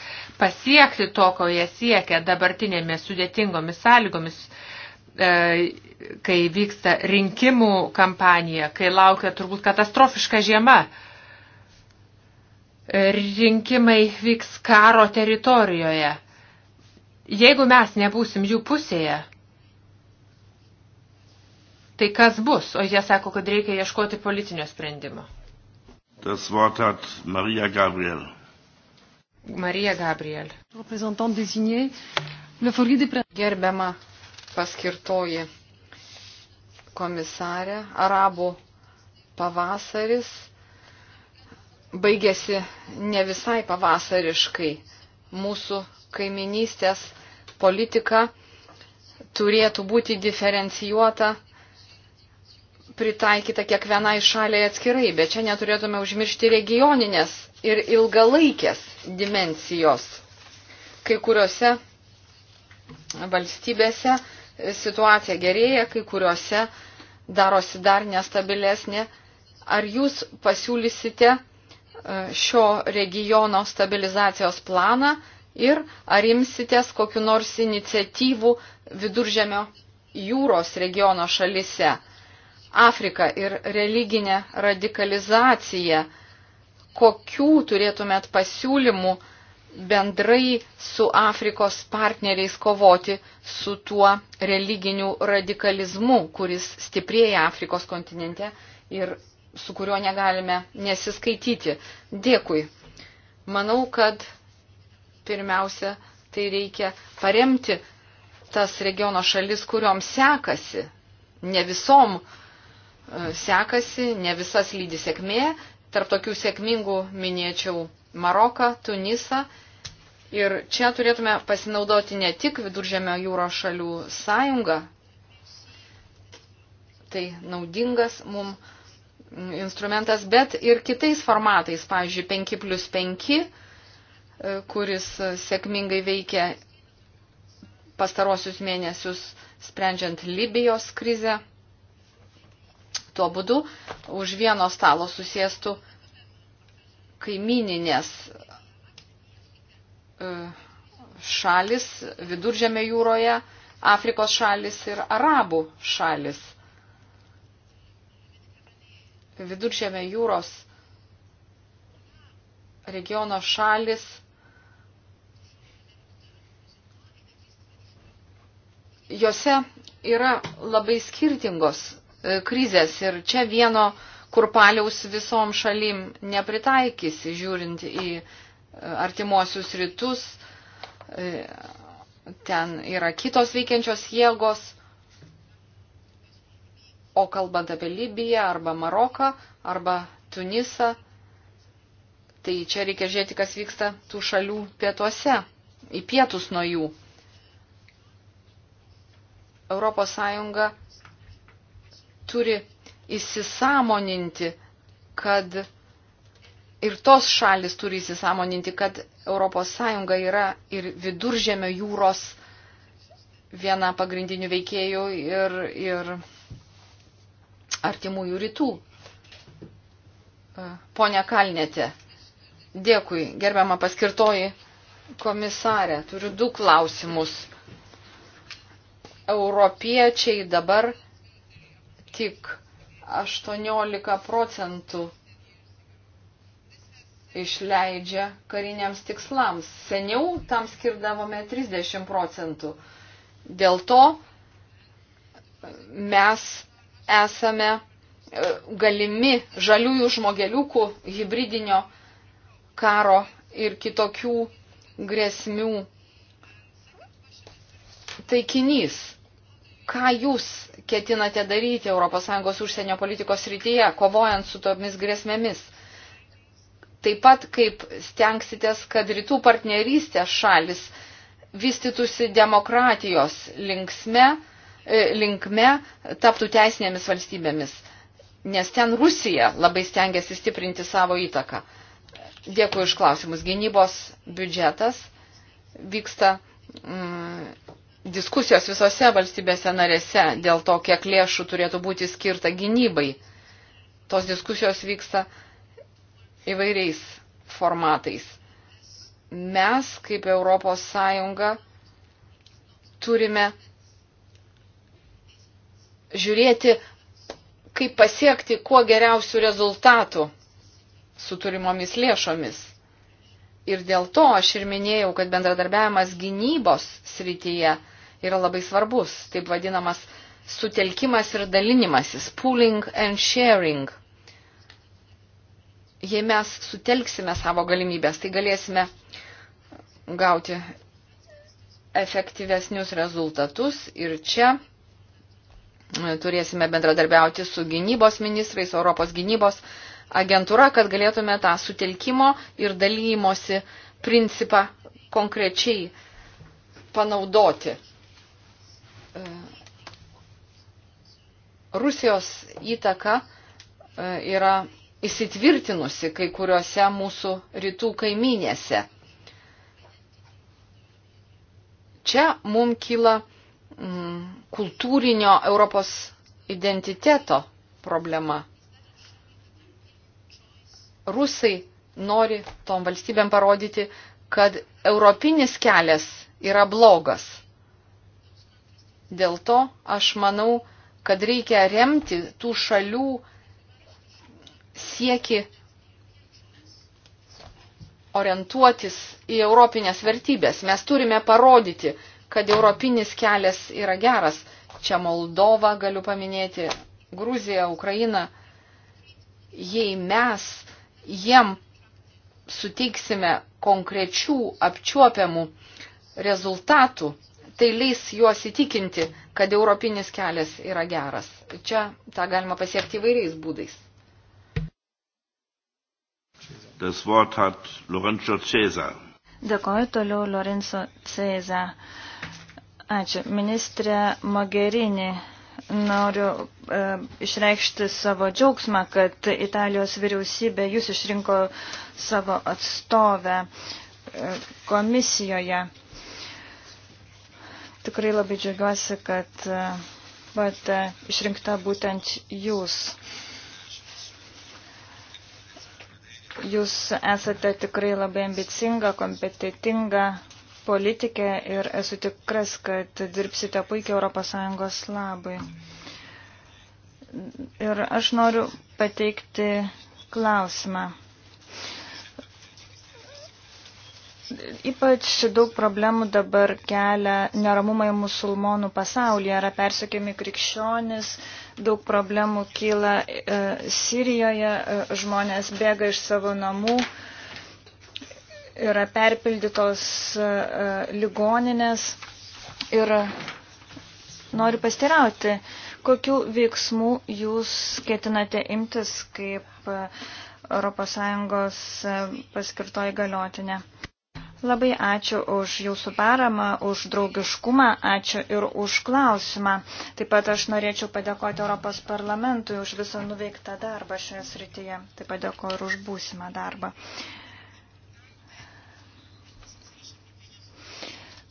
pasiekti to, ko jie siekia dabartinėmis sudėtingomis sąlygomis, e, kai vyksta rinkimų kampanija, kai laukia turbūt katastrofiška žiema. Rinkimai vyks karo teritorijoje. Jeigu mes nebūsim jų pusėje, tai kas bus? O jie sako, kad reikia ieškoti politinio sprendimo. Das Wort hat Maria Gabriel. Marija Gabriel. Gerbiama paskirtoji komisarė. Arabų pavasaris baigėsi ne visai pavasariškai. Mūsų kaiminystės politika turėtų būti diferencijuota, pritaikyta kiekvienai šaliai atskirai, bet čia neturėtume užmiršti regioninės ir ilgalaikės dimensijos. Kai kuriuose valstybėse situacija gerėja, kai kuriuose uh, darosi dar nestabilesnė. Ar jūs pasiūlysite e, šio regiono stabilizacijos planą ir ar imsitės kokiu nors iniciatyvų viduržemio jūros regiono šalise? Afrika ir religinė radikalizacija. Kokių turėtumėt pasiūlymų? bendrai su Afrikos partneriais kovoti su tuo religiniu radikalizmu, kuris stiprėja Afrikos kontinente ir su kuriuo negalime nesiskaityti. Dėkui. Manau, kad pirmiausia, tai reikia paremti tas regiono šalis, kuriuom sekasi. Ne visom e, sekasi, ne visas lydi sėkmė. Tarp tokių sėkmingų minėčiau Maroką, Tunisą Ir čia turėtume pasinaudoti ne tik Viduržėmio jūros šalių sąjungą, tai naudingas mums instrumentas, bet ir kitais formatais, pavyzdžiui, 5 plus 5, e, kuris sėkmingai veikia pastarosius mėnesius sprendžiant Libijos krizę. Tuo būdu už vieno stalo susėstų kaimininės E, šalis viduržėme jūroje, Afrikos šalis ir Arabų šalis. Viduržėme jūros regiono šalis jose yra labai skirtingos e, krizės ir čia vieno kurpaliaus visom šalim nepritaikysi, žiūrint į artimuosius rytus, e, ten yra kitos veikiančios jėgos, o kalbant apie Libiją arba Maroką arba Tunisą, tai čia reikia žiūrėti, kas vyksta tų šalių pietuose, į pietus nuo jų. Europos Sąjunga turi įsisamoninti, kad ir tos šalis turi įsisamoninti, kad ES yra ir viduržėmio jūros viena pagrindinių veikėjų ir, ir artimųjų rytų. E, Pone Kalnėte, dėkui, gerbiama paskirtoji komisarė, turiu du klausimus. Europiečiai dabar tik 18 procentų išleidžia kariniams tikslams. Seniau tam skirdavome 30 procentų. Dėl to mes esame e, galimi žaliųjų žmogeliukų hybridinio karo ir kitokių grėsmių taikinys. Ką jūs ketinate daryti ES užsienio politikos rytyje, kovojant su tomis grėsmėmis? taip pat kaip stengsitės, kad rytų partnerystės šalis vystytųsi demokratijos linksme, e, linkme, taptų teisinėmis valstybėmis, nes ten Rusija labai stengiasi stiprinti savo įtaką. Dėkui iš klausimus. Gynybos biudžetas vyksta mm, diskusijos visose valstybėse narėse dėl to, kiek lėšų turėtų būti skirta gynybai. Tos diskusijos vyksta mm, įvairiais formatais. Mes, kaip Europos Sąjunga, turime žiūrėti, kaip pasiekti kuo geriausių rezultatų su turimomis lėšomis. Ir dėl to aš ir minėjau, kad bendradarbiavimas gynybos srityje yra labai svarbus, taip vadinamas sutelkimas ir dalinimasis, pooling and sharing jei mes sutelksime savo galimybės, tai galėsime gauti efektyvesnius rezultatus ir čia turėsime bendradarbiauti su gynybos ministrais, Europos gynybos agentūra, kad galėtume tą sutelkimo ir dalymosi principą konkrečiai panaudoti. Rusijos įtaka e, yra įsitvirtinusi kai kuriuose mūsų rytų kaiminėse. Čia mums kyla mm, kultūrinio Europos identiteto problema. Rusai nori tom valstybėm parodyti, kad europinis kelias yra blogas. Dėl to aš manau, kad reikia remti tų šalių sieki orientuotis į europinės vertybės. Mes turime parodyti, kad europinis kelias yra geras. Čia Moldova galiu paminėti, Gruzija, Ukraina. Jei mes jiem suteiksime konkrečių apčiuopiamų rezultatų, tai leis juos įtikinti, kad europinis kelias yra geras. Čia tą galima pasiekti įvairiais būdais. Das Wort hat Lorenzo Cesar. Dėkoju toliau Lorenzo Cesar. Ačiū. Ministrė Mogherini, noriu e, išreikšti savo džiaugsmą, kad Italijos vyriausybė jūs išrinko savo atstovę e, komisijoje. Tikrai labai džiaugiuosi, kad e, buvote išrinkta būtent jūs. E, Jūs esate tikrai labai ambicinga, kompetitinga politikė ir esu tikras, kad dirbsite puikiai ES labai. Ir aš noriu pateikti klausimą. Ypač daug problemų dabar kelia neramumai musulmonų pasaulyje, yra persekiami krikščionis, daug problemų kyla e, Sirijoje, e, žmonės bėga iš savo namų, yra perpildytos e, ligoninės ir noriu pastirauti, kokiu veiksmu jūs ketinate imtis kaip ES paskirtoji galiotinė. Labai ačiū už jūsų paramą, už draugiškumą, ačiū ir už klausimą. Taip pat aš norėčiau padėkoti Europos parlamentui už visą nuveiktą darbą šioje srityje. Taip pat dėkoju ir už būsimą darbą.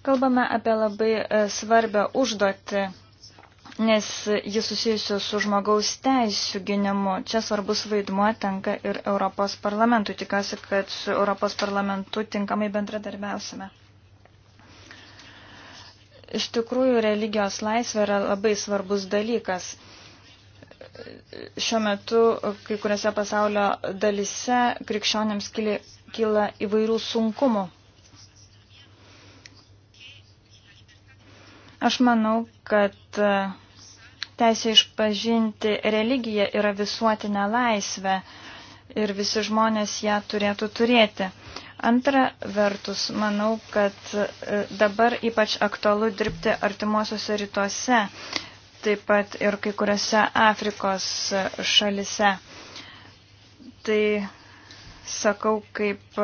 Kalbame apie labai e, svarbę užduotį nes jis susijusios su žmogaus teisų gynimu. Čia svarbus vaidmuo tenka ir Europos parlamentui. Tikiuosi, kad su Europos parlamentu tinkamai bendradarbiausime. Iš tikrųjų, religijos laisvė yra labai svarbus dalykas. Šiuo metu kai kuriuose pasaulio dalise krikščionėms kyla įvairių sunkumų. Aš manau, kad Teisė išpažinti religiją yra visuotinė laisvė ir visi žmonės ją turėtų turėti. Antra vertus, manau, kad e, dabar ypač aktualu dirbti artimuosiuose rytuose, taip pat ir kai kuriuose Afrikos e, šalise. Tai sakau kaip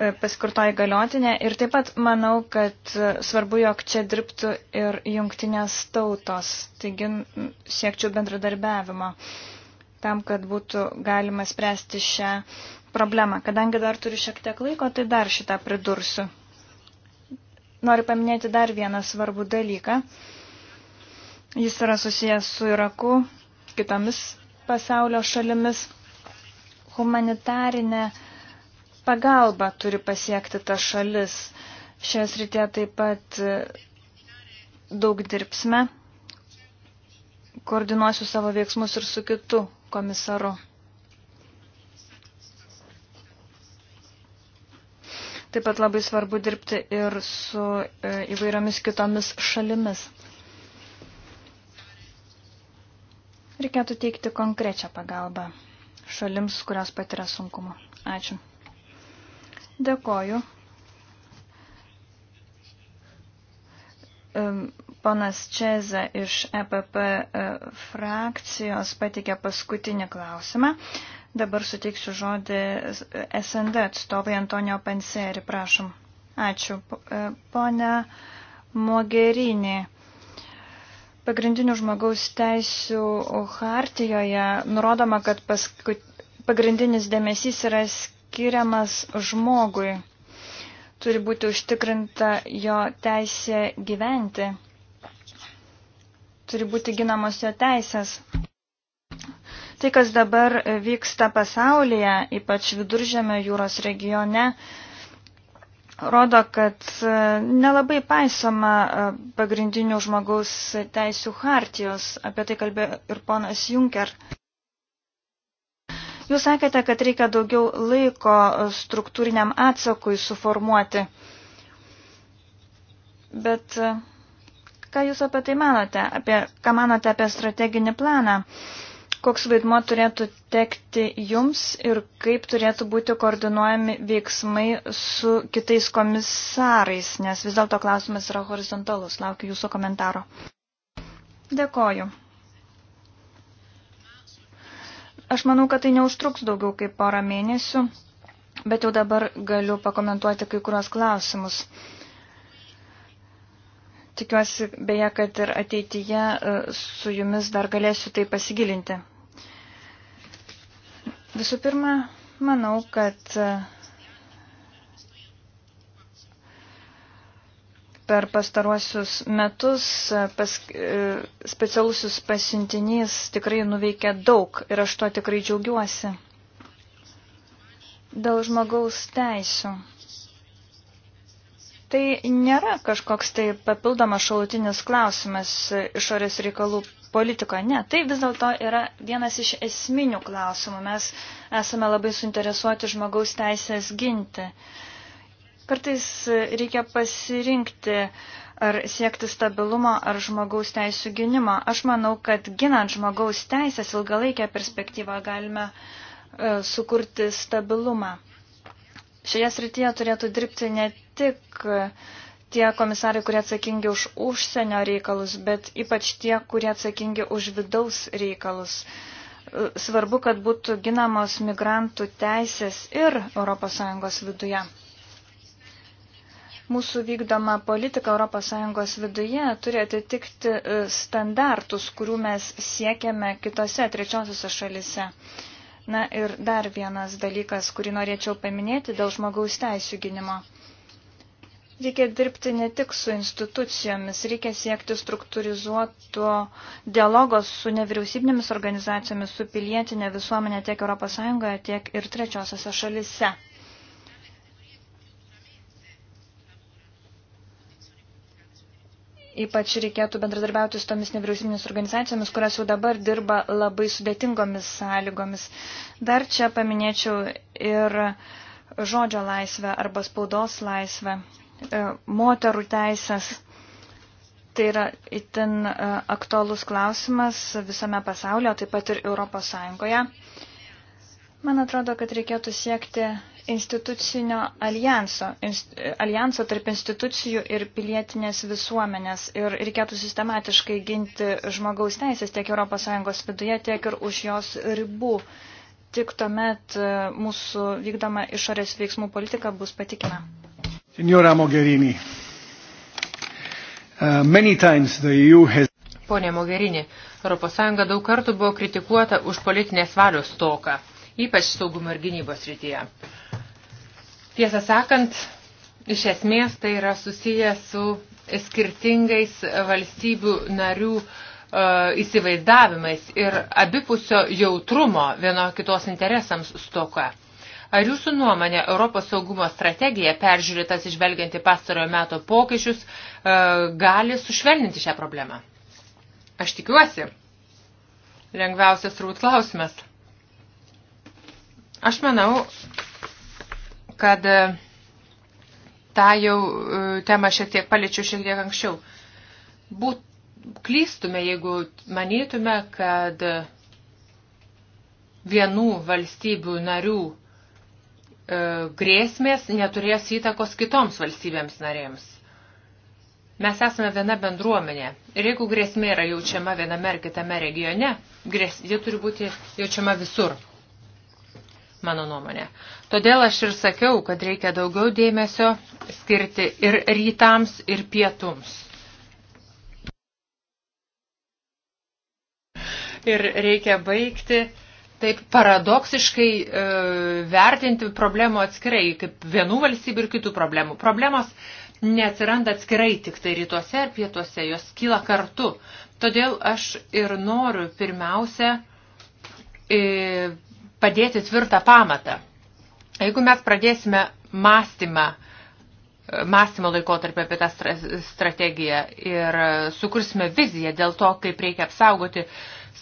E, pasikurtoji galiotinė ir taip pat manau, kad e, svarbu, jog čia dirbtų ir jungtinės tautos, taigi siekčiau bendradarbiavimo tam, kad būtų galima spręsti šią problemą. Kadangi dar turiu šiek tiek laiko, tai dar šitą pridursiu. Noriu paminėti dar vieną svarbų dalyką. Jis yra susijęs su Iraku, kitomis pasaulio šalimis. Humanitarinė uh, pagalba turi pasiekti tas šalis. Šioje srityje taip pat e, daug dirbsime. Koordinuosiu savo veiksmus ir su kitu komisaru. Taip pat labai svarbu dirbti ir su e, įvairiomis kitomis šalimis. Reikėtų teikti konkrečią pagalbą šalims, kurios patiria sunkumų. Ačiū. Dėkoju. Ponas Čeze iš EPP e, frakcijos patikė paskutinį klausimą. Dabar suteiksiu žodį SND atstovai Antonio Panseri, prašom. Ačiū. E, pone Mogerinė. Pagrindinių žmogaus teisių hartijoje nurodoma, kad paskut... pagrindinis dėmesys yra skirtas skiriamas žmogui. Turi būti užtikrinta jo teisė gyventi. Turi būti ginamos jo teisės. Tai, kas dabar vyksta pasaulyje, ypač viduržėme jūros regione, rodo, kad e, nelabai paisoma e, pagrindinių žmogaus teisų hartijos. Apie tai kalbėjo ir ponas Junker. Jūs sakėte, kad reikia daugiau laiko struktūriniam atsakui suformuoti. Bet ką Jūs apie tai manote? Apie, ką manote apie strateginį planą? Koks vaidmo turėtų tekti Jums ir kaip turėtų būti koordinuojami veiksmai su kitais komisarais? Nes vis dėlto klausimas yra horizontalus. Laukiu Jūsų komentaro. Dėkoju. Aš manau, kad tai neužtruks daugiau kaip porą mėnesių, bet jau dabar galiu pakomentuoti kai kurios klausimus. Tikiuosi beje, kad ir ateityje e, su jumis dar galėsiu tai pasigilinti. Visų pirma, manau, kad e, per pastaruosius metus e, pas, e, specialusis pasiuntinys tikrai nuveikė daug ir aš to tikrai džiaugiuosi. Dėl žmogaus teisų. Tai nėra kažkoks tai papildomas šalutinis klausimas išorės reikalų politikoje. Ne, tai vis dėlto yra vienas iš esminių klausimų. Mes esame labai suinteresuoti žmogaus teisės ginti. Uh, Kartais reikia pasirinkti, ar siekti stabilumo, ar žmogaus teisų gynimo. Aš manau, kad ginant žmogaus teisės ilgalaikę perspektyvą galime e, sukurti stabilumą. Šioje srityje turėtų dirbti ne tik e, tie komisarai, kurie atsakingi už užsienio reikalus, bet ypač tie, kurie atsakingi už vidaus reikalus. E, svarbu, kad būtų ginamos migrantų teisės ir ES viduje mūsų vykdoma politika ES viduje turi atitikti e, standartus, kurių mes siekiame kitose trečiosiuose šalise. Na ir dar vienas dalykas, kurį norėčiau paminėti dėl žmogaus teisų gynimo. Reikia dirbti ne tik su institucijomis, reikia siekti struktūrizuoto dialogo su nevyriausybinėmis organizacijomis, su pilietinė visuomenė tiek ES, tiek ir trečiosiose šalise. Ypač reikėtų bendradarbiauti su tomis nevyriausybinės organizacijomis, kurios jau dabar dirba labai sudėtingomis sąlygomis. Dar čia paminėčiau ir žodžio laisvę arba spaudos laisvę, e, moterų teisės. Tai yra itin e, aktualus klausimas visame pasaulyje, taip pat ir Europos Sąjungoje. Man atrodo, kad reikėtų siekti institucinio aljanso, inst, aljanso tarp institucijų ir pilietinės visuomenės ir reikėtų sistematiškai ginti žmogaus teisės tiek ES viduje, tiek ir už jos ribų. Tik tuomet e, mūsų vykdoma išorės veiksmų politika bus patikima. Signora Mogherini, uh, many times the EU has Pone Mogherini, ES daug kartų buvo kritikuota už politinės valios stoką, ypač saugumo ir gynybos rytyje. Tiesą sakant, iš esmės tai yra susiję su skirtingais valstybių narių e, įsivaizdavimais ir abipusio jautrumo vieno kitos interesams stoka. Ar jūsų nuomonė Europos saugumo strategija, peržiūrėtas išvelgianti pastarojo meto pokyčius, e, gali sušvelninti šią problemą? Aš tikiuosi. Lengviausias rūt klausimas. Aš manau, kad e, tą jau e, temą šiek tiek paliečiu šiek tiek anksčiau. Būt klystume, jeigu manytume, kad vienų valstybių narių e, grėsmės neturės įtakos kitoms valstybėms narėms. Mes esame viena bendruomenė ir jeigu grėsmė yra jaučiama viename ar kitame regione, grės, ji turi būti jaučiama visur mano nuomonė. Todėl aš ir sakiau, kad reikia daugiau dėmesio skirti ir rytams, ir pietums. Ir reikia baigti taip paradoksiškai e, vertinti problemų atskirai, kaip vienų valstybių ir kitų problemų. Problemos neatsiranda atskirai tik tai rytuose ar pietuose, jos kyla kartu. Todėl aš ir noriu pirmiausia e, padėti tvirtą pamatą. Jeigu mes pradėsime mąstymą, mąstymo laikotarpį apie tą strategiją ir sukursime viziją dėl to, kaip reikia apsaugoti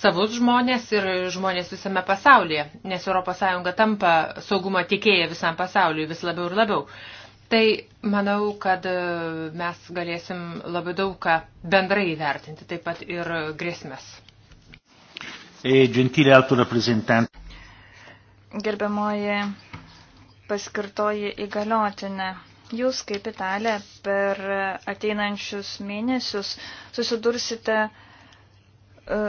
savus žmonės ir žmonės visame pasaulyje, nes ES tampa saugumo tikėję visam pasauliu vis labiau ir labiau. Tai manau, kad e, mes galėsim labai daug ką bendrai įvertinti, taip pat ir grėsmės. E gentile alto rappresentante. Gerbiamoji paskirtoji įgaliotinė. Jūs kaip Italė per ateinančius mėnesius susidursite e,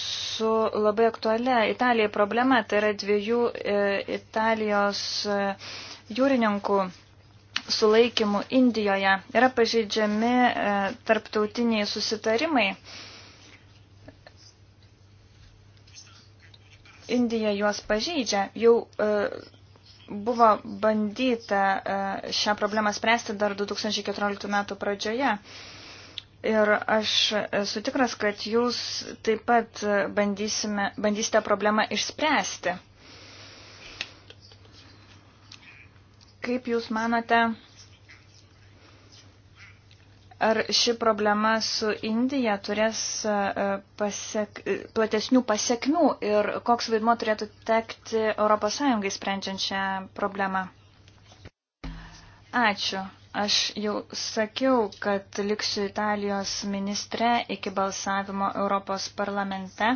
su labai aktualia Italijai problema, tai yra dviejų e, Italijos e, jūrininkų sulaikymų Indijoje. Yra pažeidžiami tarptautiniai susitarimai. Indija juos pažeidžia. Jau e, buvo bandyta e, šią problemą spręsti dar 2014 metų pradžioje. Ir aš esu tikras, kad jūs taip pat bandysite problemą išspręsti. Kaip jūs manote, Ar ši problema su Indija turės e, pasek, e, platesnių pasiekmių ir koks vaidmo turėtų tekti ES sprendžiant šią problemą? Ačiū. Aš jau sakiau, kad liksiu Italijos ministre iki balsavimo Europos parlamente.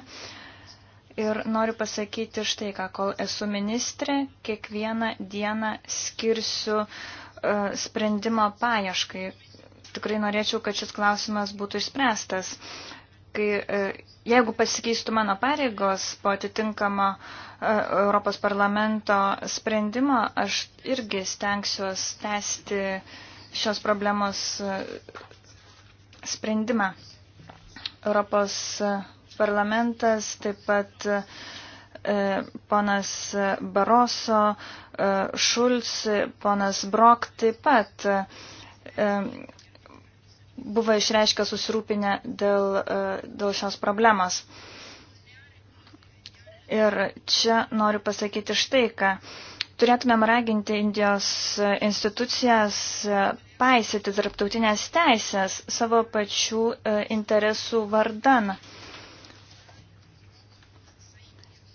Ir noriu pasakyti štai ką, kol esu ministrė, kiekvieną dieną skirsiu uh, sprendimo paieškai, tikrai norėčiau, kad šis klausimas būtų išspręstas. Kai, e, jeigu pasikeistų mano pareigos po atitinkamo e, Europos parlamento sprendimo, aš irgi stengsiuos tęsti šios problemos e, sprendimą. Europos parlamentas taip pat ponas Baroso, Šulc, ponas Brok taip pat buvo išreiškę susirūpinę dėl, e, dėl šios problemos. Ir čia noriu pasakyti štai, ką turėtumėm raginti Indijos institucijas paisyti tarptautinės teisės savo pačių e, interesų vardan.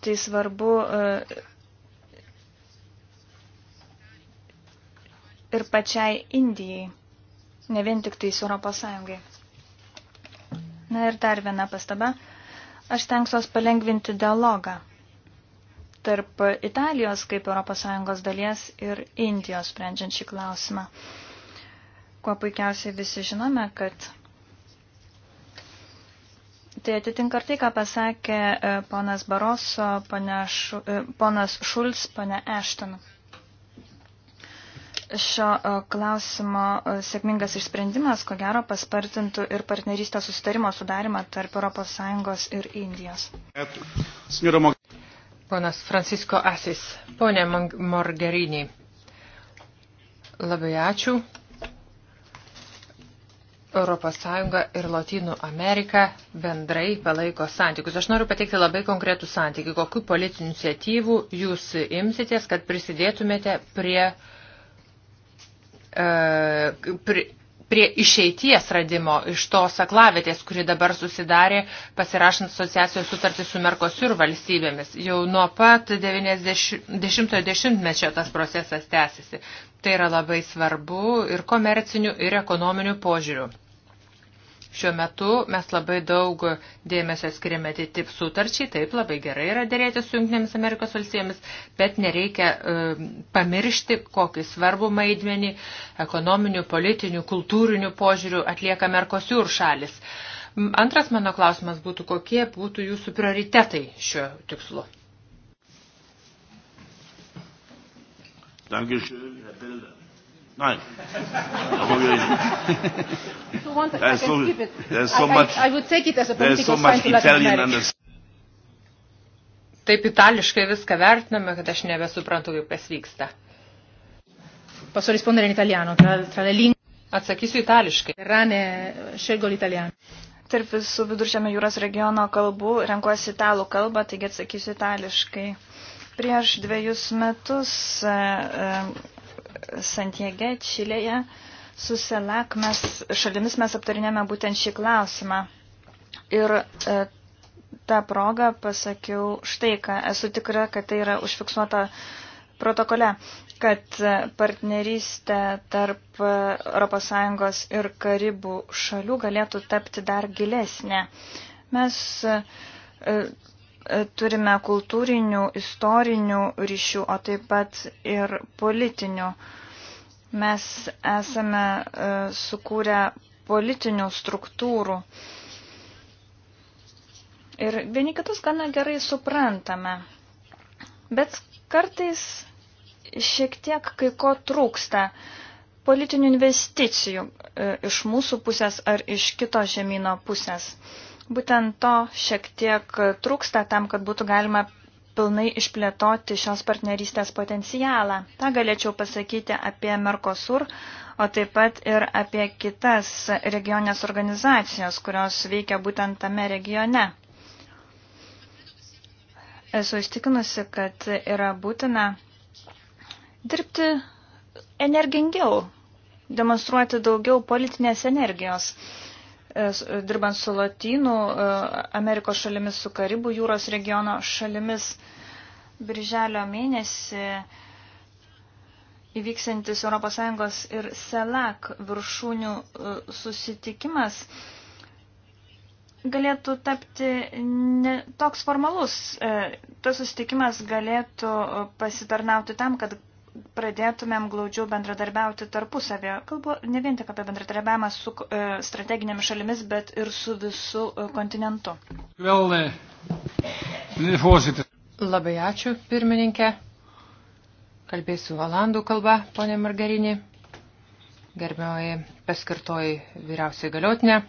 Tai svarbu e, ir pačiai Indijai ne vien tik tais Europos Sąjungai. Na ir dar viena pastaba. Aš tenksiuos palengvinti dialogą tarp Italijos kaip ES dalies ir Indijos sprendžiant šį klausimą. Kuo puikiausiai visi žinome, kad tai atitinka tai, ką pasakė e, ponas Baroso, e, ponas Šulc, ponė Ešton. Šu, šio e, klausimo e, sėkmingas išsprendimas, ko gero, paspartintų ir partnerystę susitarimo sudarimą tarp ES ir Indijos. Ponas Francisko Asis, ponė Morgerinį, labai ačiū. ES ir Latinų Amerika bendrai palaiko santykius. Aš noriu pateikti labai konkretų santykį. Kokiu politinių iniciatyvų jūs imsitės, kad prisidėtumėte prie uh, E, prie, prie išeities radimo iš tos aklavėtės, kuri dabar susidarė pasirašant asociacijos sutartį su Merkosiur valstybėmis. Jau nuo pat 90-mečio tas procesas tęsiasi. Tai yra labai svarbu ir komercinių, ir ekonominių požiūrių. Šiuo metu mes labai daug dėmesio skiriame TTIP sutarčiai, taip labai gerai yra dėrėti su Junktinėmis Amerikos valstybėmis, bet nereikia e, pamiršti, kokį svarbų maidmenį ekonominių, politinių, kultūrinių požiūrių atlieka Merkosiūr šalis. Antras mano klausimas būtų, kokie būtų jūsų prioritetai šiuo tikslu. Dankeschön, Herr Bilder. Nein. if you want, I there's can so, skip it. There's so I, much, I, I would take it as a political so sign to Latin America. Taip itališkai viską vertiname, kad aš nebesuprantu, kaip kas vyksta. Posso rispondere in italiano, tra, tra le lingue. Atsakysiu itališkai. Rane, scelgo l'italiano. Tarp visų viduržėmio jūros regiono kalbų renkuosi italų kalbą, taigi atsakysiu itališkai. Prieš dviejus metus e, e, Santiege, Čilėje, su SELAK mes, šalimis mes aptarinėme būtent šį klausimą. Ir e, tą progą pasakiau štai, ką esu tikra, kad tai yra užfiksuota protokole, kad e, partnerystė tarp ES ir Karibų šalių galėtų tapti dar gilesnė. Mes e, E, turime kultūrinių, istorinių ryšių, o taip pat ir politinių. Mes esame e, sukūrę politinių struktūrų. Ir vieni kitus gana gerai suprantame. Bet kartais šiek tiek kai ko trūksta politinių investicijų e, iš mūsų pusės ar iš kito žemynų pusės. Būtent to šiek tiek trūksta tam, kad būtų galima pilnai išplėtoti šios partnerystės potencialą. Ta galėčiau pasakyti apie Mercosur, o taip pat ir apie kitas regionės organizacijos, kurios veikia būtent tame regione. Esu ištikinusi, kad yra būtina dirbti energingiau, demonstruoti daugiau politinės energijos. E, dirbant su Latinų e, Amerikos šalimis, su Karibų jūros regiono šalimis. Birželio mėnesį įvyksintis ES ir SELAC viršūnių e, susitikimas galėtų tapti ne, toks formalus. Tas susitikimas galėtų pasitarnauti tam, kad pradėtumėm glaudžiau bendradarbiauti tarpusavėje. Kalbu ne vien tik apie bendradarbiavimą su e, strateginėmis šalimis, bet ir su visu e, kontinentu. Vėl, Labai ačiū, pirmininkė. Kalbėsiu valandų kalba, ponė Margarinė. Gerbiamoji paskirtoji vyriausiai galiotinė.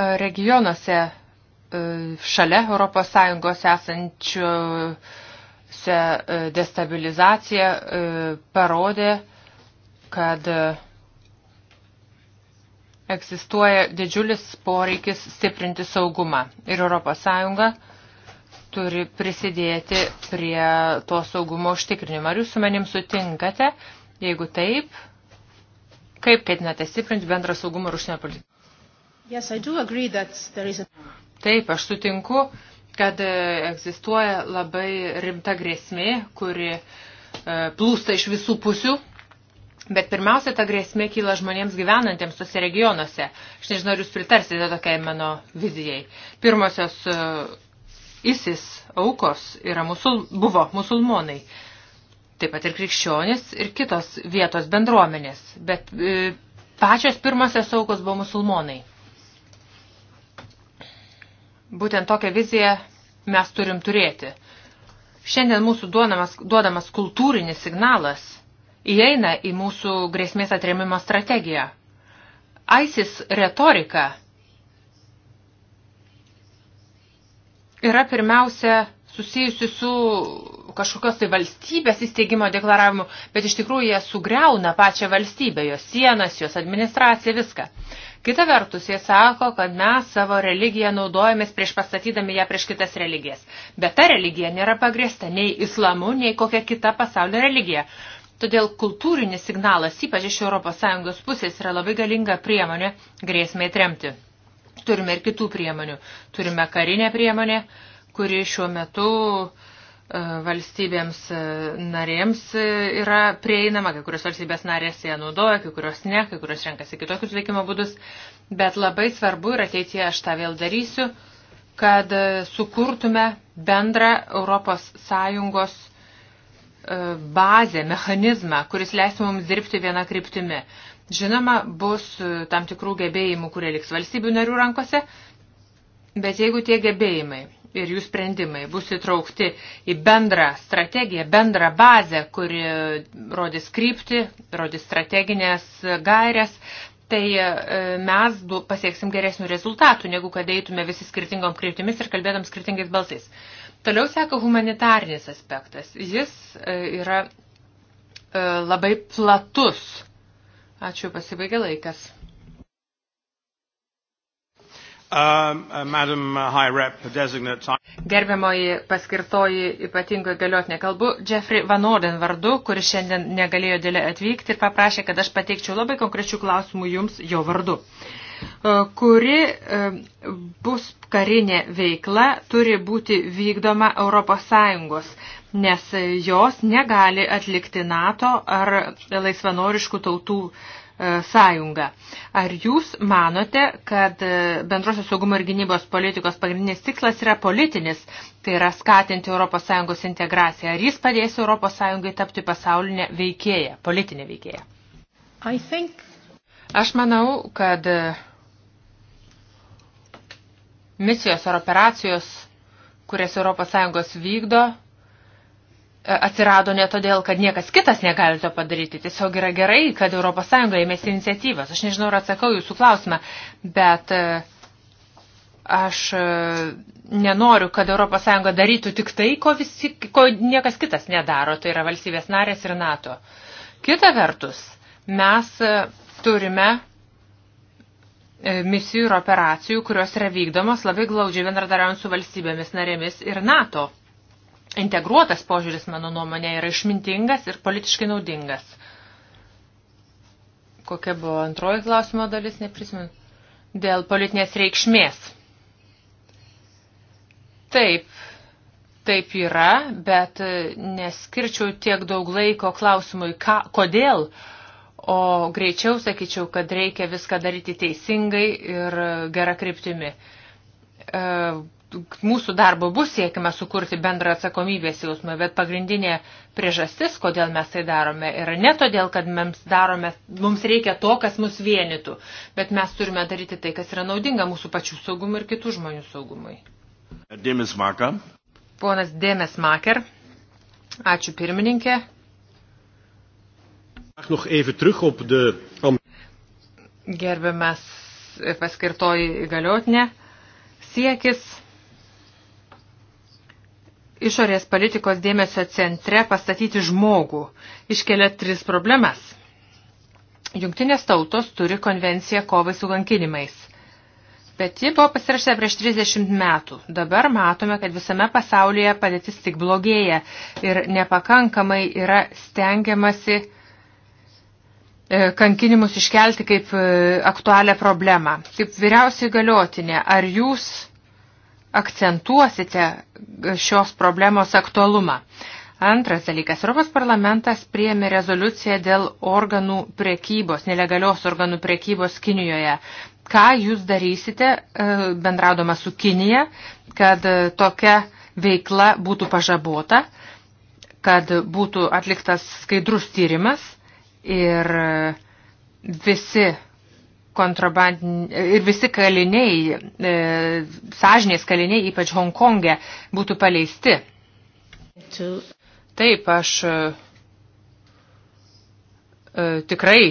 regionuose E, šalia ES esančių e, destabilizacija e, parodė, kad egzistuoja didžiulis poreikis stiprinti saugumą. Ir ES turi prisidėti prie to saugumo užtikrinimo. Ar jūs su manim sutinkate? Jeigu taip, kaip ketinate stiprinti bendrą saugumą ir užsienio politiką? Yes, I do agree that there is a... Taip, aš sutinku, kad e, egzistuoja labai rimta grėsmė, kuri e, plūsta iš visų pusių. Bet pirmiausia, ta grėsmė kyla žmonėms gyvenantiems tose regionuose. Aš nežinau, ar jūs pritarsite tokiai mano vizijai. Pirmosios e, ISIS aukos yra musul, buvo musulmonai, taip pat ir krikščionis ir kitos vietos bendruomenės, bet e, pačios pirmosios aukos buvo musulmonai. Būtent tokią viziją mes turim turėti. Šiandien mūsų duodamas, duodamas kultūrinis signalas įeina į mūsų grėsmės atremimo strategiją. ISIS retorika yra pirmiausia susijusi su kažkokios tai valstybės įsteigimo deklaravimu, bet iš tikrųjų jie sugriauna pačią valstybę, jos sienas, jos administraciją, viską. Kita vertus, jie sako, kad mes savo religiją naudojamės prieš pastatydami ją prieš kitas religijas. Bet ta religija nėra pagrėsta nei islamu, nei kokia kita pasaulio religija. Todėl kultūrinis signalas, ypač iš ES pusės, yra labai galinga priemonė grėsmė tremti. Turime ir kitų priemonių. Turime karinę priemonę, kuri šiuo metu uh, E, valstybėms e, narėms e, yra prieinama, kai kurios valstybės narės ją naudoja, kai kurios ne, kai kurios renkasi kitokius veikimo būdus, bet labai svarbu ir ateityje aš tą vėl darysiu, kad sukurtume bendrą Europos Sąjungos bazę, mechanizmą, kuris leistų mums dirbti vieną kryptimį. Žinoma, bus tam tikrų gebėjimų, kurie liks valstybių narių rankose, bet jeigu tie gebėjimai ir jų sprendimai bus įtraukti į bendrą strategiją, bendrą bazę, kuri rodys krypti, rodys strateginės gairias, tai e, mes pasieksim geresnių rezultatų, negu kad eitume visi skirtingom kryptimis ir kalbėdam skirtingais balsais. Toliau seka humanitarnis aspektas. Jis e, yra e, labai platus. Ačiū, pasibaigė laikas. Um, uh, uh, Gerbiamoji paskirtoji ypatingo galiotinė kalbu, Jeffrey Van Orden vardu, kuris šiandien negalėjo dėlė atvykti ir paprašė, kad aš pateikčiau labai konkrečių klausimų jums jo vardu. Uh, kuri um, bus karinė veikla turi būti vykdoma Europos Sąjungos, nes jos negali atlikti NATO ar laisvanoriškų tautų uh, E, sąjungą. Ar jūs manote, kad e, bendrosios saugumo ir gynybos politikos pagrindinis tikslas yra politinis, tai yra skatinti ES integraciją? Ar jis padės ES tapti pasaulinę veikėją, politinę veikėją? I think... Aš manau, kad e, misijos ar operacijos, kurias ES vykdo, E, atsirado ne todėl, kad niekas kitas negali to padaryti. Tiesiog yra gerai, kad ES ėmėsi iniciatyvas. Aš nežinau, ar atsakau jūsų klausimą, bet e, aš e, nenoriu, kad ES darytų tik tai, ko, visi, ko niekas kitas nedaro. Tai yra valstybės narės ir NATO. Kita vertus, mes turime misijų ir operacijų, kurios yra vykdomos labai glaudžiai bendradarbiaujant su valstybėmis narėmis ir NATO integruotas požiūris, mano nuomonė, yra išmintingas ir politiškai naudingas. Kokia buvo antroji klausimo dalis, neprisimenu. Dėl politinės reikšmės. Taip, taip yra, bet e, neskirčiau tiek daug laiko klausimui, ką, kodėl, o greičiau sakyčiau, kad reikia viską daryti teisingai ir e, gerą kryptimi. E, mūsų darbo bus siekime sukurti bendrą atsakomybės jausmą, bet pagrindinė priežastis, kodėl mes tai darome, yra ne todėl, kad mums, darome, mums reikia to, kas mus vienytų, bet mes turime daryti tai, kas yra naudinga mūsų pačių saugumui ir kitų žmonių saugumui. Dėmes Makar. Ponas Dėmes Makar. Ačiū pirmininkė. Gerbiamas paskirtoji įgaliotinė. Siekis išorės politikos dėmesio centre pastatyti žmogų iškelia tris problemas. Jungtinės tautos turi konvenciją kovai su kankinimais. Bet ji buvo pasirašyta prieš 30 metų. Dabar matome, kad visame pasaulyje padėtis tik blogėja ir nepakankamai yra stengiamasi e, kankinimus iškelti kaip e, aktualią problemą. Kaip vyriausiai galiotinė, ar jūs akcentuosite šios problemos aktualumą. Antras dalykas. Europos parlamentas priėmė rezoliuciją dėl organų prekybos, nelegalios organų prekybos Kinijoje. Ką jūs darysite, e, bendraudama su Kinija, kad e, tokia veikla būtų pažabota, kad būtų atliktas skaidrus tyrimas ir e, visi kontrabandiniai ir visi kaliniai, e, sąžinės kaliniai, ypač Hongkonge, būtų paleisti. Taip, aš e, e, tikrai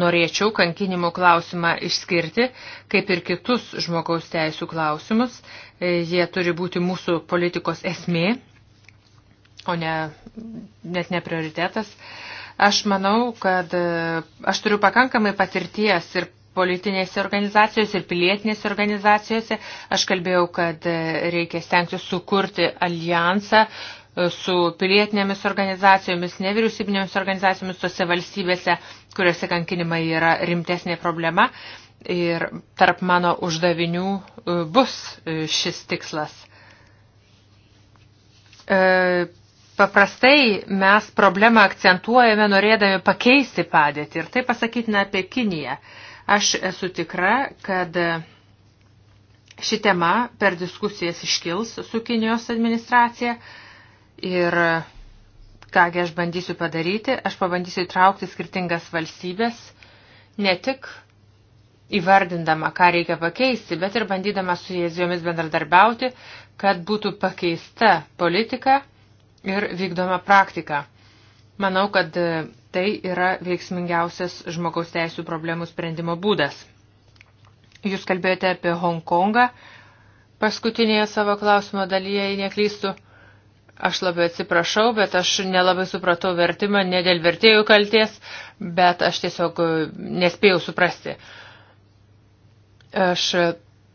norėčiau kankinimo klausimą išskirti, kaip ir kitus žmogaus teisų klausimus. E, jie turi būti mūsų politikos esmė, o ne, net ne prioritetas. E, Aš manau, kad e, aš turiu pakankamai patirties ir politinėse organizacijose ir pilietinėse organizacijose. Aš kalbėjau, kad e, reikia stengti sukurti alijansą e, su pilietinėmis organizacijomis, nevyriausybinėmis organizacijomis tose valstybėse, kuriuose kankinimai yra rimtesnė problema. Ir tarp mano uždavinių bus šis tikslas. Paprastai mes problemą akcentuojame norėdami pakeisti padėtį ir tai pasakytina apie Kiniją. Aš esu tikra, kad ši tema per diskusijas iškils su Kinijos administracija ir kągi aš bandysiu padaryti, aš pabandysiu įtraukti skirtingas valstybės, ne tik įvardindama, ką reikia pakeisti, bet ir bandydama su jais jomis bendradarbiauti, kad būtų pakeista politika, ir vykdomą praktiką. Manau, kad tai yra veiksmingiausias žmogaus teisų problemų sprendimo būdas. Jūs kalbėjote apie Hongkongą paskutinėje savo klausimo dalyje, jei neklystu. Aš labai atsiprašau, bet aš nelabai supratau vertimą, ne dėl vertėjų kalties, bet aš tiesiog e, nespėjau suprasti. Aš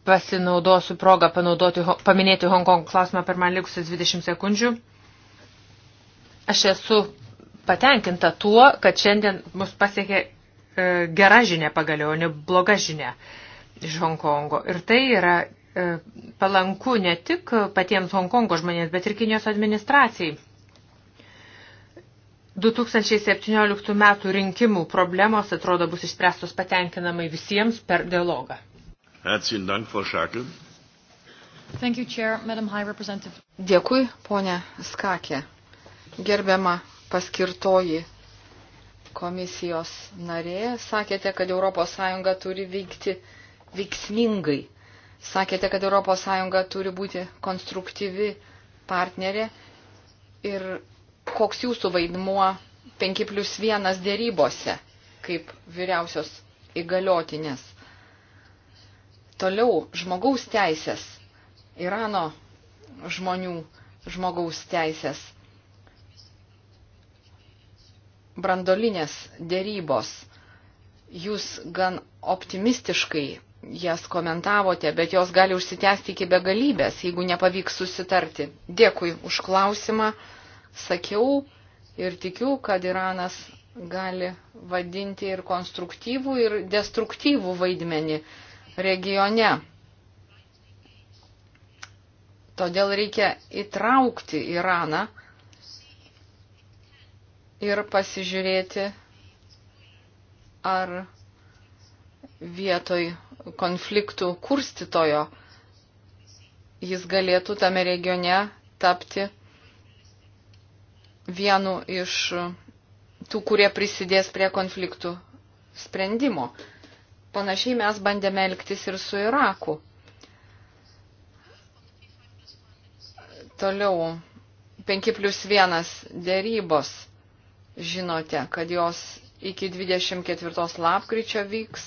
pasinaudosiu progą panaudoti, paminėti Hongkong klausimą per man likusias 20 sekundžių. Aš esu patenkinta tuo, kad šiandien mus pasiekė e, gera žinia pagaliau, ne bloga žinia iš Hongkongo. Ir tai yra e, palanku ne tik patiems Hongkongo žmonėms, bet ir Kinijos administracijai. 2017 metų rinkimų problemos atrodo bus išspręstos patenkinamai visiems per dialogą. Dėkui, ponė Skakė. Gerbiama paskirtoji komisijos narė, sakėte, kad ES turi veikti veiksmingai. Sakėte, kad ES turi būti konstruktyvi partnerė. Ir koks jūsų vaidmuo 5 plus 1 dėrybose kaip vyriausios įgaliotinės? Toliau žmogaus teisės, Irano žmonių žmogaus teisės brandolinės dėrybos. Jūs gan optimistiškai jas komentavote, bet jos gali užsitęsti iki begalybės, jeigu nepavyks susitarti. Dėkui už klausimą. Sakiau ir tikiu, kad Iranas gali vadinti ir konstruktyvų, ir destruktyvų vaidmenį regione. Todėl reikia įtraukti Iraną ir pasižiūrėti, ar vietoj konfliktų kurstytojo jis galėtų tame regione tapti vienu iš tų, kurie prisidės prie konfliktų sprendimo. Panašiai mes bandėme elgtis ir su Iraku. Toliau 5 plus 1 dėrybos. Žinote, kad jos iki 24 lapkričio vyks.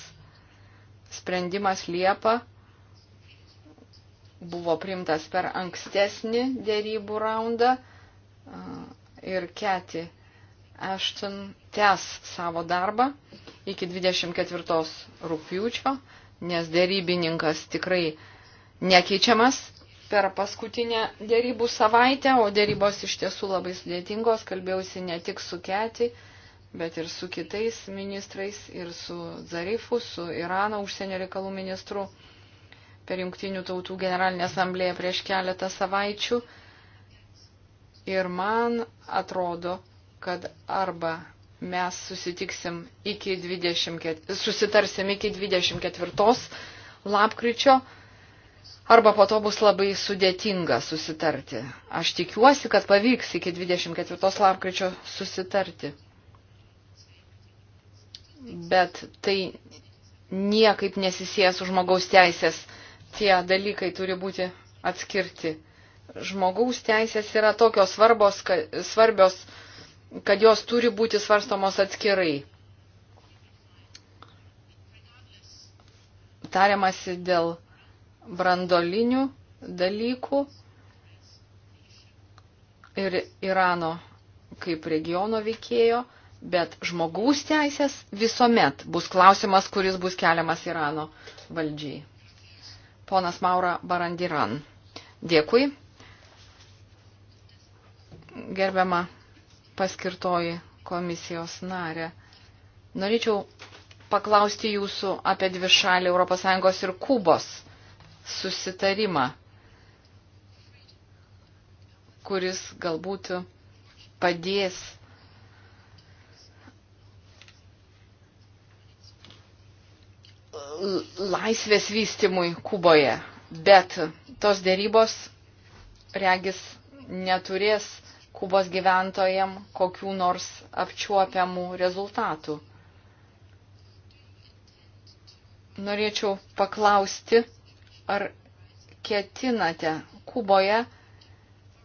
Sprendimas Liepa buvo primtas per ankstesnį dėrybų raundą ir Keti Ashton tęs savo darbą iki 24 rūpjūčio, nes dėrybininkas tikrai nekeičiamas per paskutinę dėrybų savaitę, o dėrybos iš tiesų labai sudėtingos, kalbėjausi ne tik su Keti, bet ir su kitais ministrais, ir su Zarifu, su Irano užsienio reikalų ministru per Junktinių tautų generalinę asamblėją prieš keletą savaičių. Ir man atrodo, kad arba mes susitiksim iki 20, susitarsim iki 24 lapkričio, arba po to bus labai sudėtinga susitarti. Aš tikiuosi, kad pavyks iki 24 lapkričio susitarti. Bet tai niekaip nesisės su žmogaus teisės. Tie dalykai turi būti atskirti. Žmogaus teisės yra tokios svarbos, kad, svarbios, kad jos turi būti svarstomos atskirai. Tariamasi dėl brandolinių dalykų ir Irano kaip regiono veikėjo, bet žmogaus teisės visuomet bus klausimas, kuris bus keliamas Irano valdžiai. Ponas Maura Barandiran. Dėkui. Gerbiama paskirtoji komisijos narė. Norėčiau paklausti jūsų apie dvi šalį ES ir Kubos susitarimą, kuris galbūt padės laisvės vystimui Kuboje. Bet tos dėrybos, regis, neturės Kubos gyventojam kokių nors apčiuopiamų rezultatų. Norėčiau paklausti, ar ketinate Kuboje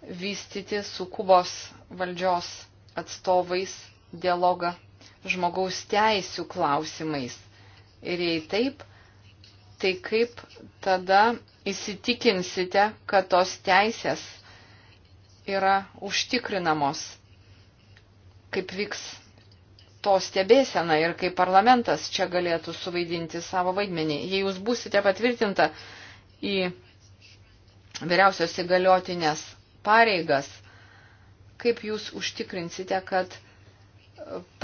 vystyti su Kubos valdžios atstovais dialogą žmogaus teisų klausimais? Ir jei taip, tai kaip tada įsitikinsite, kad tos teisės yra užtikrinamos, kaip vyks to stebėsena ir kaip parlamentas čia galėtų suvaidinti savo vaidmenį. Jei jūs būsite patvirtinta, į vyriausios įgaliotinės pareigas, kaip jūs užtikrinsite, kad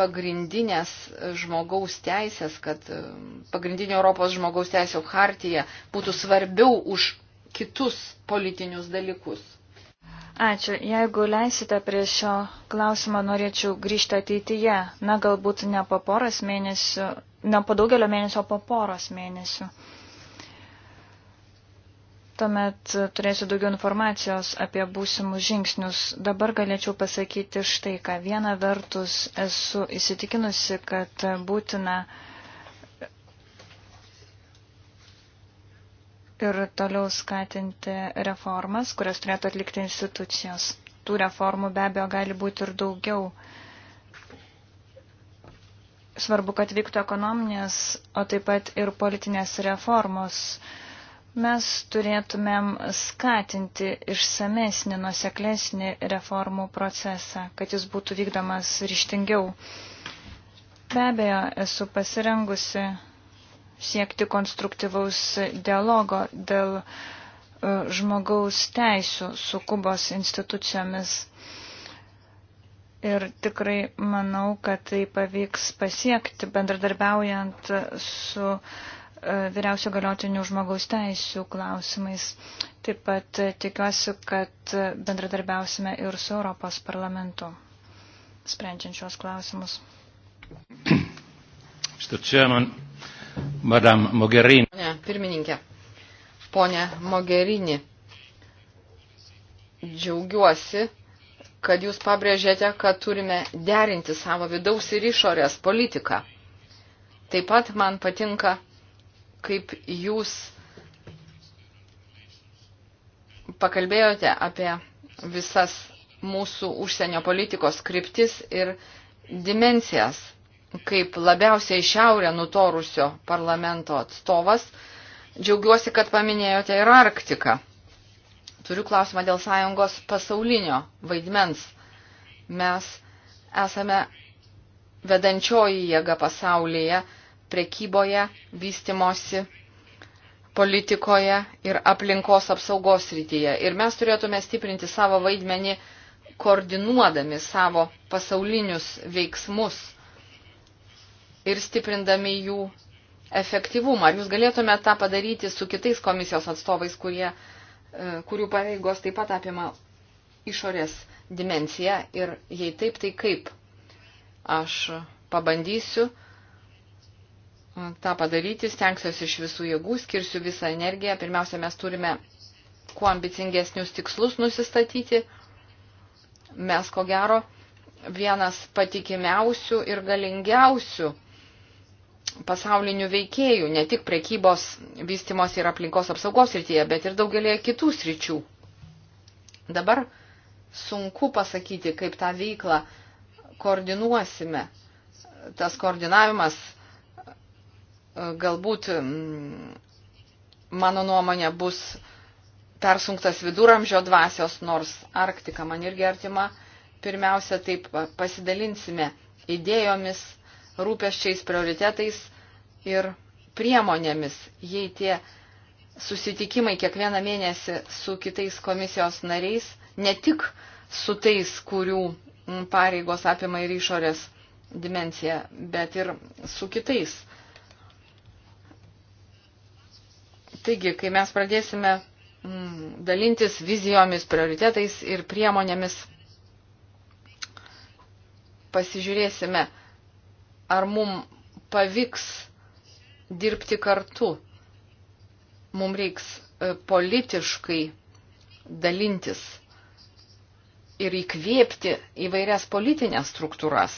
pagrindinės žmogaus teisės, kad pagrindinė Europos žmogaus teisų hartija būtų svarbiau už kitus politinius dalykus. Ačiū. Jeigu leisite prie šio klausimo, norėčiau grįžti ateityje. Na, galbūt ne po poros mėnesių, ne po daugelio mėnesio, po poros mėnesių tuomet turėsiu daugiau informacijos apie būsimus žingsnius. Dabar galėčiau pasakyti štai ką. Viena vertus esu įsitikinusi, kad būtina ir toliau skatinti reformas, kurias turėtų atlikti institucijos. Tų reformų be abejo gali būti ir daugiau. Svarbu, kad vyktų ekonominės, o taip pat ir politinės reformos mes turėtumėm skatinti išsamesnį, nuseklesnį reformų procesą, kad jis būtų vykdomas ryštingiau. Be abejo, esu pasirengusi siekti konstruktyvaus dialogo dėl e, žmogaus teisų su Kubos institucijomis. Ir tikrai manau, kad tai pavyks pasiekti bendradarbiaujant su uh, vyriausio galiotinių žmogaus teisų klausimais. Taip pat tikiuosi, kad bendradarbiausime ir su Europos parlamentu, sprendžiant šios klausimus. Chairman, Madame Mogherini. Ne, pirmininkė, ponė Mogherini, džiaugiuosi, kad jūs pabrėžėte, kad turime derinti savo vidaus ir išorės politiką. Taip pat man patinka kaip jūs pakalbėjote apie visas mūsų užsienio politikos kryptis ir dimensijas, kaip labiausiai šiaurę nutorusio parlamento atstovas. Džiaugiuosi, kad paminėjote ir Arktiką. Turiu klausimą dėl sąjungos pasaulinio vaidmens. Mes esame vedančioji jėga pasaulyje prekyboje, vystimosi politikoje ir aplinkos apsaugos rytyje. Ir mes turėtume stiprinti savo vaidmenį koordinuodami savo pasaulinius veiksmus ir stiprindami jų efektyvumą. Ar jūs galėtume tą padaryti su kitais komisijos atstovais, kurie, e, kurių pareigos taip pat apima išorės dimensiją ir jei taip, tai kaip? Aš pabandysiu tą padaryti, stengsiuosi iš visų jėgų, skirsiu visą energiją. Pirmiausia, mes turime kuo ambicingesnius tikslus nusistatyti. Mes, ko gero, vienas patikimiausių ir galingiausių pasaulinių veikėjų, ne tik prekybos vystimos ir aplinkos apsaugos srityje, bet ir daugelėje kitų sričių. Dabar sunku pasakyti, kaip tą veiklą koordinuosime. Tas koordinavimas galbūt mm, mano nuomonė bus persunktas viduramžio dvasios, nors Arktika man irgi artima. Pirmiausia, taip pasidalinsime idėjomis, rūpeščiais, prioritetais ir priemonėmis, jei tie susitikimai kiekvieną mėnesį su kitais komisijos nariais, ne tik su tais, kurių mm, pareigos apima ir išorės dimensiją, bet ir su kitais Taigi, kai mes pradėsime mm, dalintis vizijomis, prioritetais ir priemonėmis, pasižiūrėsime, ar mum pavyks dirbti kartu. Mums reiks e, politiškai dalintis ir įkvėpti įvairias politinės struktūras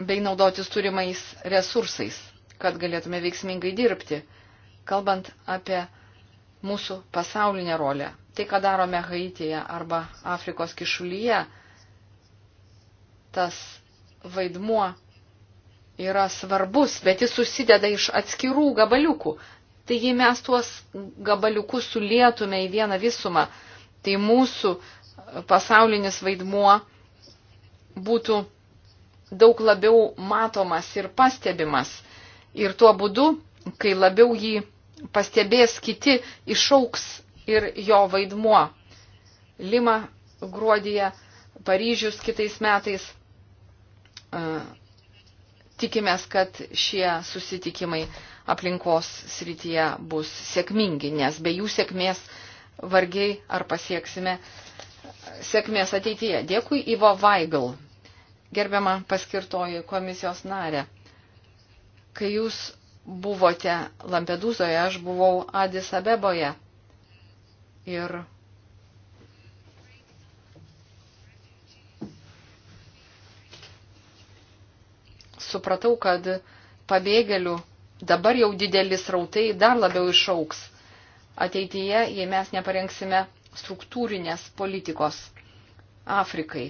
bei naudotis turimais resursais kad galėtume veiksmingai dirbti. Kalbant apie mūsų pasaulinę rolę, tai ką darome Haityje arba Afrikos kišulyje, tas vaidmuo yra svarbus, bet jis susideda iš atskirų gabaliukų. Taigi mes tuos gabaliukus sulietume į vieną visumą. Tai mūsų pasaulinis vaidmuo būtų daug labiau matomas ir pastebimas ir tuo būdu, kai labiau jį pastebės kiti, išauks ir jo vaidmuo. Lima gruodėje, Paryžius kitais metais. Tikimės, kad šie susitikimai aplinkos srityje bus sėkmingi, nes be jų sėkmės vargiai ar pasieksime sėkmės ateityje. Dėkui Ivo Vaigl, gerbiama paskirtoji komisijos narė. Kai jūs buvote Lampedūzoje, aš buvau Adis Abeboje. Ir supratau, kad pabėgėlių dabar jau didelis rautai dar labiau išauks ateityje, jei mes neparengsime struktūrinės politikos Afrikai.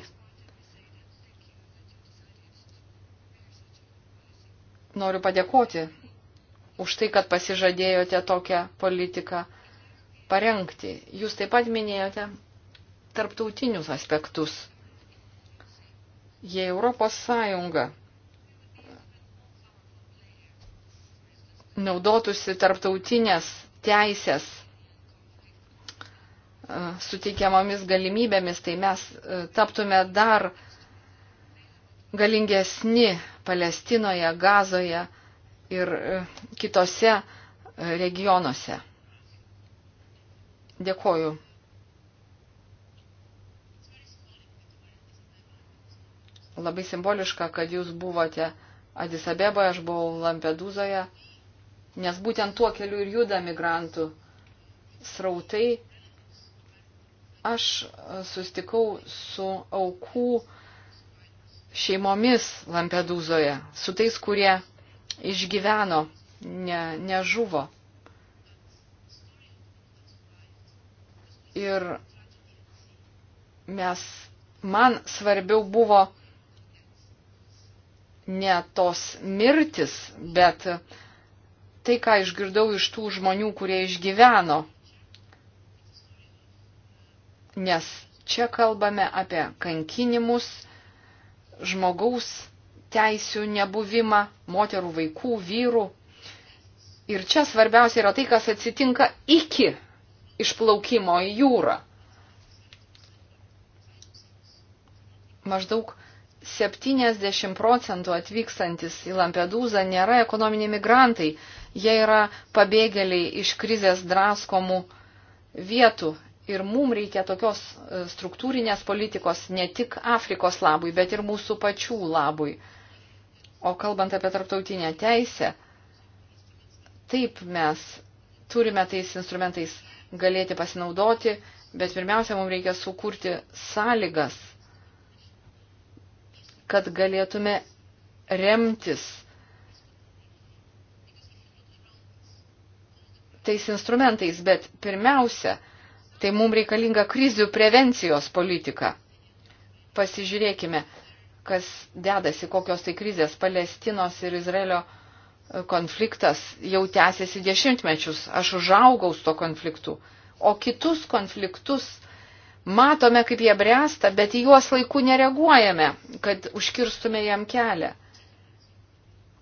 Noriu padėkoti už tai, kad pasižadėjote tokią politiką parengti. Jūs taip pat minėjote tarptautinius aspektus. Jei Europos Sąjunga naudotųsi tarptautinės teisės e, suteikiamomis galimybėmis, tai mes e, taptume dar uh, galingesni Palestinoje, Gazoje ir e, kitose e, regionuose. Dėkoju. Labai simboliška, kad jūs buvote Adisabeboje, aš buvau Lampedūzoje, nes būtent tuo keliu ir juda migrantų srautai. Aš e, sustikau su aukų šeimomis Lampedūzoje, su tais, kurie išgyveno, ne, nežuvo. Ir mes, man svarbiau buvo ne tos mirtis, bet tai, ką išgirdau iš tų žmonių, kurie išgyveno. Nes čia kalbame apie kankinimus, žmogaus teisių nebuvimą, moterų, vaikų, vyrų. Ir čia svarbiausia yra tai, kas atsitinka iki išplaukimo į jūrą. Maždaug 70 procentų atvykstantis į Lampedūzą nėra ekonominiai migrantai, jie yra pabėgėliai iš krizės draskomų vietų Ir mums reikia tokios e, struktūrinės politikos ne tik Afrikos labui, bet ir mūsų pačių labui. O kalbant apie tarptautinę teisę, taip mes turime tais instrumentais galėti pasinaudoti, bet pirmiausia, mums reikia sukurti sąlygas, kad galėtume remtis tais instrumentais, bet pirmiausia, tai mums reikalinga krizių prevencijos politika. Pasižiūrėkime, kas dedasi, kokios tai krizės Palestinos ir Izraelio e, konfliktas jau tęsiasi dešimtmečius. Aš užaugau su to konfliktu. O kitus konfliktus matome, kaip jie bręsta, bet į juos laiku nereaguojame, kad užkirstume jam kelią.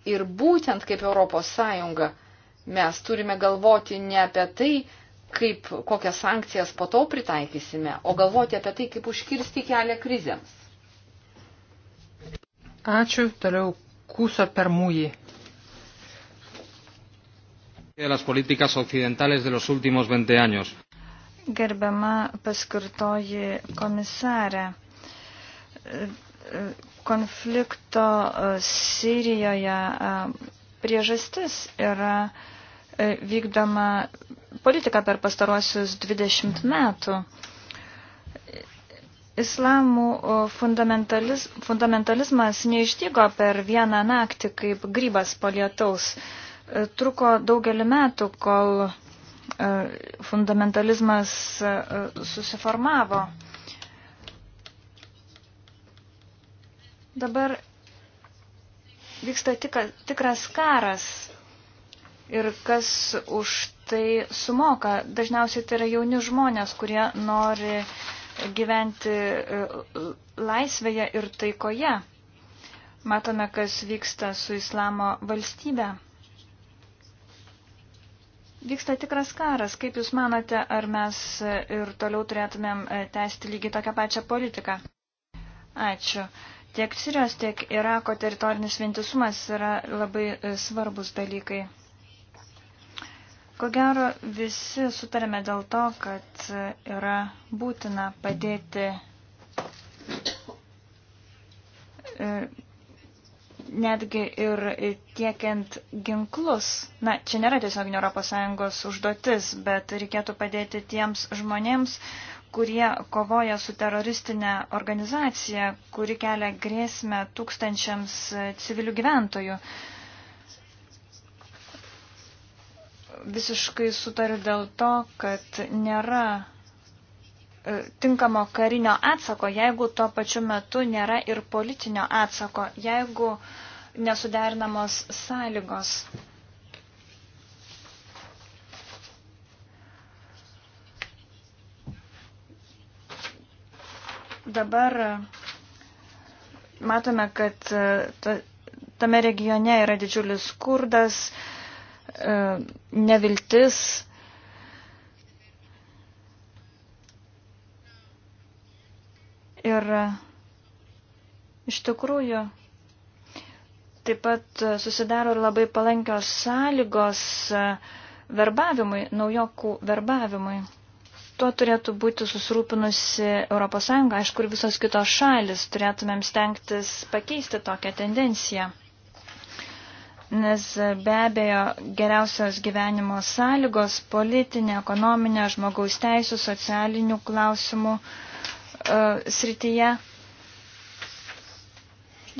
Ir būtent kaip Europos Sąjunga mes turime galvoti ne apie tai, kaip kokias sankcijas po to pritaikysime, o galvoti apie tai, kaip užkirsti kelią krizėms. Ačiū, toliau kūso per mūjį. Gerbiama paskirtoji komisarė, konflikto Sirijoje priežastis yra E, vykdoma politika per pastaruosius 20 metų. Islamų fundamentaliz, fundamentalizmas neišdygo per vieną naktį kaip grybas po lietaus. E, truko daugelį metų, kol e, fundamentalizmas susiformavo. Dabar vyksta tikras karas ir kas už tai sumoka. Dažniausiai tai yra jauni žmonės, kurie nori gyventi e, laisvėje ir taikoje. Matome, kas vyksta su islamo valstybe. Vyksta tikras karas. Kaip Jūs manote, ar mes ir toliau turėtumėm e, tęsti lygiai tokią pačią politiką? Ačiū. Tiek Sirijos, tiek Irako teritorinis vientisumas yra labai e, svarbus dalykai. Ko gero, visi sutarėme dėl to, kad yra būtina padėti e, netgi ir tiekiant ginklus. Na, čia nėra tiesioginio ES užduotis, bet reikėtų padėti tiems žmonėms, kurie kovoja su teroristinė organizacija, kuri kelia grėsmę tūkstančiams civilių gyventojų. Uh, visiškai sutariu dėl to, kad nėra e, tinkamo karinio atsako, jeigu tuo pačiu metu nėra ir politinio atsako, jeigu nesuderinamos sąlygos. Dabar e, matome, kad e, tame regione yra didžiulis skurdas, E, neviltis. Ir e, iš tikrųjų taip pat susidaro ir labai palankios sąlygos e, verbavimui, naujokų verbavimui. Tuo turėtų būti susirūpinusi ES, aišku, ir visos kitos šalis turėtumėm stengtis pakeisti tokią tendenciją nes be abejo geriausios gyvenimo sąlygos politinė, ekonominė, žmogaus teisų, socialinių klausimų uh, srityje.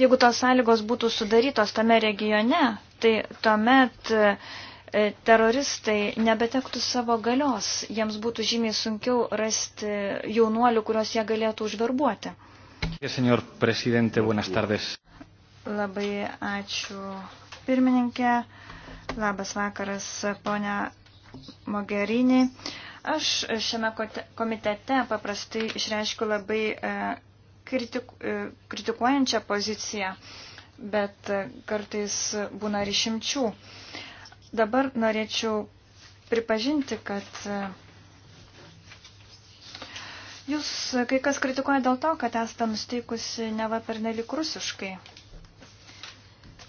Jeigu tos sąlygos būtų sudarytos tame regione, tai tuomet e, teroristai nebetektų savo galios, jiems būtų žymiai sunkiau rasti jaunuolių, kuriuos jie galėtų užverbuoti. Senor prezidente, buenas tardes. Labai ačiū pirmininkė. Labas vakaras, ponia Mogherini. Aš šiame komitete paprastai išreiškiu labai e, kritiku, e, kritikuojančią poziciją, bet e, kartais būna ir išimčių. Dabar norėčiau pripažinti, kad jūs kai kas kritikuoja dėl to, kad esate nusteikusi neva pernelik rusiškai.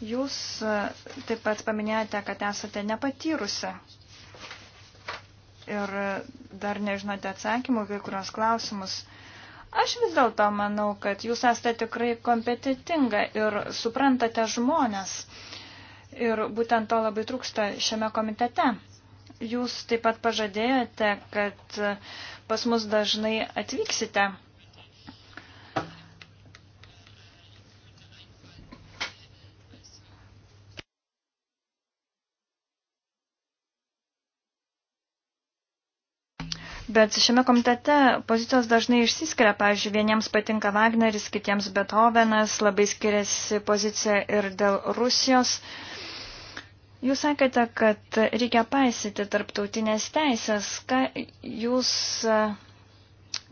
Jūs e, taip pat paminėjote, kad esate nepatyrusi ir e, dar nežinote atsakymų kai kurios klausimus. Aš vis dėlto manau, kad jūs esate tikrai kompetitinga ir suprantate žmonės. Ir būtent to labai trūksta šiame komitete. Jūs taip pat pažadėjote, kad e, pas mus dažnai atvyksite Bet šiame komitete pozicijos dažnai išsiskiria, pavyzdžiui, vieniems patinka Wagneris, kitiems Beethovenas, labai skiriasi pozicija ir dėl Rusijos. Jūs sakėte, kad reikia paisyti tarptautinės teisės. Ką jūs e,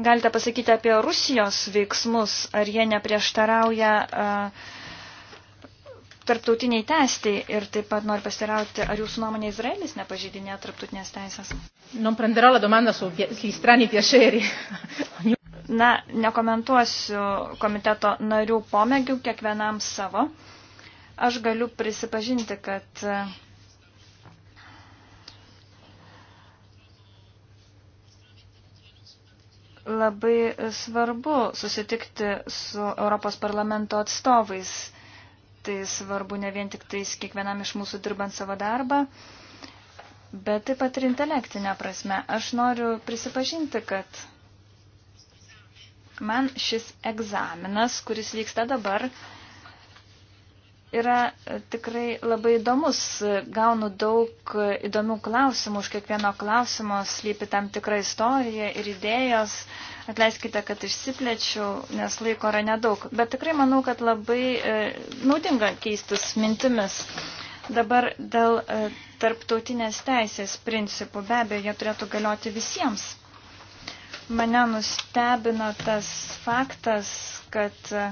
galite pasakyti apie Rusijos veiksmus? Ar jie neprieštarauja uh, tarptautiniai testiai ir taip pat noriu pasirauti, ar jūsų nuomonė Izraelis nepažydinė tarptautinės teisės? Non prenderò la domanda sugli strani piaceri. [LAUGHS] Na, nekomentuosiu komiteto narių pomegių, kiekvienam savo. Aš galiu prisipažinti, kad e, labai svarbu susitikti su Europos parlamento atstovais tai svarbu ne vien tik tais kiekvienam iš mūsų dirbant savo darbą, bet taip pat ir intelektinė prasme. Aš noriu prisipažinti, kad man šis egzaminas, kuris vyksta dabar, yra tikrai labai įdomus. Gaunu daug įdomių klausimų. Už kiekvieno klausimo slypi tam tikra istorija ir idėjos. Atleiskite, kad išsiplečiau, nes laiko yra nedaug. Bet tikrai manau, kad labai e, naudinga keistis mintimis. Dabar dėl e, tarptautinės teisės principų be abejo jie turėtų galioti visiems. Mane nustebino tas faktas, kad e,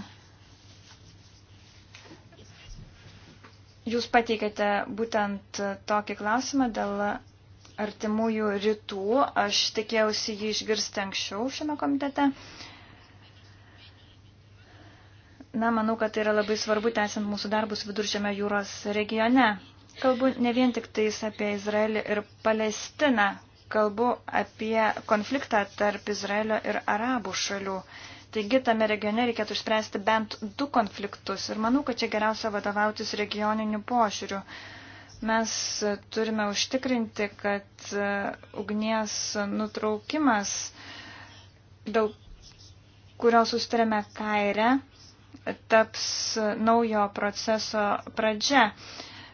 Jūs pateikėte būtent tokį klausimą dėl artimųjų rytų. Aš tikėjausi jį išgirsti anksčiau šiame komitete. Na, manau, kad tai yra labai svarbu tęsiant mūsų darbus viduržėme jūros regione. Kalbu ne vien tik tais apie Izraelį ir Palestiną, kalbu apie konfliktą tarp Izraelio ir arabų šalių. Uh, Taigi tame regione reikėtų išspręsti bent du konfliktus ir manau, kad čia geriausia vadovautis regioniniu pošiūriu. Mes turime užtikrinti, kad e, ugnies nutraukimas, dėl kurio sustarėme kairę, taps naujo proceso pradžia.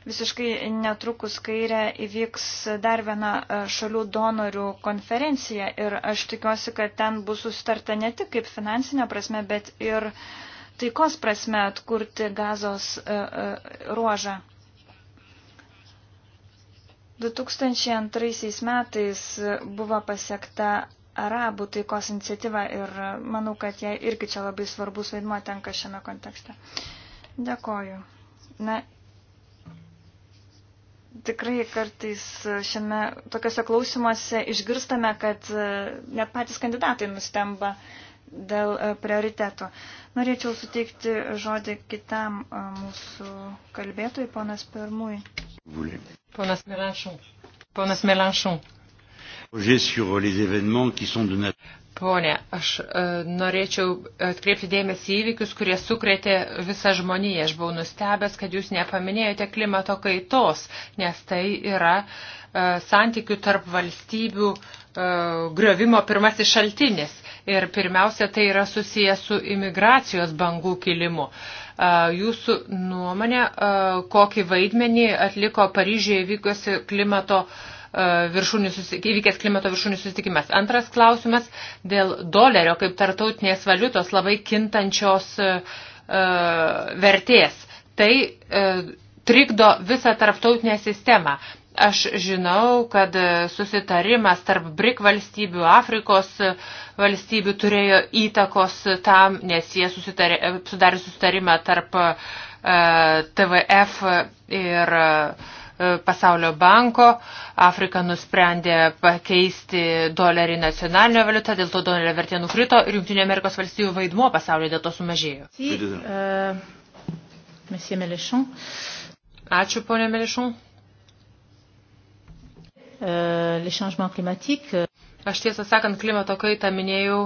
Visiškai netrukus kairė įvyks dar viena e, šalių donorių konferencija ir aš tikiuosi, kad ten bus sustarta ne tik kaip finansinė prasme, bet ir taikos prasme atkurti gazos e, e, ruožą. 2002 metais buvo pasiekta arabų taikos iniciatyva ir manau, kad jai irgi čia labai svarbus vaidmuo tenka šiame kontekste. Dėkoju. Na tikrai kartais e, šiame tokiuose klausimuose išgirstame, kad e, net patys kandidatai nustemba dėl e, prioritetų. Norėčiau suteikti žodį kitam mūsų kalbėtojui, ponas Pirmui. Ponas Melanchon. Ponas Melanchon. Pone, aš e, norėčiau atkreipti dėmesį įvykius, kurie sukrėtė visą žmoniją. Aš buvau nustebęs, kad jūs nepaminėjote klimato kaitos, nes tai yra e, santykių tarp valstybių e, griovimo pirmasis šaltinis. Ir pirmiausia, tai yra susijęs su imigracijos bangų kilimu. E, jūsų nuomonė, e, kokį vaidmenį atliko Paryžiuje vykusi klimato kaitos E, susik... įvykęs klimato viršūnių susitikimas. Antras klausimas dėl dolerio kaip tartautinės valiutos labai kintančios e, e, vertės. Tai trikdo visą tarptautinę sistemą. Aš žinau, kad susitarimas tarp BRIC valstybių, Afrikos valstybių turėjo įtakos tam, nes jie susitarė, sudarė susitarimą tarp TVF ir uh, E, Pasaulio banko. Afrika nusprendė pakeisti dolerį nacionalinę valiutą, dėl to dolerio vertė nukrito ir Junktinio Amerikos valstybių vaidmuo pasaulyje dėl to sumažėjo. Euh, Ačiū, ponė Melišon. Euh, euh, aš tiesą sakant, klimato kaitą minėjau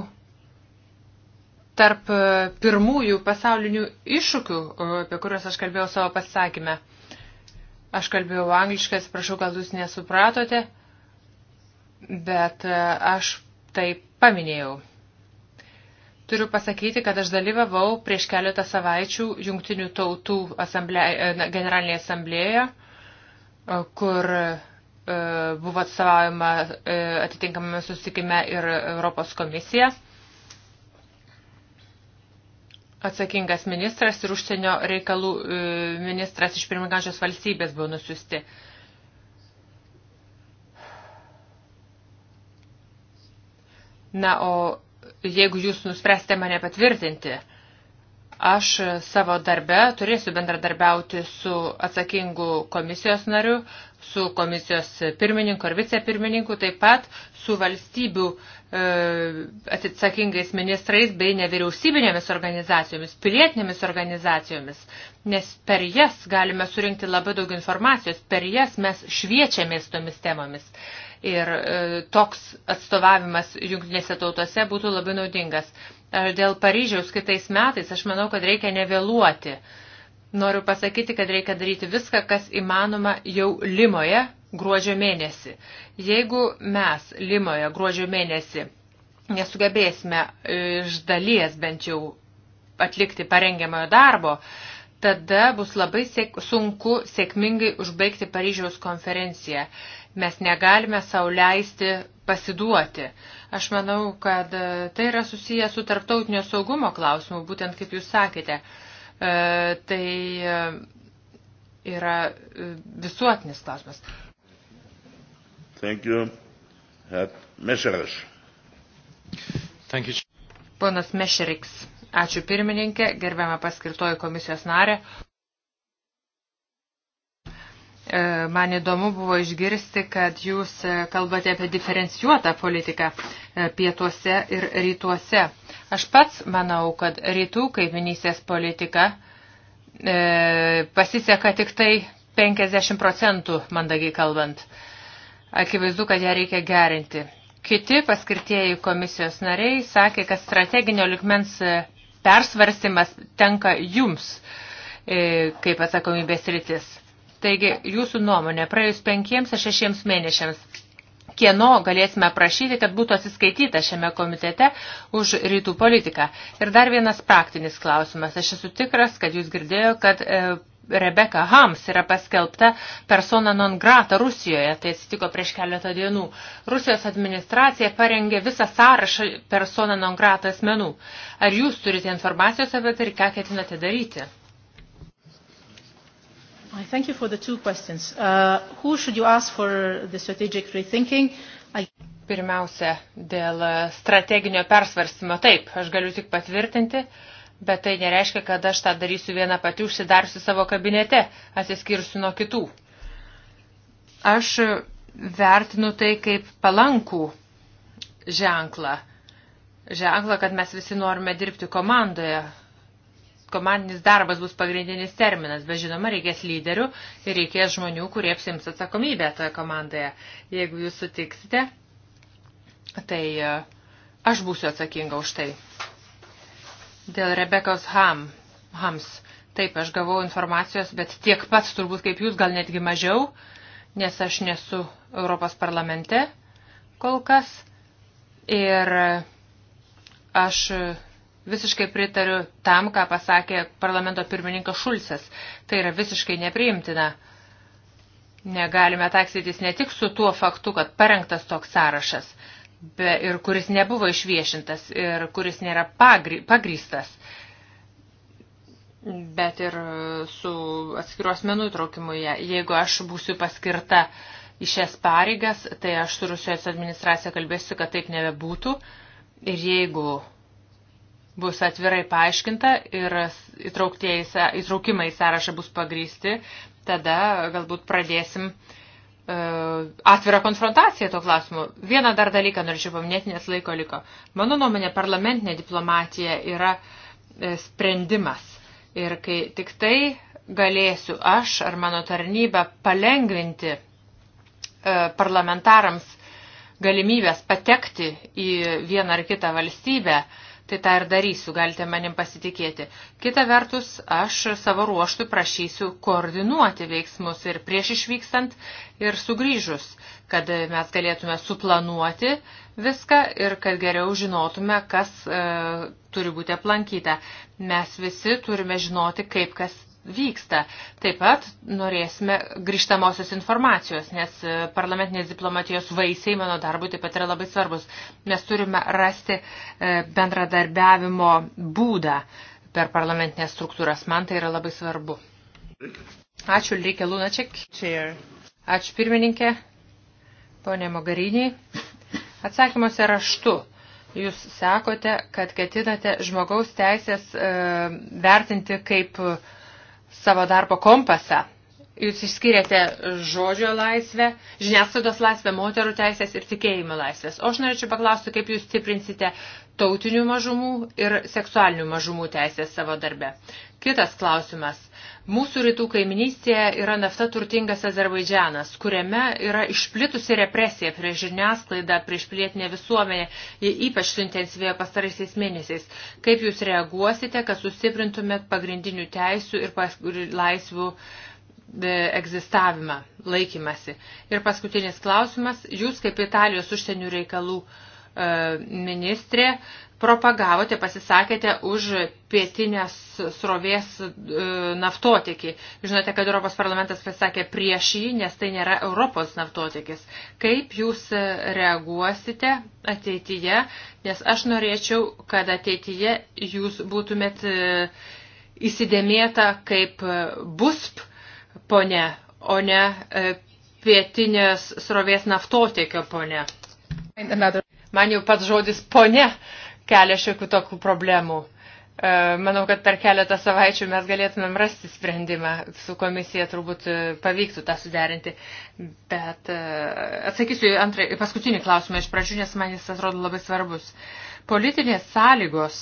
tarp e, pirmųjų pasaulinių iššūkių, apie kuriuos aš kalbėjau savo pasakymę. Aš kalbėjau angliškai, atsiprašau, gal jūs nesupratote, bet e, aš tai paminėjau. Turiu pasakyti, kad aš dalyvavau prieš keletą savaičių Jungtinių tautų asamblė, e, generalinėje asamblėje, e, kur buvo atstovaujama atitinkamame susitikime ir Europos komisija atsakingas ministras ir užsienio reikalų e, ministras iš pirmininkančios valstybės buvo nusiusti. Na, o jeigu jūs nuspręsite mane patvirtinti, aš savo darbe turėsiu bendradarbiauti su atsakingu komisijos nariu, su komisijos pirmininku ar vicepirmininku, taip pat su valstybių E, atsakingais ministrais bei nevyriausybinėmis organizacijomis, pilietinėmis organizacijomis, nes per jas galime surinkti labai daug informacijos, per jas mes šviečiamės tomis temomis. Ir e, toks atstovavimas jungtinėse tautose būtų labai naudingas. Ar dėl Paryžiaus kitais metais aš manau, kad reikia nevėluoti. E, Noriu pasakyti, kad reikia daryti viską, kas įmanoma jau Limoje gruodžio mėnesį. Jeigu mes Limoje gruodžio mėnesį nesugebėsime iš dalies bent jau atlikti parengiamojo darbo, tada bus labai sėk, sunku sėkmingai užbaigti Paryžiaus konferenciją. Mes negalime sauliaisti pasiduoti. Aš manau, kad tai yra susiję su tarptautinio saugumo klausimu, būtent kaip jūs sakėte. E, tai e, yra e, visuotinis klausimas. Thank you. Mešeriš. Thank you. Ponas Mešeriks. Ačiū pirmininkė, gerbiamą paskirtojų komisijos narę. Man įdomu buvo išgirsti, kad jūs kalbate apie diferencijuotą politiką pietuose ir rytuose. Aš pats manau, kad rytų kaiminysės politika e, pasiseka tik tai 50 procentų, mandagiai kalbant. Akivaizdu, kad ją reikia gerinti. Kiti paskirtieji komisijos nariai sakė, kad strateginio likmens e, persvarstymas tenka jums e, kaip atsakomybės rytis. Taigi, jūsų nuomonė, praėjus penkiems ar šešiems mėnešiams kieno galėsime prašyti, kad būtų atsiskaityta šiame komitete už rytų politiką. Ir dar vienas praktinis klausimas. Aš esu tikras, kad jūs girdėjo, kad e, Rebeka Hams yra paskelbta persona non grata Rusijoje, tai atsitiko prieš keletą dienų. Rusijos administracija parengė visą sąrašą persona non grata asmenų. Ar jūs turite informacijos apie tai ir ką ketinate daryti? I thank you for the two questions. Uh, who should you ask for the strategic rethinking? I... Pirmiausia, dėl uh, strateginio persvarstymo taip, aš galiu tik patvirtinti, bet tai nereiškia, kad aš tą darysiu vieną pati užsidarsiu savo kabinete, atsiskirsiu nuo kitų. Aš vertinu tai kaip palankų ženklą. Ženklą, kad mes visi norime dirbti komandoje, komandinis darbas bus pagrindinis terminas, bet žinoma, reikės lyderių ir reikės žmonių, kurie apsims atsakomybę toje komandoje. Jeigu jūs sutiksite, tai e, aš būsiu atsakinga už tai. Dėl Rebekos Ham, Hams. Taip, aš gavau informacijos, bet tiek pats turbūt kaip jūs, gal netgi mažiau, nes aš nesu Europos parlamente kol kas. Ir e, aš Visiškai pritariu tam, ką pasakė parlamento pirmininkas Šulcas. Tai yra visiškai nepriimtina. Negalime taksytis ne tik su tuo faktu, kad parengtas toks sąrašas, be, ir kuris nebuvo išviešintas, ir kuris nėra pagry, pagrystas, bet ir su atskiruos menų įtraukimu. Jeigu aš būsiu paskirta į šias pareigas, tai aš su Rusijos administracija kalbėsiu, kad taip nebebūtų. Ir jeigu bus atvirai paaiškinta ir įtraukimai į sąrašą bus pagrysti, tada galbūt pradėsim e, atvirą konfrontaciją to klausimu. Vieną dar dalyką norėčiau paminėti, nes laiko liko. Mano nuomonė, parlamentinė diplomatija yra e, sprendimas. Ir kai tik tai galėsiu aš ar mano tarnyba palengvinti e, parlamentarams galimybės patekti į vieną ar kitą valstybę, tai tą ir darysiu, galite manim pasitikėti. Kita vertus, aš savo ruoštų prašysiu koordinuoti veiksmus ir prieš išvykstant ir sugrįžus, kad mes galėtume suplanuoti viską ir kad geriau žinotume, kas e, turi būti aplankyta. Mes visi turime žinoti, kaip kas vyksta. Taip pat norėsime grįžtamosios informacijos, nes e, parlamentinės diplomatijos vaisiai mano darbui taip pat yra labai svarbus. Mes turime rasti e, bendradarbiavimo būdą per parlamentinės struktūras. Man tai yra labai svarbu. Ačiū, Lyrikė Lunaček. Ačiū, pirmininkė. Pone Mogariniai. Atsakymuose raštu. Jūs sakote, kad ketinate žmogaus teisės e, vertinti kaip e, savo darbo kompasą. Jūs išskiriate žodžio laisvę, žiniasklaidos laisvę, moterų teisės ir tikėjimo laisvės. O aš norėčiau paklausti, kaip jūs stiprinsite tautinių mažumų ir seksualinių mažumų teisės savo darbe. Kitas klausimas. Mūsų rytų kaiminystėje yra nafta turtingas Azerbaidžianas, kuriame yra išplitusi represija prieš žiniasklaidą, prieš pilietinę visuomenę, ypač suintensyvėjo pastaraisiais mėnesiais. Kaip jūs reaguosite, kad sustiprintumėt pagrindinių teisų ir laisvių e, egzistavimą, laikymasi? Ir paskutinis klausimas. Jūs kaip Italijos užsienio reikalų uh, ministrė, propagavote, pasisakėte už pietinės srovės e, naftotiekį. Žinote, kad Europos parlamentas pasisakė prieš jį, nes tai nėra Europos naftotiekis. Kaip jūs reaguosite ateityje, nes aš norėčiau, kad ateityje jūs būtumėt e, įsidėmėta kaip busp ponė, o ne e, pietinės srovės naftotiekio ponė. Another. Man jau pats žodis ponia kelia šiokių tokių problemų. E, manau, kad per keletą savaičių mes galėtumėm rasti sprendimą. Su komisija turbūt e, pavyktų tą suderinti. Bet e, atsakysiu antrą, paskutinį klausimą iš pradžių, nes man jis atrodo labai svarbus. Politinės sąlygos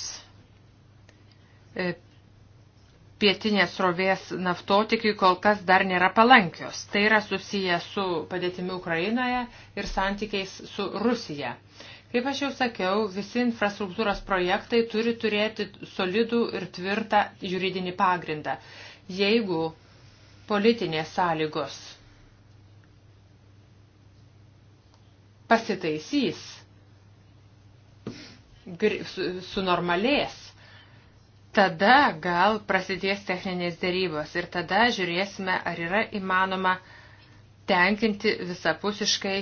pietinės srovės naftotikiui kol kas dar nėra palankios. Tai yra susiję su padėtimi Ukrainoje ir santykiais su Rusija. Uh, Kaip aš jau sakiau, visi infrastruktūros projektai turi turėti solidų ir tvirtą juridinį pagrindą. Jeigu politinės sąlygos pasitaisys, sunormalės, tada gal prasidės techninės dėrybos ir tada žiūrėsime, ar yra įmanoma tenkinti visapusiškai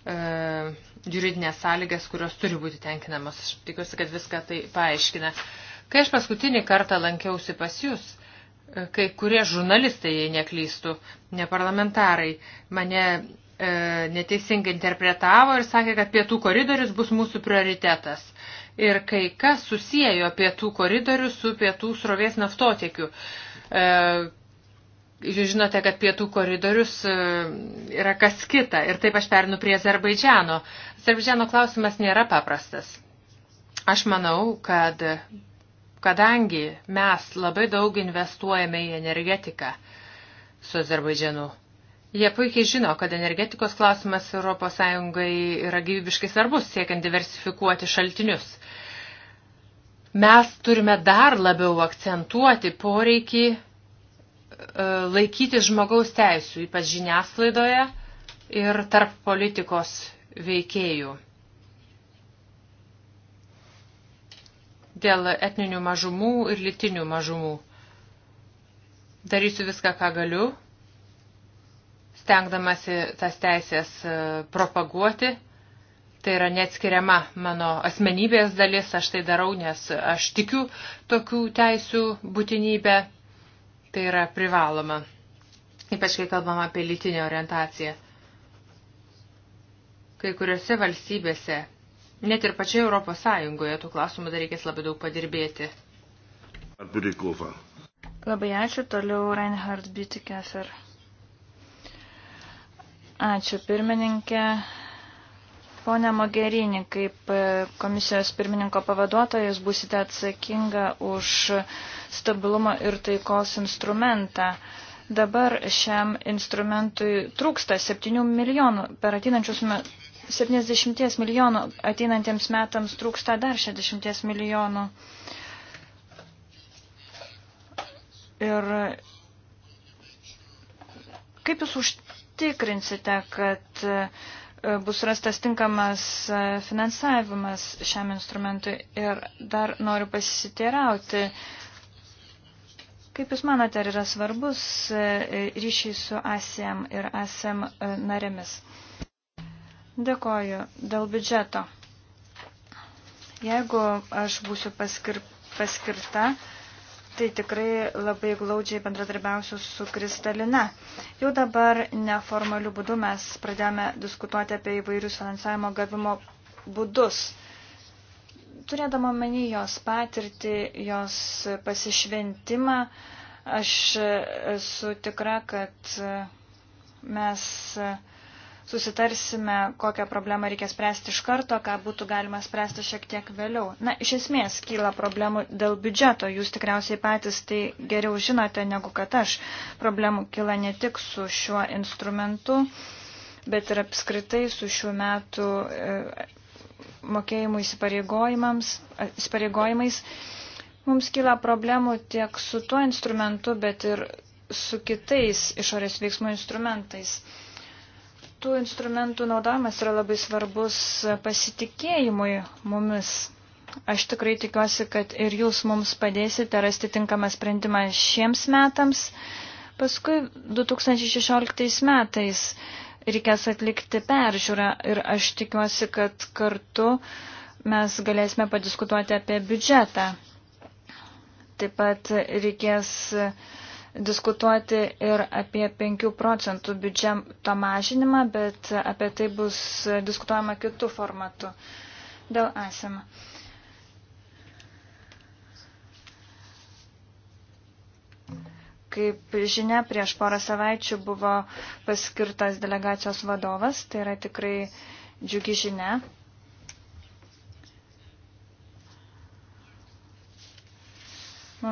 E, juridinės sąlygas, kurios turi būti tenkinamos. Aš tikiuosi, kad viską tai paaiškina. Kai aš paskutinį kartą lankiausi pas jūs, e, kai kurie žurnalistai, jei neklystų, ne parlamentarai, mane e, neteisingai interpretavo ir sakė, kad pietų koridorius bus mūsų prioritetas. Ir kai kas susijėjo pietų koridorių su pietų srovės naftotiekiu. E, Jūs žinote, kad pietų koridorius e, yra kas kita. Ir taip aš perinu prie Azerbaidžiano. Azerbaidžiano klausimas nėra paprastas. Aš manau, kad kadangi mes labai daug investuojame į energetiką su Azerbaidžianu, jie puikiai žino, kad energetikos klausimas ES yra gyvybiškai svarbus, siekiant diversifikuoti šaltinius. Mes turime dar labiau akcentuoti poreikį E, laikyti žmogaus teisų, ypač žiniasklaidoje ir tarp politikos veikėjų. Dėl etninių mažumų ir litinių mažumų. Darysiu viską, ką galiu, stengdamasi tas teisės e, propaguoti. Tai yra neatskiriama mano asmenybės dalis, aš tai darau, nes aš tikiu tokių teisių būtinybę Tai yra privaloma, ypač kai kalbam apie lytinę orientaciją. Kai kuriuose valstybėse, net ir pačioje Europos Sąjungoje, tų klausimų dar reikės labai daug padirbėti. Labai ačiū, toliau Reinhard Bitikeser. Ačiū pirmininkė, Pone Mogerinį, kaip e, komisijos pirmininko pavaduotojas būsite atsakinga už stabilumo ir taikos instrumentą. Dabar šiam instrumentui trūksta 7 milijonų per ateinančius metus. 70 milijonų ateinantiems metams trūksta dar 60 milijonų. Ir kaip jūs užtikrinsite, kad uh, E, bus rastas tinkamas e, finansavimas šiam instrumentui. Ir dar noriu pasiteirauti, kaip Jūs manote, ar yra svarbus e, ryšiai su ASEM ir ASEM narėmis? Dėkoju dėl biudžeto. Jeigu aš būsiu paskir, paskirta, tai tikrai labai glaudžiai bendradarbiausiu su Kristalina. Jau dabar neformaliu būdu mes pradėjome diskutuoti apie įvairius finansavimo gavimo būdus. Turėdama menį jos patirtį, jos pasišventimą, aš esu tikra, kad mes susitarsime, kokią problemą reikia spręsti iš karto, ką būtų galima spręsti šiek tiek vėliau. Na, iš esmės kyla problemų dėl biudžeto, jūs tikriausiai patys tai geriau žinote negu kad aš. Problemų kyla ne tik su šiuo instrumentu, bet ir apskritai su šiuo metu e, mokėjimų įsipareigojimais. Mums kyla problemų tiek su tuo instrumentu, bet ir su kitais išorės veiksmų instrumentais tų instrumentų naudojimas yra labai svarbus pasitikėjimui mumis. Aš tikrai tikiuosi, kad ir jūs mums padėsite rasti tinkamą sprendimą šiems metams. Paskui 2016 metais reikės atlikti peržiūrą ir aš tikiuosi, kad kartu mes galėsime padiskutuoti apie biudžetą. Taip pat reikės uh, diskutuoti ir apie 5 procentų biudžeto mažinimą, bet apie tai bus diskutuojama kitų formatų dėl esama. Kaip žinia, prieš porą savaičių buvo paskirtas delegacijos vadovas, tai yra tikrai džiugi žinia.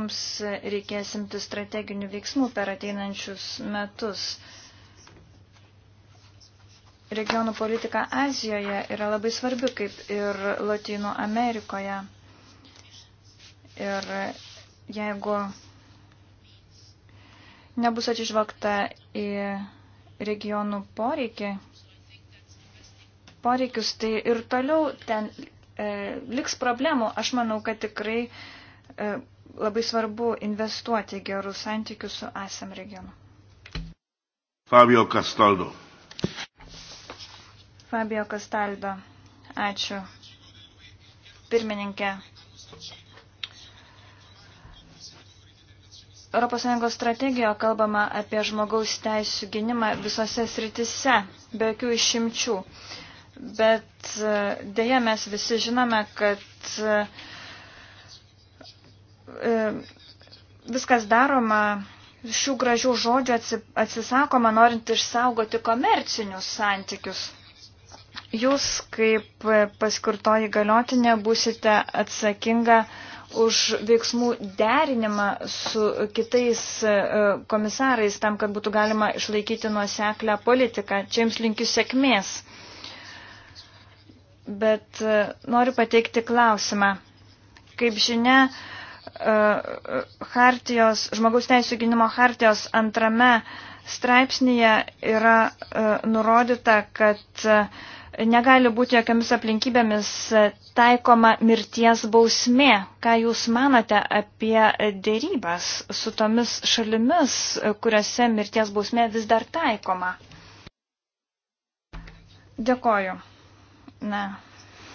mums reikės imti strateginių veiksmų per ateinančius metus. Regionų politika Azijoje yra labai svarbi, kaip ir Latino Amerikoje. Ir jeigu nebus atižvakta į regionų poreikį, poreikius, tai ir toliau ten e, liks problemų. Aš manau, kad tikrai e, labai svarbu investuoti gerus santykius su esam regionu. Fabio Castaldo. Fabio Castaldo. Ačiū. Pirmininkė. ES strategijoje kalbama apie žmogaus teisų gynimą visose sritise, be jokių išimčių. Bet e, dėja mes visi žinome, kad e, E, viskas daroma, šių gražių žodžių atsisakoma, norint išsaugoti komercinius santykius. Jūs, kaip paskirtoji galiotinė, būsite atsakinga už veiksmų derinimą su kitais e, komisarais, tam, kad būtų galima išlaikyti nuoseklę politiką. Čia jums linkiu sėkmės. Bet e, noriu pateikti klausimą. Kaip žinia, E, hartijos, žmogaus teisų gynimo hartijos antrame straipsnėje yra e, nurodyta, kad e, negali būti jokiamis aplinkybėmis taikoma mirties bausmė. Ką Jūs manate apie dėrybas su tomis šalimis, kuriuose mirties bausmė vis dar taikoma? Dėkoju. Na,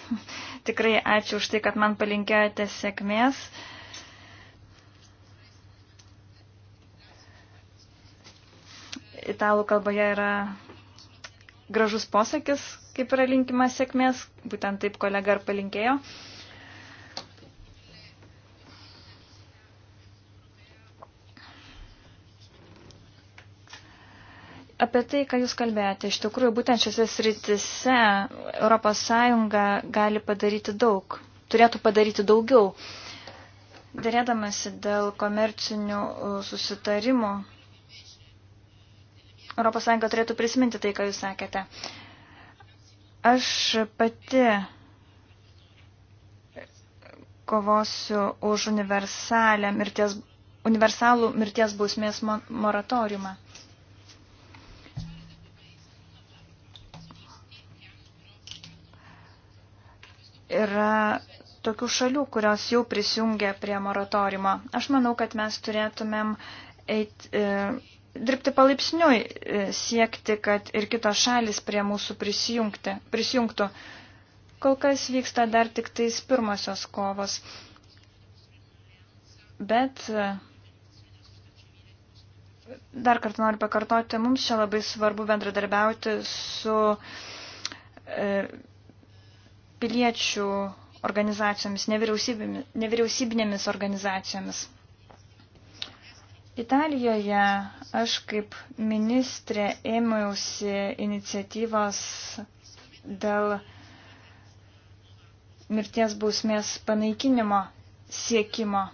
[LAUGHS] tikrai ačiū už tai, kad man palinkėjote sėkmės. Uh, italų kalboje yra gražus posakis, kaip yra linkimas sėkmės, būtent taip kolega ir palinkėjo. Apie tai, ką Jūs kalbėjote, iš tikrųjų, būtent šiose sritise ES gali padaryti daug, turėtų padaryti daugiau. Dėrėdamasi dėl komercinių uh, susitarimų, ES turėtų prisiminti tai, ką jūs sakėte. Aš pati kovosiu už mirties, universalų mirties bausmės moratoriumą. Yra tokių šalių, kurios jau prisijungia prie moratoriumo. Aš manau, kad mes turėtumėm eiti. E, dirbti palaipsniui, e, siekti, kad ir kitos šalis prie mūsų prisijungtų. Kol kas vyksta dar tik tais pirmosios kovos. Bet e, dar kartą noriu pakartoti, mums čia labai svarbu bendradarbiauti su e, piliečių organizacijomis, nevyriausybinėmis organizacijomis. Italijoje aš kaip ministrė ėmiausi iniciatyvos dėl mirties bausmės panaikinimo siekimo.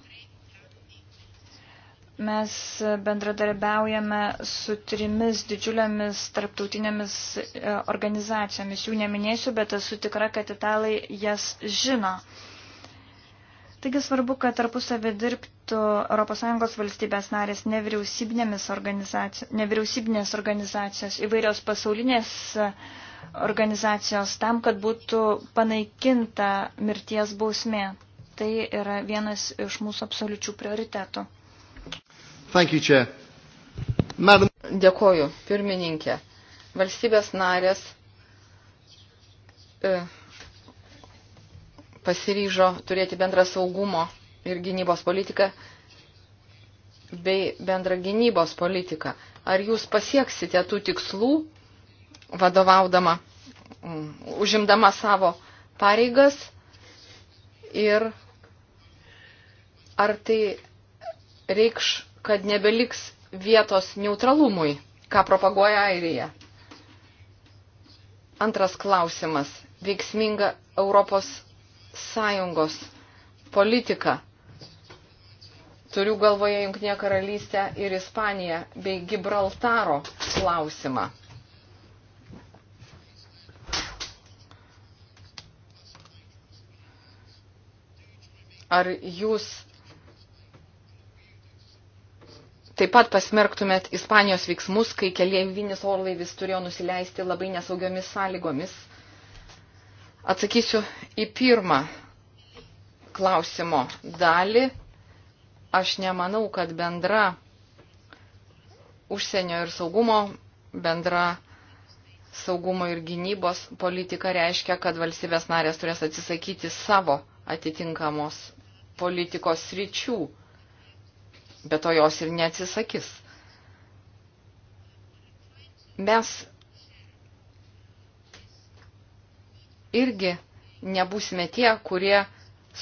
Mes bendradarbiaujame su trimis didžiuliamis tarptautinėmis e, organizacijomis. Jų neminėsiu, bet esu tikra, kad italai jas žino. Taigi svarbu, kad tarpusavį dirbtų ES valstybės narės nevyriausybinės organizacijos, nevyriausybinės organizacijos, įvairios pasaulinės organizacijos tam, kad būtų panaikinta mirties bausmė. Tai yra vienas iš mūsų absoliučių prioritetų. Thank you, Chair. Madam... Dėkoju, pirmininkė. Valstybės narės. Uh pasiryžo turėti bendrą saugumo ir gynybos politiką bei bendrą gynybos politiką. Ar jūs pasieksite tų tikslų, vadovaudama, mm, užimdama savo pareigas ir ar tai reikš, kad nebeliks vietos neutralumui, ką propaguoja Airija? Antras klausimas. Veiksminga Europos sąjungos politiką. Turiu galvoje Junktinė karalystė ir Ispanija bei Gibraltaro klausimą. Ar jūs taip pat pasmerktumėt Ispanijos veiksmus, kai keliaivinis orlaivis turėjo nusileisti labai nesaugiomis sąlygomis Atsakysiu į pirmą klausimo dalį. Aš nemanau, kad bendra užsienio ir saugumo, bendra saugumo ir gynybos politika reiškia, kad valstybės narės turės atsisakyti savo atitinkamos politikos ryčių, bet to jos ir neatsisakis. Mes irgi nebūsime tie, kurie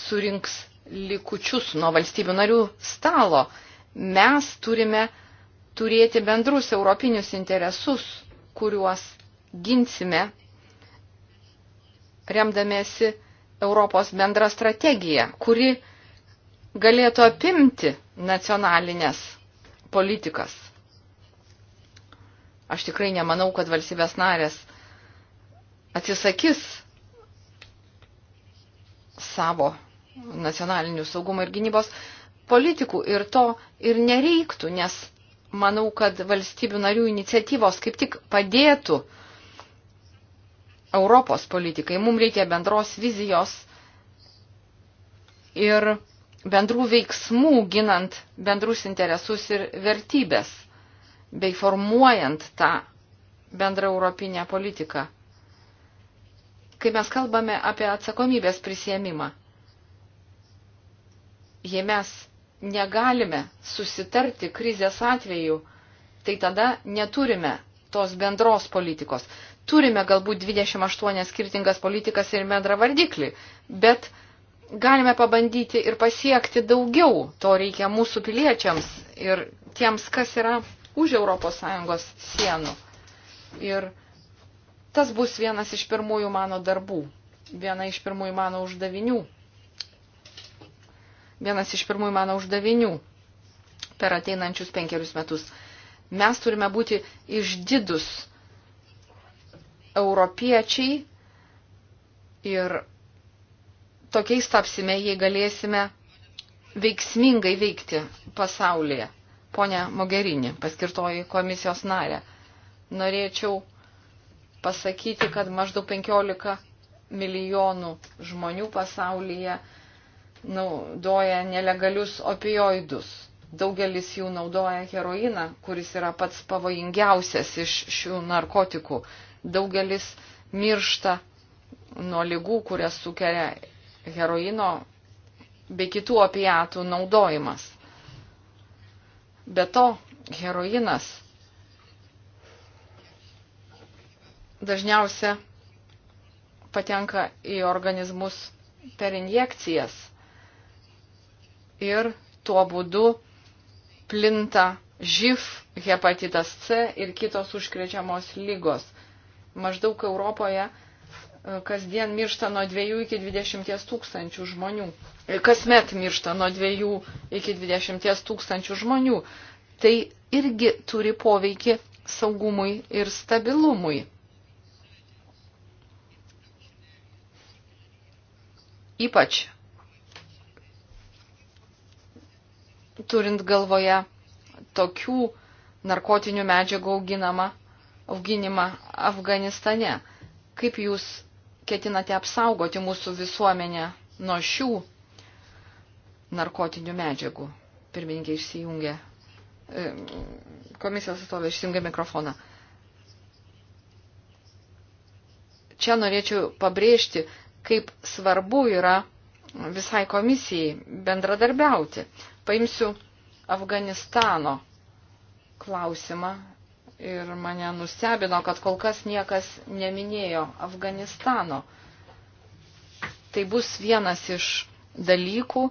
surinks likučius nuo valstybių narių stalo. Mes turime turėti bendrus europinius interesus, kuriuos ginsime remdamėsi Europos bendrą strategiją, kuri galėtų apimti nacionalinės politikas. Aš tikrai nemanau, kad valstybės narės atsisakys savo nacionalinių saugumo ir gynybos politikų ir to ir nereiktų, nes manau, kad valstybių narių iniciatyvos kaip tik padėtų Europos politikai. Mums reikia bendros vizijos ir bendrų veiksmų ginant bendrus interesus ir vertybės bei formuojant tą bendrą europinę politiką kai mes kalbame apie atsakomybės prisėmimą, jei mes negalime susitarti krizės atveju, tai tada neturime tos bendros politikos. Turime galbūt 28 skirtingas politikas ir bendrą vardiklį, bet galime pabandyti ir pasiekti daugiau. To reikia mūsų piliečiams ir tiems, kas yra už ES sienų. Ir Tas bus vienas iš pirmųjų mano darbų, viena iš pirmųjų mano uždavinių. Vienas iš pirmųjų mano uždavinių per ateinančius penkerius metus. Mes turime būti išdidus europiečiai ir tokiais tapsime, jei galėsime veiksmingai veikti pasaulyje. Pone Mogerini, paskirtoji komisijos narė, norėčiau pasakyti, kad maždaug 15 milijonų žmonių pasaulyje naudoja nelegalius opioidus. Daugelis jų naudoja heroiną, kuris yra pats pavojingiausias iš šių narkotikų. Daugelis miršta nuo lygų, kurias sukelia heroino bei kitų opiatų naudojimas. Be to, heroinas dažniausia patenka į organizmus per injekcijas ir tuo būdu plinta živ, hepatitas C ir kitos užkrečiamos lygos. Maždaug Europoje e, kasdien miršta nuo 2 iki 20 tūkstančių žmonių. E, kasmet miršta nuo 2 iki 20 tūkstančių žmonių. Tai irgi turi poveikį saugumui ir stabilumui. Ypač turint galvoje tokių narkotinių medžiagų auginamą, auginimą Afganistane. Kaip jūs ketinate apsaugoti mūsų visuomenę nuo šių narkotinių medžiagų? Pirmininkė išsijungia, e, komisijos atstovė išsijungia mikrofoną. Čia norėčiau pabrėžti, kaip svarbu yra visai komisijai bendradarbiauti. Paimsiu Afganistano klausimą ir mane nustebino, kad kol kas niekas neminėjo Afganistano. Tai bus vienas iš dalykų.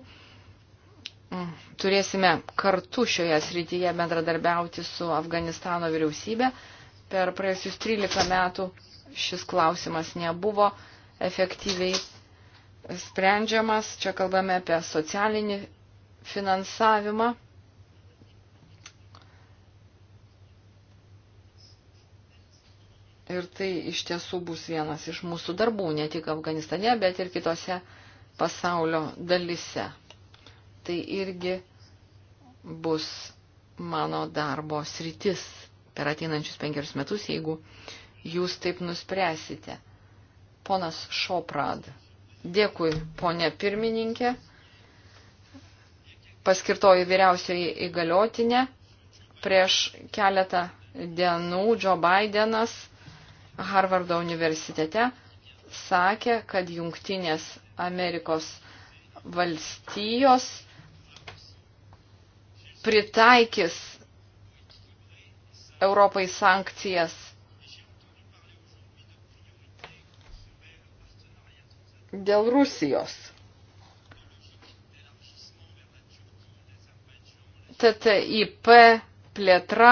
Mm, turėsime kartu šioje srityje bendradarbiauti su Afganistano vyriausybė. Per praėjusius 13 metų šis klausimas nebuvo efektyviai sprendžiamas. Čia kalbame apie socialinį finansavimą. Ir tai iš tiesų bus vienas iš mūsų darbų, ne tik Afganistane, bet ir kitose pasaulio dalise. Tai irgi bus mano darbo sritis per ateinančius penkerius metus, jeigu jūs taip nuspręsite. Ponas Šoprad. Dėkui, ponė pirmininkė. Paskirtoji vyriausioji įgaliotinė. Prieš keletą dienų Joe Bidenas Harvardo universitete sakė, kad Junktinės Amerikos valstijos pritaikys Europai sankcijas dėl Rusijos. TTIP plėtra,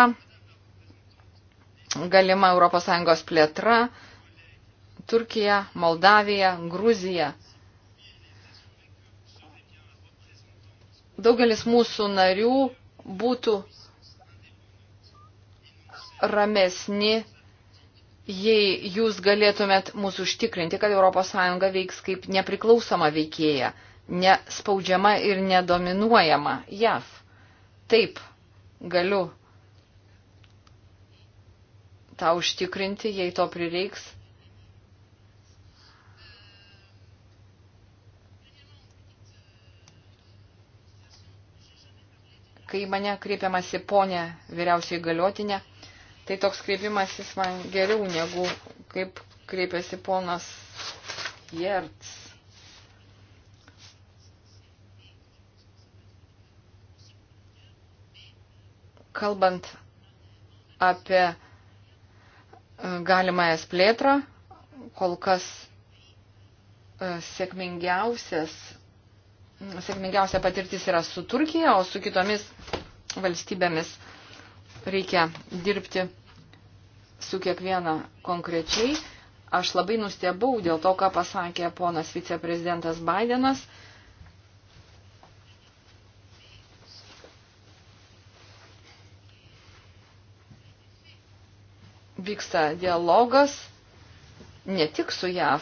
galima ES plėtra, Turkija, Moldavija, Gruzija. Daugelis mūsų narių būtų ramesni jei jūs galėtumėt mūsų užtikrinti, kad ES veiks kaip nepriklausoma veikėja, nespaudžiama ir nedominuojama JAV. Taip, galiu tą užtikrinti, jei to prireiks. Kai mane kreipiamasi ponė vyriausiai galiotinė, tai toks kreipimasis man geriau negu kaip kreipiasi ponas Jerts. Kalbant apie e, galimąją plėtrą, kol kas e, sėkmingiausias, sėkmingiausia patirtis yra su Turkija, o su kitomis valstybėmis reikia dirbti su kiekviena konkrečiai. Aš labai nustebau dėl to, ką pasakė ponas viceprezidentas Bidenas. Vyksta dialogas ne tik su JAV,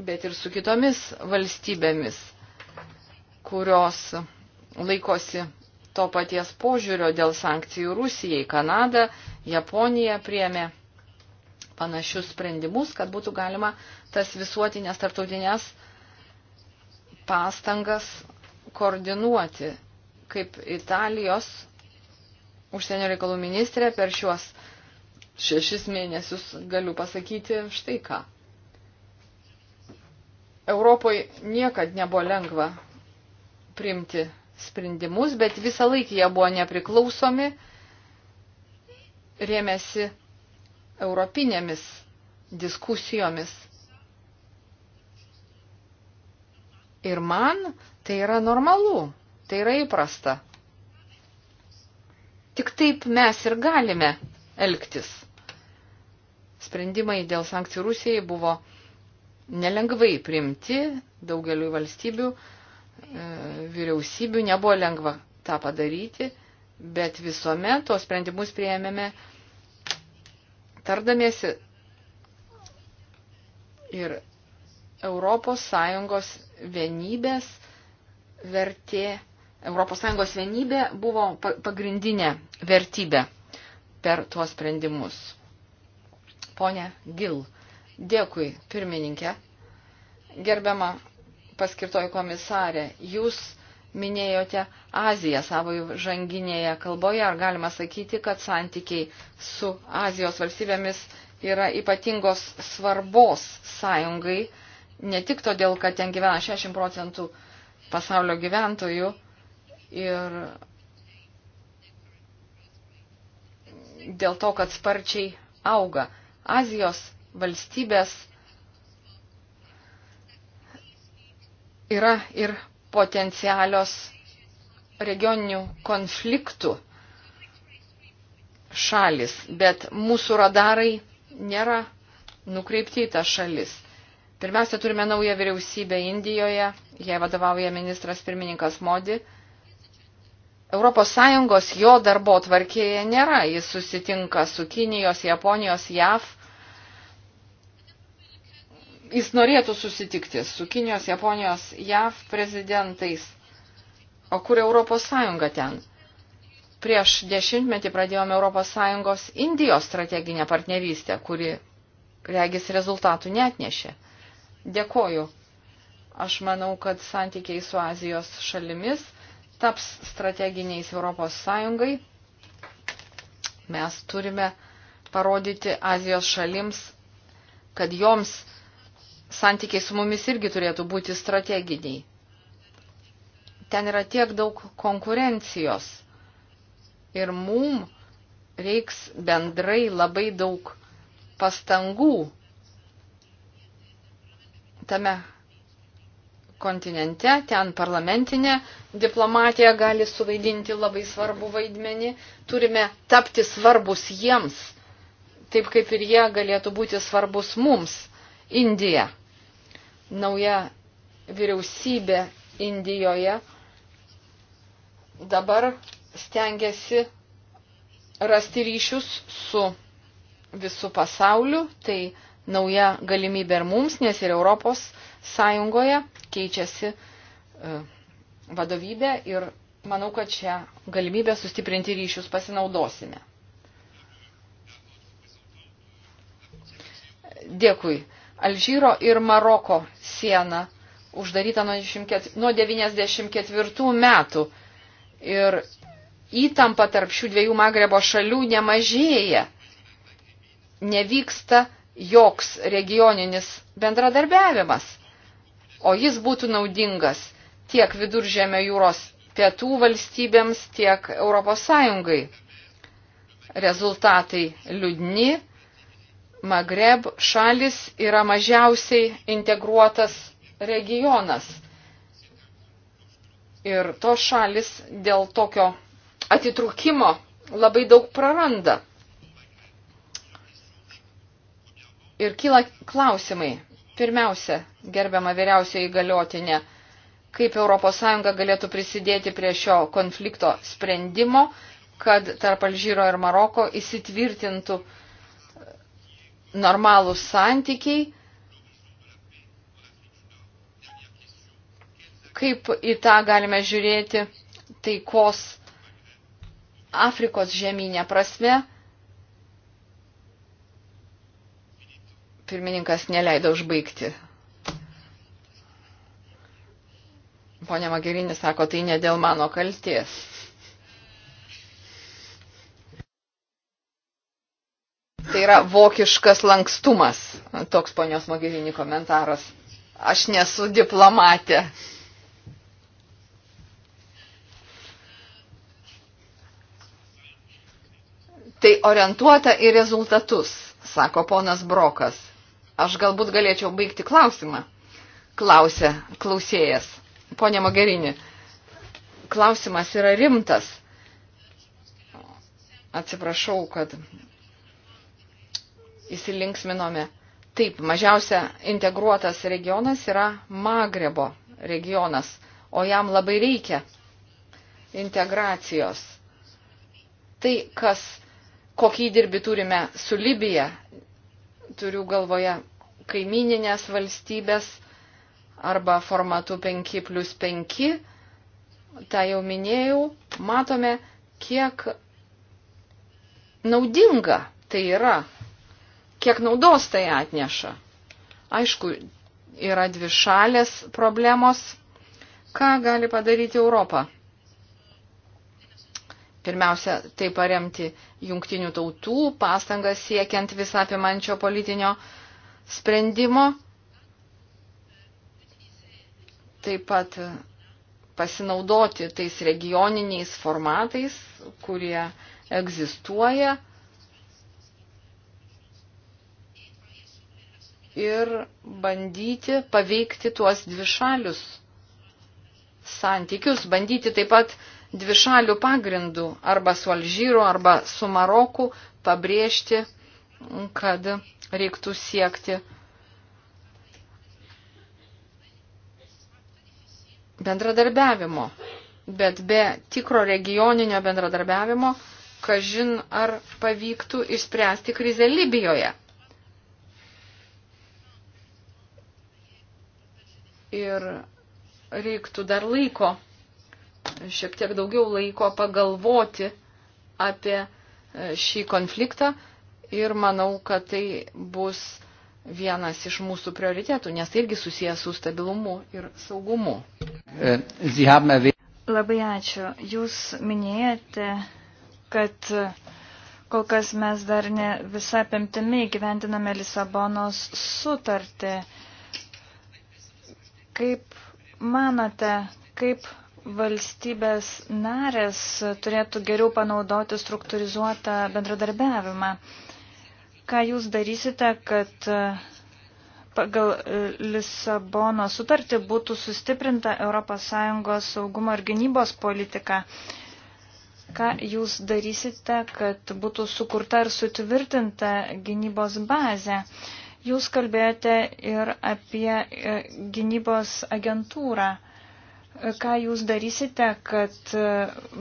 bet ir su kitomis valstybėmis, kurios laikosi to paties požiūrio dėl sankcijų Rusijai. Kanada, Japonija priemė panašius sprendimus, kad būtų galima tas visuotinės tarptautinės pastangas koordinuoti, kaip Italijos užsienio reikalų ministrė per šiuos šešis mėnesius galiu pasakyti štai ką. Europoje niekad nebuvo lengva priimti sprendimus, bet visą laiką jie buvo nepriklausomi, rėmėsi europinėmis diskusijomis. Ir man tai yra normalu, tai yra įprasta. Tik taip mes ir galime elgtis. Sprendimai dėl sankcijų Rusijai buvo nelengvai primti daugeliu valstybių, E, vyriausybių, nebuvo lengva tą padaryti, bet visuomet tos sprendimus prieėmėme tardamiesi ir Europos Sąjungos vienybės vertė, Europos Sąjungos vienybė buvo pagrindinė vertybė per tuos sprendimus. Pone Gil, dėkui pirmininkė, gerbiama paskirtoji komisarė, jūs minėjote Aziją savo žanginėje kalboje, ar galima sakyti, kad santykiai su Azijos valstybėmis yra ypatingos svarbos sąjungai, ne tik todėl, kad ten gyvena 60 procentų pasaulio gyventojų ir dėl to, kad sparčiai auga. Azijos valstybės yra ir potencialios regioninių konfliktų šalis, bet mūsų radarai nėra nukreipti į tą šalis. Pirmiausia, turime naują vyriausybę Indijoje, jai vadovauja ministras pirmininkas Modi. Europos Sąjungos jo darbo tvarkėje nėra, jis susitinka su Kinijos, Japonijos, JAV jis norėtų susitikti su Kinijos, Japonijos, JAV prezidentais. O kur Europos Sąjunga ten? Prieš dešimtmetį pradėjome Europos Sąjungos Indijos strateginę partnerystę, kuri, regis, rezultatų netnešė. Dėkoju. Aš manau, kad santykiai su Azijos šalimis taps strateginiais Europos Sąjungai. Mes turime parodyti Azijos šalims, kad joms santykiai su mumis irgi turėtų būti strateginiai. Ten yra tiek daug konkurencijos ir mum reiks bendrai labai daug pastangų tame kontinente, ten parlamentinė diplomatija gali suvaidinti labai svarbu vaidmenį. Turime tapti svarbus jiems, taip kaip ir jie galėtų būti svarbus mums. Indija nauja vyriausybė Indijoje dabar stengiasi rasti ryšius su visų pasauliu, tai nauja galimybė ir mums, nes ir Europos Sąjungoje keičiasi e, vadovybė ir manau, kad šią galimybę sustiprinti ryšius pasinaudosime. Dėkui. Alžyro ir Maroko siena uždaryta nuo 1994 metų. Ir įtampa tarp šių dviejų Magrebo šalių nemažėja. Nevyksta joks regioninis bendradarbiavimas, o jis būtų naudingas tiek viduržėmio jūros pietų valstybėms, tiek Europos Sąjungai. Rezultatai liūdni Magreb šalis yra mažiausiai integruotas regionas. Ir tos šalis dėl tokio atitrukimo labai daug praranda. Ir kyla klausimai. Pirmiausia, gerbiama vyriausioji galiotinė, kaip ES galėtų prisidėti prie šio konflikto sprendimo, kad tarp Alžyro ir Maroko įsitvirtintų uh, normalūs santykiai. Kaip į tą galime žiūrėti taikos Afrikos žemynė prasme. Pirmininkas neleido užbaigti. Pone Magerinė sako, tai ne dėl mano kalties. tai yra vokiškas lankstumas. Toks ponios Mogherini komentaras. Aš nesu diplomatė. Tai orientuota į rezultatus, sako ponas Brokas. Aš galbūt galėčiau baigti klausimą. Klausė klausėjas. Pone Mogherini, klausimas yra rimtas. Atsiprašau, kad įsilinksminome. Taip, mažiausia integruotas regionas yra Magrebo regionas, o jam labai reikia integracijos. Tai, kas, kokį įdirbį turime su Libija, turiu galvoje kaimininės valstybės arba formatu 5 plus 5, tą jau minėjau, matome, kiek naudinga tai yra kiek naudos tai atneša. Aišku, yra dvi šalės problemos. Ką gali padaryti Europą? Pirmiausia, tai paremti jungtinių tautų pastangas siekiant visapimančio politinio sprendimo. Taip pat pasinaudoti tais regioniniais formatais, kurie egzistuoja ir bandyti paveikti tuos dvišalius santykius, bandyti taip pat dvišalių pagrindų arba su Alžyru, arba su Maroku pabrėžti, kad reiktų siekti bendradarbiavimo. Bet be tikro regioninio bendradarbiavimo, kažin ar pavyktų išspręsti krizę Libijoje. ir reiktų dar laiko, šiek tiek daugiau laiko pagalvoti apie e, šį konfliktą ir manau, kad tai bus vienas iš mūsų prioritetų, nes tai irgi susijęs su stabilumu ir saugumu. E, Labai ačiū. Jūs minėjote, kad kol kas mes dar ne visą apimtimi gyventiname Lisabonos sutartį. Kaip manote, kaip valstybės narės turėtų geriau panaudoti struktūrizuotą bendradarbiavimą? Ką jūs darysite, kad e, pagal e, Lisabono sutartį būtų sustiprinta ES saugumo ir gynybos politika? Ką jūs darysite, kad būtų sukurta ir sutvirtinta gynybos bazė? Jūs kalbėjote ir apie e, gynybos agentūrą. E, ką jūs darysite, kad e,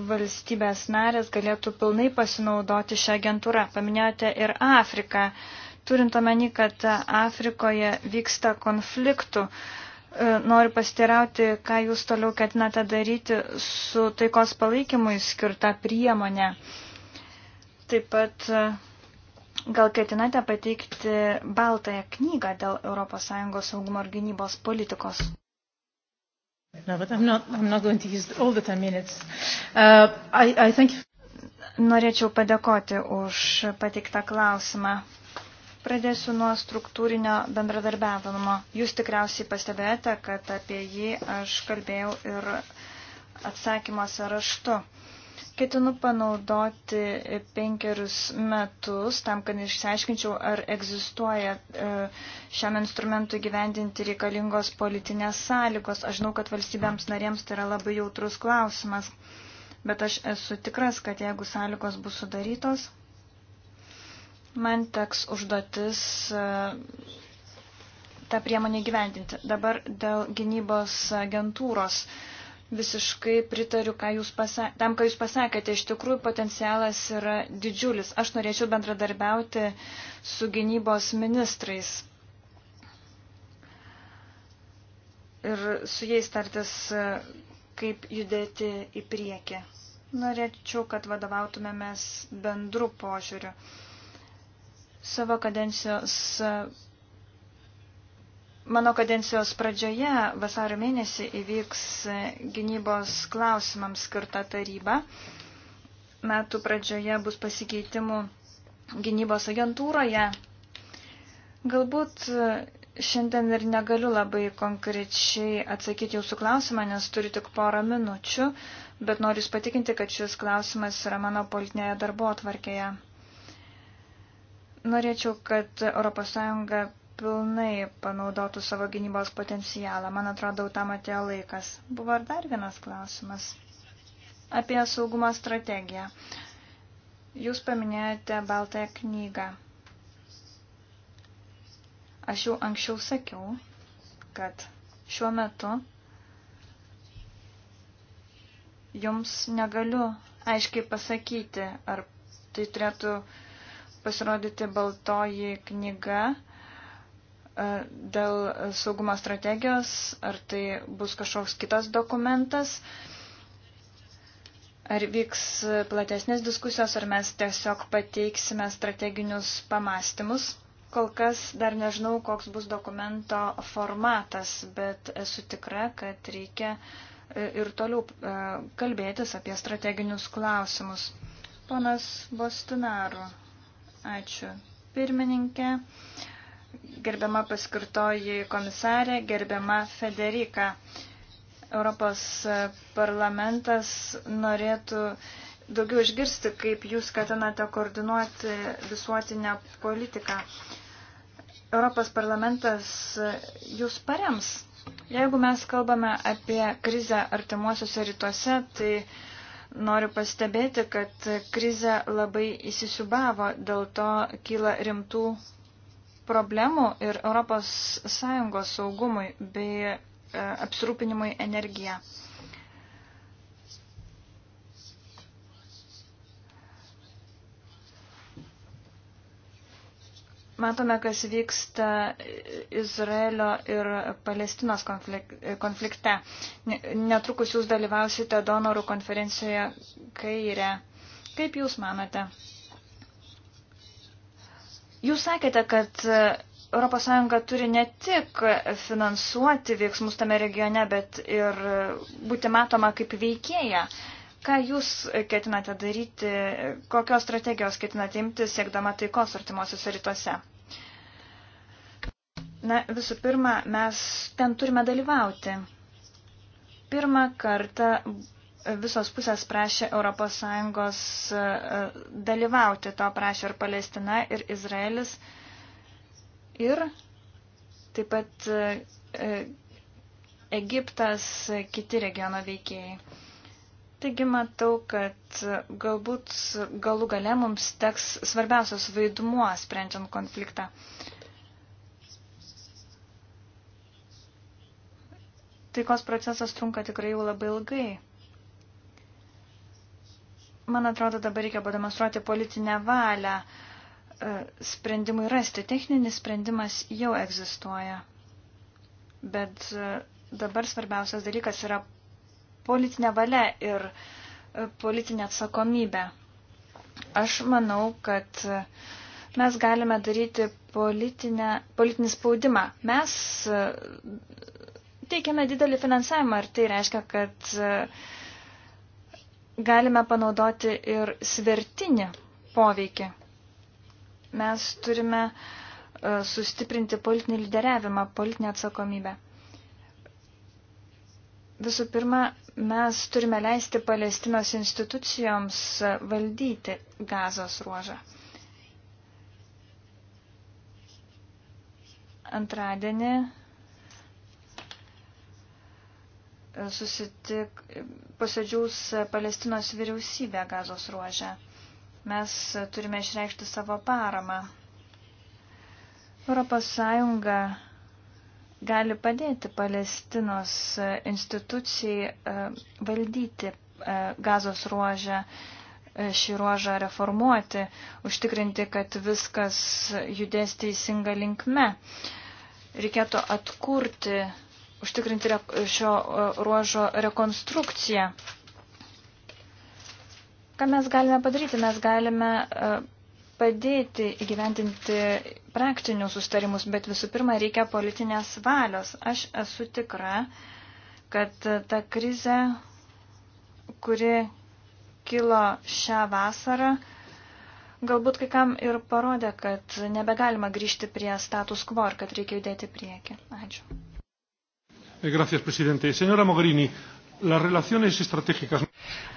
valstybės narės galėtų pilnai pasinaudoti šią agentūrą? Paminėjote ir Afriką. Turint omeny, kad Afrikoje vyksta konfliktų, noriu pastirauti, ką jūs toliau ketinate daryti su taikos palaikymui skirta priemonė. Taip pat Gal ketinate pateikti baltąją knygą dėl ES saugumo ir gynybos politikos? No, but I'm not, I'm not going to use all the 10 minutes. Uh, I, I think... Norėčiau padėkoti už pateiktą klausimą. Pradėsiu nuo struktūrinio bendradarbiavimo. Jūs tikriausiai pastebėjote, kad apie jį aš kalbėjau ir atsakymuose raštu. Uh, Ketinu panaudoti penkerius metus tam, kad išsiaiškinčiau, ar egzistuoja e, šiam instrumentui gyvendinti reikalingos politinės sąlygos. Aš žinau, kad valstybėms narėms tai yra labai jautrus klausimas, bet aš esu tikras, kad jeigu sąlygos bus sudarytos, man teks užduotis e, tą priemonę gyvendinti. Dabar dėl gynybos agentūros. Uh, visiškai pritariu ką jūs pasakė, tam, ką jūs pasakėte. Iš tikrųjų, potencialas yra didžiulis. Aš norėčiau bendradarbiauti su gynybos ministrais ir su jais tartis, kaip judėti į priekį. Norėčiau, kad vadovautumėmės bendru požiūriu. Savo kadencijos Mano kadencijos pradžioje vasario mėnesį įvyks gynybos klausimams skirta taryba. Metų pradžioje bus pasikeitimų gynybos agentūroje. Galbūt šiandien ir negaliu labai konkrečiai atsakyti jūsų klausimą, nes turiu tik porą minučių, bet noriu jūs patikinti, kad šis klausimas yra mano politinėje darbo atvarkėje. Norėčiau, kad ES pilnai panaudotų savo gynybos potencialą. Man atrodo, tam atėjo laikas. Buvo ir dar vienas klausimas apie saugumo strategiją. Jūs paminėjote Baltąją knygą. Aš jau anksčiau sakiau, kad šiuo metu jums negaliu aiškiai pasakyti, ar tai turėtų pasirodyti baltoji knyga dėl saugumo strategijos, ar tai bus kažkoks kitas dokumentas, ar vyks platesnės diskusijos, ar mes tiesiog pateiksime strateginius pamastymus. Kol kas dar nežinau, koks bus dokumento formatas, bet esu tikra, kad reikia e, ir toliau e, kalbėtis apie strateginius klausimus. Ponas Bostinaru, ačiū pirmininkė gerbiama paskirtoji komisarė, gerbiama Federika. Europos parlamentas norėtų daugiau išgirsti, kaip jūs ketinate koordinuoti visuotinę politiką. Europos parlamentas jūs parems. Jeigu mes kalbame apie krizę artimuosiuose rytuose, tai noriu pastebėti, kad krizė labai įsisubavo, dėl to kyla rimtų problemų ir ES saugumui bei e, apsirūpinimui energiją. Matome, kas vyksta Izraelio ir Palestinos konflikte. Netrukus jūs dalyvausite donorų konferencijoje kairę. Kaip jūs manote? Jūs sakėte, kad ES turi ne tik finansuoti veiksmus tame regione, bet ir e, būti matoma kaip veikėja. Ką jūs ketinate daryti, kokios strategijos ketinate imti, siekdama taikos artimuosiuose rytuose? Na, visų pirma, mes ten turime dalyvauti. Pirmą kartą visos pusės prašė ES e, dalyvauti, to prašė ir Palestina, ir Izraelis, ir taip pat e, e, Egiptas, kiti regiono veikėjai. Taigi matau, kad galbūt galų gale mums teks svarbiausias vaidmuo sprendžiant konfliktą. Taikos procesas trunka tikrai jau labai ilgai. Man atrodo, dabar reikia pademonstruoti politinę valią e, sprendimui rasti. Techninis sprendimas jau egzistuoja. Bet e, dabar svarbiausias dalykas yra politinė valia ir e, politinė atsakomybė. Aš manau, kad mes galime daryti politinę, politinį spaudimą. Mes teikiame didelį finansavimą ir tai reiškia, kad galime panaudoti ir svertinį poveikį. Mes turime e, sustiprinti politinį lyderiavimą, politinę atsakomybę. Visų pirma, mes turime leisti Palestinos institucijoms valdyti gazos ruožą. Antradienį susitik, posėdžiaus Palestinos vyriausybė gazos ruožę. Mes turime išreikšti savo paramą. Europos Sąjunga gali padėti Palestinos institucijai e, valdyti e, gazos ruožę, e, šį ruožą reformuoti, užtikrinti, kad viskas judės teisinga linkme. Reikėtų atkurti užtikrinti šio e, ruožo rekonstrukciją. Ką mes galime padaryti? Mes galime e, padėti įgyventinti praktinius sustarimus, bet visų pirma reikia politinės valios. Aš esu tikra, kad ta krize, kuri kilo šią vasarą, galbūt kai kam ir parodė, kad nebegalima grįžti prie status quo ir kad reikia judėti prieki. Ačiū. Eh, gracias, presidente. Senora Mogherini, las relaciones estratégicas.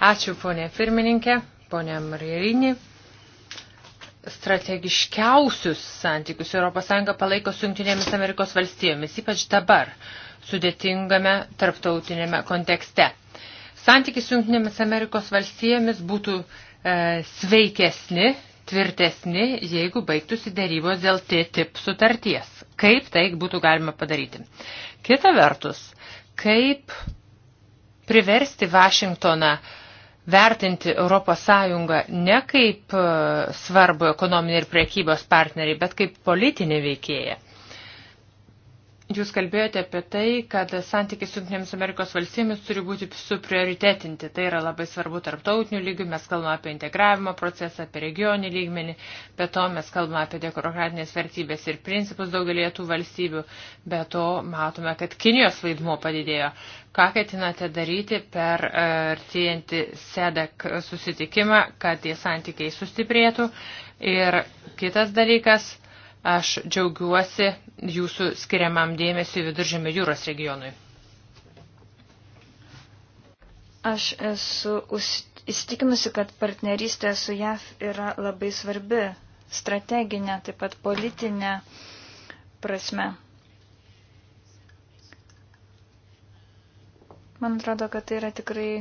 Ačiū, ponė pirmininkė, ponė Mogherini. Strategiškiausius santykius ES palaiko su Junktinėmis Amerikos valstijomis, ypač dabar, sudėtingame tarptautinėme kontekste. Santykis su Junktinėmis Amerikos valstijomis būtų e, sveikesni, tvirtesni, jeigu baigtųsi dėrybos dėl TTIP sutarties. Kaip tai būtų galima padaryti? Kita vertus, kaip priversti Vašingtoną vertinti Europos Sąjungą ne kaip e, svarbu ekonominį ir priekybos partneriai, bet kaip politinį veikėją. Jūs kalbėjote apie tai, kad santykiai su Junktinėmis Amerikos valstybėmis turi būti suprioritetinti. Tai yra labai svarbu tarptautinių lygių. Mes kalbame apie integravimo procesą, apie regionį lygmenį. Be to mes kalbame apie demokratinės vertybės ir principus daugelėje tų valstybių. Be to matome, kad Kinijos vaidmuo padidėjo. Ką ketinate daryti per e, artėjantį SEDEC susitikimą, kad tie santykiai sustiprėtų? Ir kitas dalykas Aš džiaugiuosi jūsų skiriamam dėmesiu viduržėmio jūros regionui. Aš esu įstikinusi, kad partnerystė su JAV yra labai svarbi strateginė, taip pat politinė prasme. Man atrodo, kad tai yra tikrai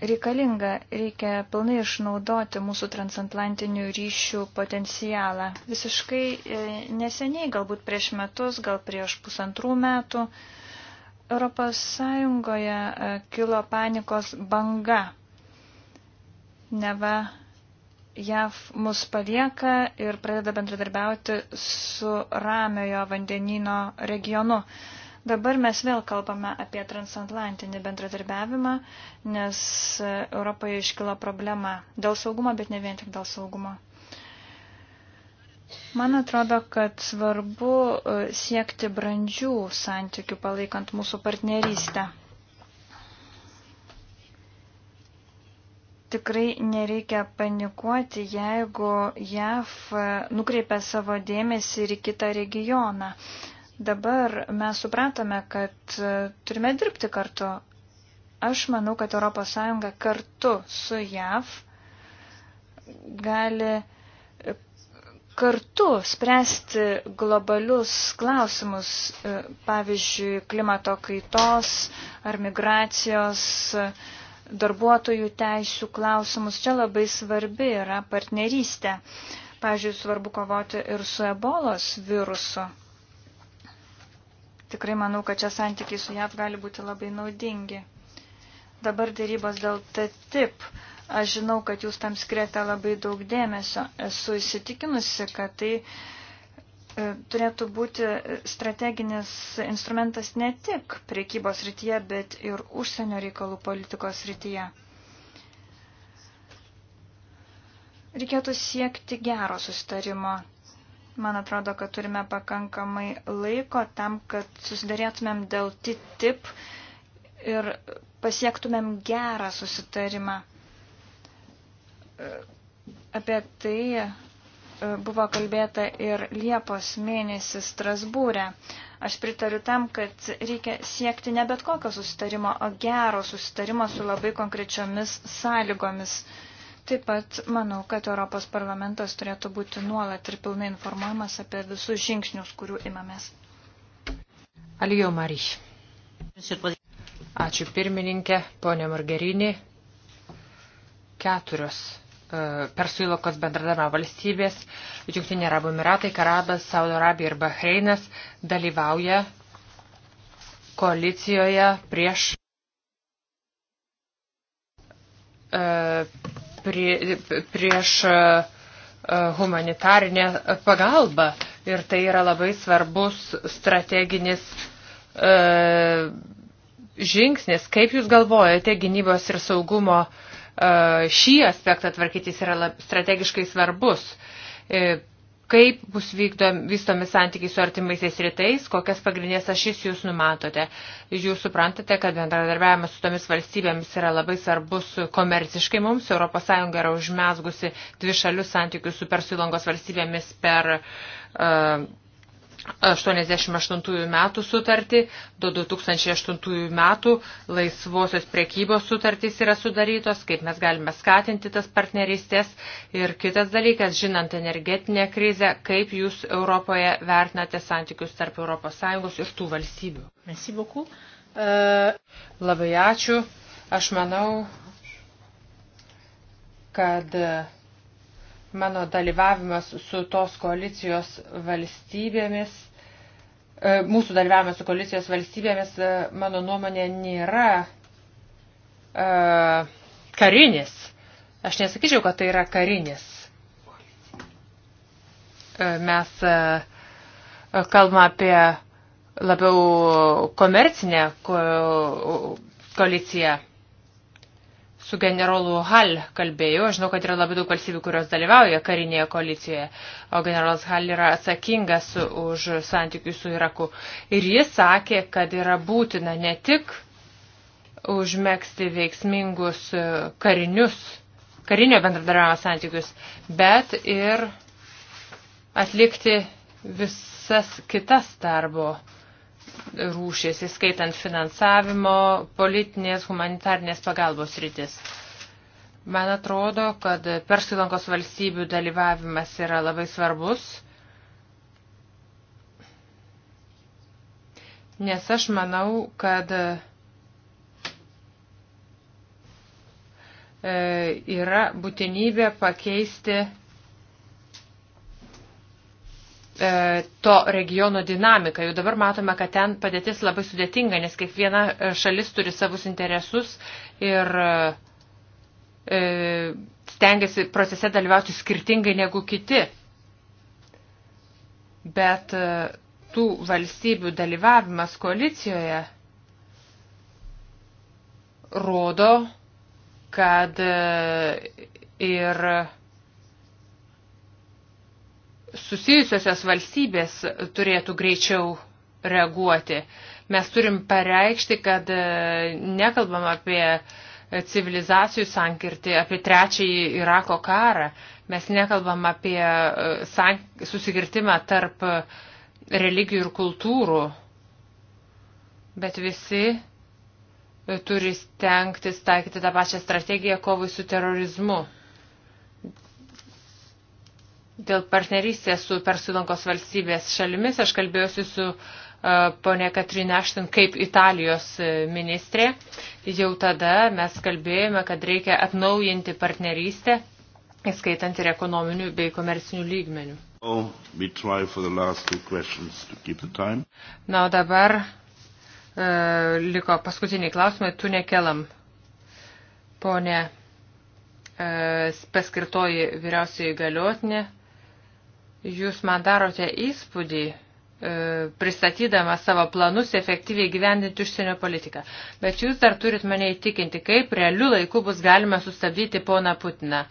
reikalinga, reikia pilnai išnaudoti mūsų transatlantinių ryšių potencialą. Visiškai e, neseniai, galbūt prieš metus, gal prieš pusantrų metų, ES e, kilo panikos banga. Neva JAV mus palieka ir pradeda bendradarbiauti su ramiojo vandenino regionu. Dabar mes vėl kalbame apie transatlantinį bendradarbiavimą, nes Europoje iškilo problema dėl saugumo, bet ne vien tik dėl saugumo. Man atrodo, kad svarbu e, siekti brandžių santykių palaikant mūsų partnerystę. tikrai nereikia panikuoti, jeigu JAV e, nukreipia savo dėmesį ir į kitą regioną. Dabar mes supratome, kad e, turime dirbti kartu. Aš manau, kad ES kartu su JAV gali e, kartu spręsti globalius klausimus, e, pavyzdžiui, klimato kaitos ar migracijos, darbuotojų teisų klausimus. Čia labai svarbi yra partnerystė. Pavyzdžiui, svarbu kovoti ir su ebolos virusu. Tikrai manau, kad čia santykiai su JAV gali būti labai naudingi. Dabar dėrybos dėl TTIP. Aš žinau, kad jūs tam skiriate labai daug dėmesio. Esu įsitikinusi, kad tai e, turėtų būti strateginis instrumentas ne tik priekybos rytyje, bet ir užsienio reikalų politikos rytyje. Reikėtų siekti gero sustarimo Man atrodo, kad turime pakankamai laiko tam, kad susidarėtumėm dėl TTIP ir pasiektumėm gerą susitarimą. E, apie tai e, buvo kalbėta ir Liepos mėnesį Strasbūrė. Aš pritariu tam, kad reikia siekti ne bet kokio susitarimo, o gero susitarimo su labai konkrečiomis sąlygomis. Taip pat manau, kad Europos parlamentas turėtų būti nuolat ir pilnai informuojamas apie visus žingsnius, kurių imamės. Alijo Mariš. Ačiū pirmininkė, ponė Margerinė. Keturios e, Persų įlokos bendradama valstybės, Junktinė Arabų Emiratai, Karabas, Saudo Arabija ir Bahreinas dalyvauja koalicijoje prieš e, prie, prieš e, e, humanitarinę pagalbą ir tai yra labai svarbus strateginis e, žingsnis. Kaip Jūs galvojate, gynybos ir saugumo e, šį aspektą tvarkytis yra lab, strategiškai svarbus. E, kaip bus vykdom, vystomi santykiai su artimaisiais rytais, kokias pagrindinės ašis jūs numatote. Jūs suprantate, kad bendradarbiavimas su tomis valstybėmis yra labai svarbus komerciškai mums. ES yra užmesgusi dvi šalius santykius su Persų įlangos valstybėmis per uh, 88 metų sutartį, 2008 metų laisvosios prekybos sutartys yra sudarytos, kaip mes galime skatinti tas partnerystės. Ir kitas dalykas, žinant energetinę krizę, kaip jūs Europoje vertinate santykius tarp ES ir tų valstybių. Merci beaucoup. Uh... Labai ačiū. Aš manau, kad uh, Mano dalyvavimas su tos koalicijos valstybėmis, e, mūsų dalyvavimas su koalicijos valstybėmis, e, mano nuomonė, nėra e, karinis. Aš nesakyčiau, kad tai yra karinis. Mes kalbame apie labiau komercinę koaliciją. Ko su generolu Hall kalbėjau. Aš žinau, kad yra labai daug valstybių, kurios dalyvauja karinėje koalicijoje, o generolas Hall yra atsakingas už santykių su Iraku. Ir jis sakė, kad yra būtina ne tik užmėgsti veiksmingus karinius, karinio bendradarbiavimo santykius, bet ir atlikti visas kitas darbo rūšis, įskaitant finansavimo, politinės, humanitarnės pagalbos rytis. Man atrodo, kad Persilankos valstybių dalyvavimas yra labai svarbus, nes aš manau, kad e, yra būtinybė pakeisti E, to regiono dinamiką. Jau dabar matome, kad ten padėtis labai sudėtinga, nes kiekviena šalis turi savus interesus ir e, stengiasi procese dalyvauti skirtingai negu kiti. Bet e, tų valstybių dalyvavimas koalicijoje rodo, kad ir susijusiosios valstybės turėtų greičiau reaguoti. Mes turim pareikšti, kad e, nekalbam apie civilizacijų sankirtį, apie trečiąjį Irako karą. Mes nekalbam apie e, susikirtimą tarp e, religijų ir kultūrų. Bet visi turi stengtis taikyti tą pačią strategiją kovai su terorizmu. Dėl partnerystės su Persilankos valstybės šalimis aš kalbėjausi su e, ponė Katrinė Aštin kaip Italijos e, ministrė. Jau tada mes kalbėjome, kad reikia atnaujinti partnerystę, įskaitant ir ekonominių bei komercinių lygmenių. Oh, Na, o dabar e, liko paskutiniai klausimai, tu nekelam. Pone e, paskirtoji vyriausiai galiotinė. Jūs man darote įspūdį, e, pristatydama savo planus efektyviai gyvendinti užsienio politiką. Bet jūs dar turit mane įtikinti, kaip realiu laiku bus galima sustabdyti poną Putiną.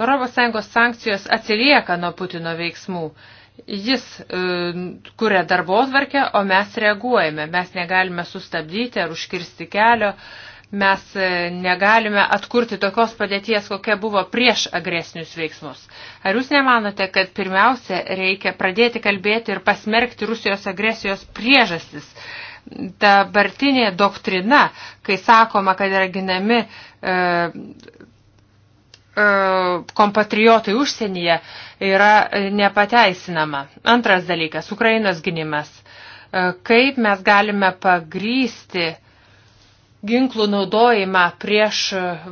ES sankcijos atsilieka nuo Putino veiksmų. Jis e, kuria darbos varkę, o mes reaguojame. Mes negalime sustabdyti ar užkirsti kelio. Uh, Mes e, negalime atkurti tokios padėties, kokia buvo prieš agresinius veiksmus. Ar jūs nemanote, kad pirmiausia reikia pradėti kalbėti ir pasmerkti Rusijos agresijos priežastis? Dabartinė doktrina, kai sakoma, kad yra ginami e, e kompatriotai užsienyje yra e, nepateisinama. Antras dalykas – Ukrainos gynimas. Kaip mes galime pagrysti uh, ginklų naudojimą prieš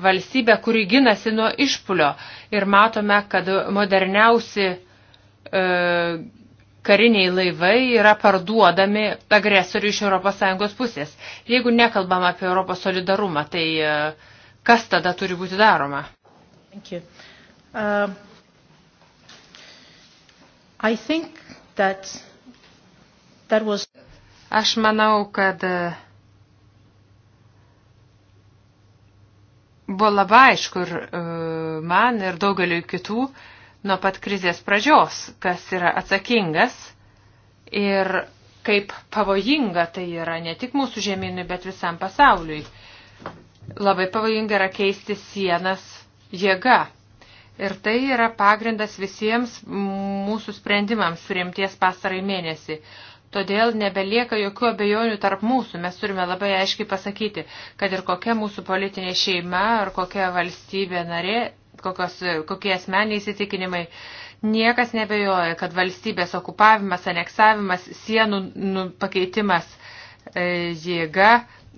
valstybę, kuri ginasi nuo išpulio. Ir matome, kad moderniausi e, kariniai laivai yra parduodami agresoriui iš ES pusės. Jeigu nekalbam apie Europos solidarumą, tai e, kas tada turi būti daroma? Uh, I think that that was... Aš manau, kad uh, buvo labai aišku ir e, man, ir daugeliu kitų nuo pat krizės pradžios, kas yra atsakingas ir kaip pavojinga tai yra ne tik mūsų žemynui, bet visam pasauliui. Labai pavojinga yra keisti sienas jėga. Ir tai yra pagrindas visiems mūsų sprendimams priimties pastarai mėnesį. Todėl nebelieka jokių abejonių tarp mūsų. Mes turime labai aiškiai pasakyti, kad ir kokia mūsų politinė šeima ar kokia valstybė narė, kokios, kokie asmeniai įsitikinimai, niekas nebejoja, kad valstybės okupavimas, aneksavimas, sienų nu, pakeitimas e, jėga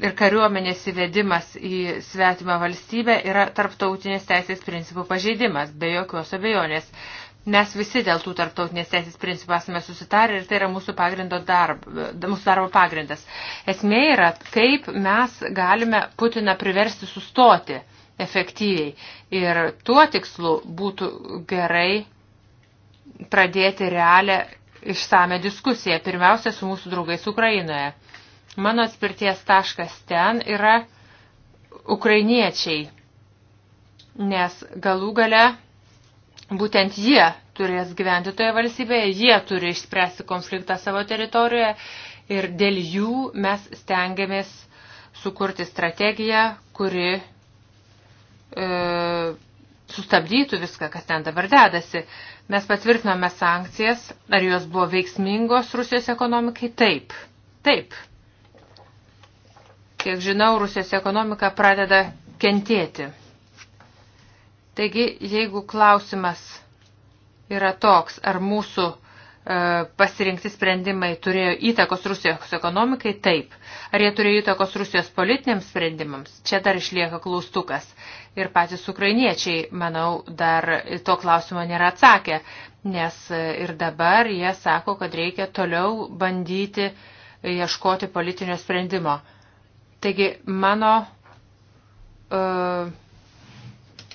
ir kariuomenės įvedimas į svetimą valstybę yra tarptautinės teisės principų pažeidimas, be jokios abejonės. Mes visi dėl tų tarptautinės teisės principų esame susitarę ir tai yra mūsų, darb, mūsų darbo pagrindas. Esmė yra, kaip mes galime Putiną priversti sustoti efektyviai. Ir tuo tikslu būtų gerai pradėti realią išsame diskusiją, pirmiausia, su mūsų draugais Ukrainoje. Mano atspirties taškas ten yra ukrainiečiai, nes galų gale būtent jie turės gyventi toje valstybėje, jie turi išspręsti konfliktą savo teritorijoje ir dėl jų mes stengiamės sukurti strategiją, kuri e, sustabdytų viską, kas ten dabar dedasi. Mes patvirtinome sankcijas, ar jos buvo veiksmingos Rusijos ekonomikai? Taip. Taip. Kiek žinau, Rusijos ekonomika pradeda kentėti. Taigi, jeigu klausimas yra toks, ar mūsų e, pasirinkti sprendimai turėjo įtakos Rusijos ekonomikai? Taip. Ar jie turėjo įtakos Rusijos politiniams sprendimams? Čia dar išlieka klaustukas. Ir patys ukrainiečiai, manau, dar to klausimo nėra atsakę, nes e, ir dabar jie sako, kad reikia toliau bandyti ieškoti politinio sprendimo. Taigi mano uh,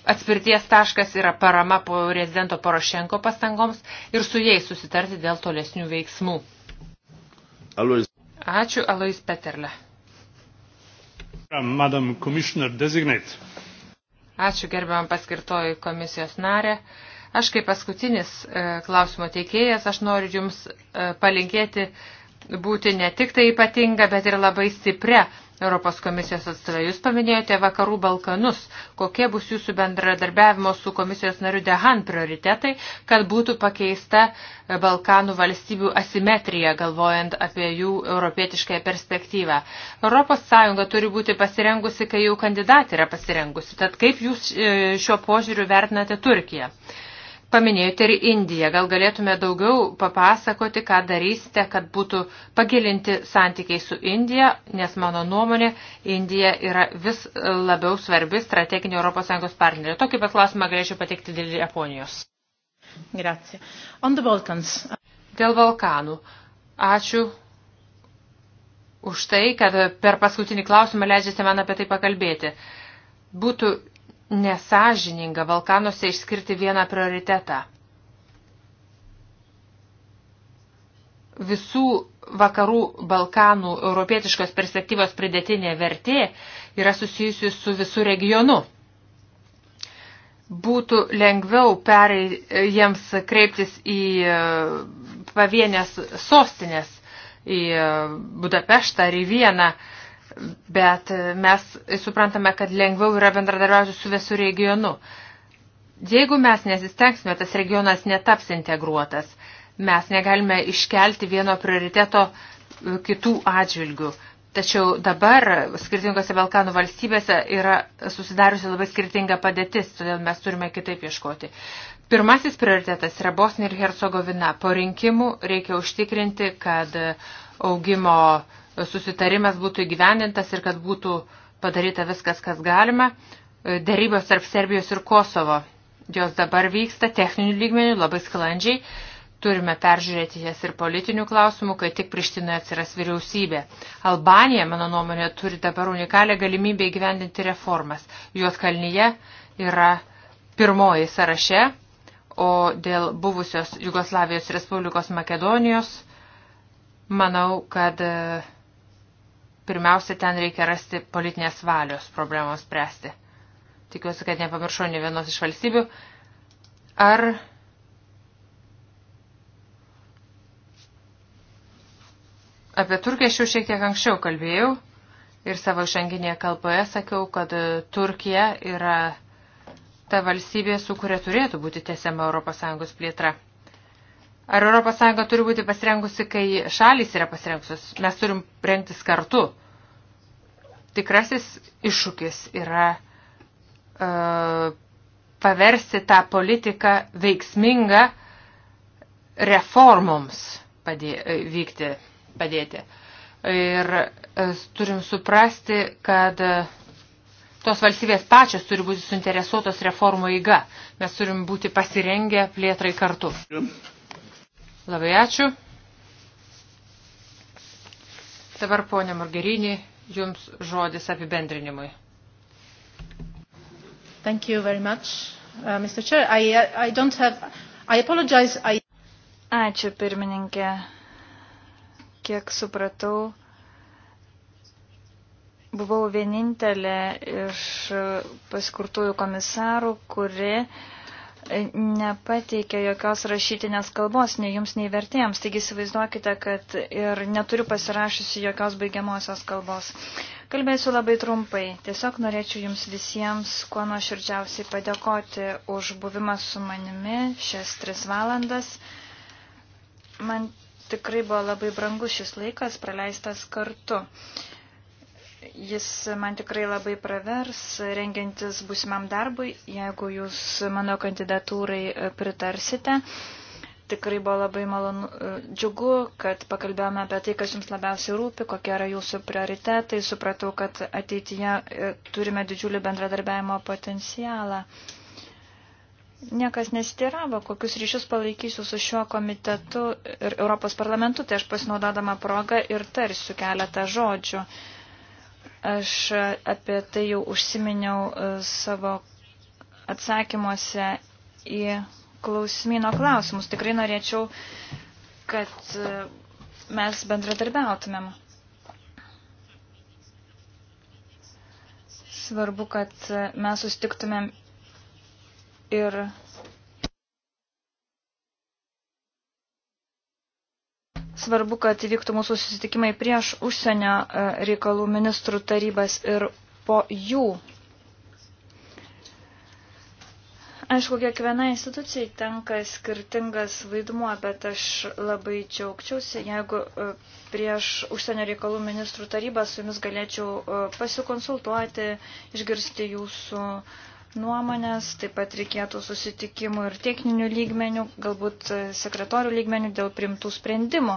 Atspirties taškas yra parama po rezidento Porošenko pastangoms ir su jais susitarti dėl tolesnių veiksmų. Alois. Ačiū, Alois Peterle. Madam Commissioner Designate. Ačiū gerbiam paskirtoji komisijos narė. Aš kaip paskutinis e, klausimo teikėjas, aš noriu Jums e, palinkėti būti ne tik tai ypatinga, bet ir labai stipria Europos komisijos atstovė. Jūs paminėjote vakarų Balkanus. Kokie bus jūsų bendradarbiavimo su komisijos nariu Dehan prioritetai, kad būtų pakeista Balkanų valstybių asimetrija, galvojant apie jų europietiškąją perspektyvą? Europos Sąjunga turi būti pasirengusi, kai jau kandidatė yra pasirengusi. Tad kaip jūs e, šiuo požiūriu vertinate Turkiją? Paminėjote ir Indiją. Gal galėtume daugiau papasakoti, ką darysite, kad būtų pagilinti santykiai su Indija, nes mano nuomonė, Indija yra vis labiau svarbi strateginė ES partnerė. Tokį pat klausimą galėčiau pateikti dėl Japonijos. Grazie. On the Balkans. Dėl Balkanų. Ačiū už tai, kad per paskutinį klausimą leidžiate man apie tai pakalbėti. Būtų nesažininga Balkanuose išskirti vieną prioritetą. Visų vakarų Balkanų europietiškos perspektyvos pridėtinė vertė yra susijusi su visų regionu. Būtų lengviau perei, jiems kreiptis į e, pavienės sostinės, į e, Budapeštą ar į Vieną, bet mes suprantame, kad lengviau yra bendradarbiauti su visų regionu. Jeigu mes nesistengsime, tas regionas netaps integruotas. Mes negalime iškelti vieno prioriteto e, kitų atžvilgių. Tačiau dabar skirtingose Balkanų valstybėse yra susidariusi labai skirtinga padėtis, todėl mes turime kitaip ieškoti. Pirmasis prioritetas yra Bosnija ir Hercegovina. Po rinkimų reikia užtikrinti, kad augimo uh, susitarimas būtų įgyvendintas ir kad būtų padaryta viskas, kas galima. Dėrybos tarp Serbijos ir Kosovo. Jos dabar vyksta techninių lygmenių labai sklandžiai. Turime peržiūrėti jas ir politinių klausimų, kai tik Prištinoje atsiras vyriausybė. Albanija, mano nuomonė, turi dabar unikalią galimybę įgyvendinti reformas. Juos kalnyje yra pirmoji sąraše, o dėl buvusios Jugoslavijos Respublikos Makedonijos, manau, kad uh, pirmiausia, ten reikia rasti politinės valios problemos spręsti. Tikiuosi, kad nepamiršau ne vienos iš valstybių. Ar apie Turkiją aš jau šiek tiek anksčiau kalbėjau ir savo išanginėje kalboje sakiau, kad e, Turkija yra ta valstybė, su kuria turėtų būti tęsiama ES plėtra. Ar ES turi būti pasirengusi, kai šalys yra pasirengusios? Mes turim rengtis kartu. Tikrasis iššūkis yra uh, paversti tą politiką veiksmingą reformoms padė, e, vykti, padėti. Ir uh, turim suprasti, kad uh, tos valstybės pačios turi būti suinteresuotos reformų eiga. Mes turim būti pasirengę plėtrai kartu. Jum. Labai ačiū. Dabar, ponė Margerinį, jums žodis apibendrinimui. Thank you very much, uh, Mr. Chair. I, uh, I don't have... I apologize. I... Ačiū, pirmininkė. Kiek supratau, buvau vienintelė iš uh, paskurtųjų komisarų, kuri uh, nepateikia jokios rašytinės kalbos, nei jums, nei vertėjams. Taigi įsivaizduokite, kad ir neturiu pasirašysi jokios baigiamosios kalbos. Kalbėsiu labai trumpai. Tiesiog norėčiau jums visiems kuo nuoširdžiausiai padėkoti už buvimą su manimi šias tris valandas. Man tikrai buvo labai brangus šis laikas praleistas kartu. Uh, Jis man tikrai labai pravers, rengiantis būsimam darbui, jeigu jūs mano kandidatūrai e, pritarsite. Tikrai buvo labai malonu, e, džiugu, kad pakalbėjome apie tai, kas jums labiausiai rūpi, kokie yra jūsų prioritetai. Supratau, kad ateityje e, turime didžiulį bendradarbiavimo potencialą. Niekas nesitiravo, kokius ryšius palaikysiu su šiuo komitetu ir Europos parlamentu, tai aš pasinaudodama progą ir tarsiu keletą žodžių. Aš apie tai jau užsiminiau e, savo atsakymuose į klausimino klausimus. Tikrai norėčiau, kad e, mes bendradarbiautumėm. Svarbu, kad e, mes sustiktumėm ir Svarbu, kad įvyktų mūsų susitikimai prieš užsienio e, reikalų ministrų tarybas ir po jų. Aišku, kiekviena institucijai tenka skirtingas vaidmuo, bet aš labai džiaugčiausi, jeigu e, prieš užsienio reikalų ministrų tarybą su jumis galėčiau e, pasikonsultuoti, išgirsti jūsų uh, nuomonės, taip pat reikėtų susitikimų ir techninių lygmenių, galbūt e, sekretorių lygmenių dėl primtų sprendimų.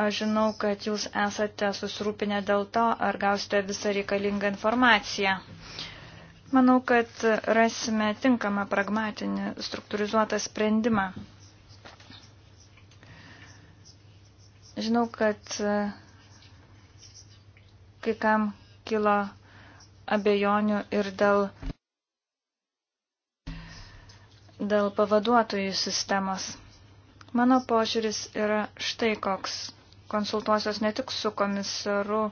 Aš žinau, kad jūs esate susirūpinę dėl to, ar gausite visą reikalingą informaciją. Manau, kad rasime tinkamą pragmatinį struktūrizuotą sprendimą. Žinau, kad e, kai kam kilo abejonių ir dėl, dėl pavaduotojų sistemos. Mano požiūris yra štai koks. Konsultuosios ne tik su komisaru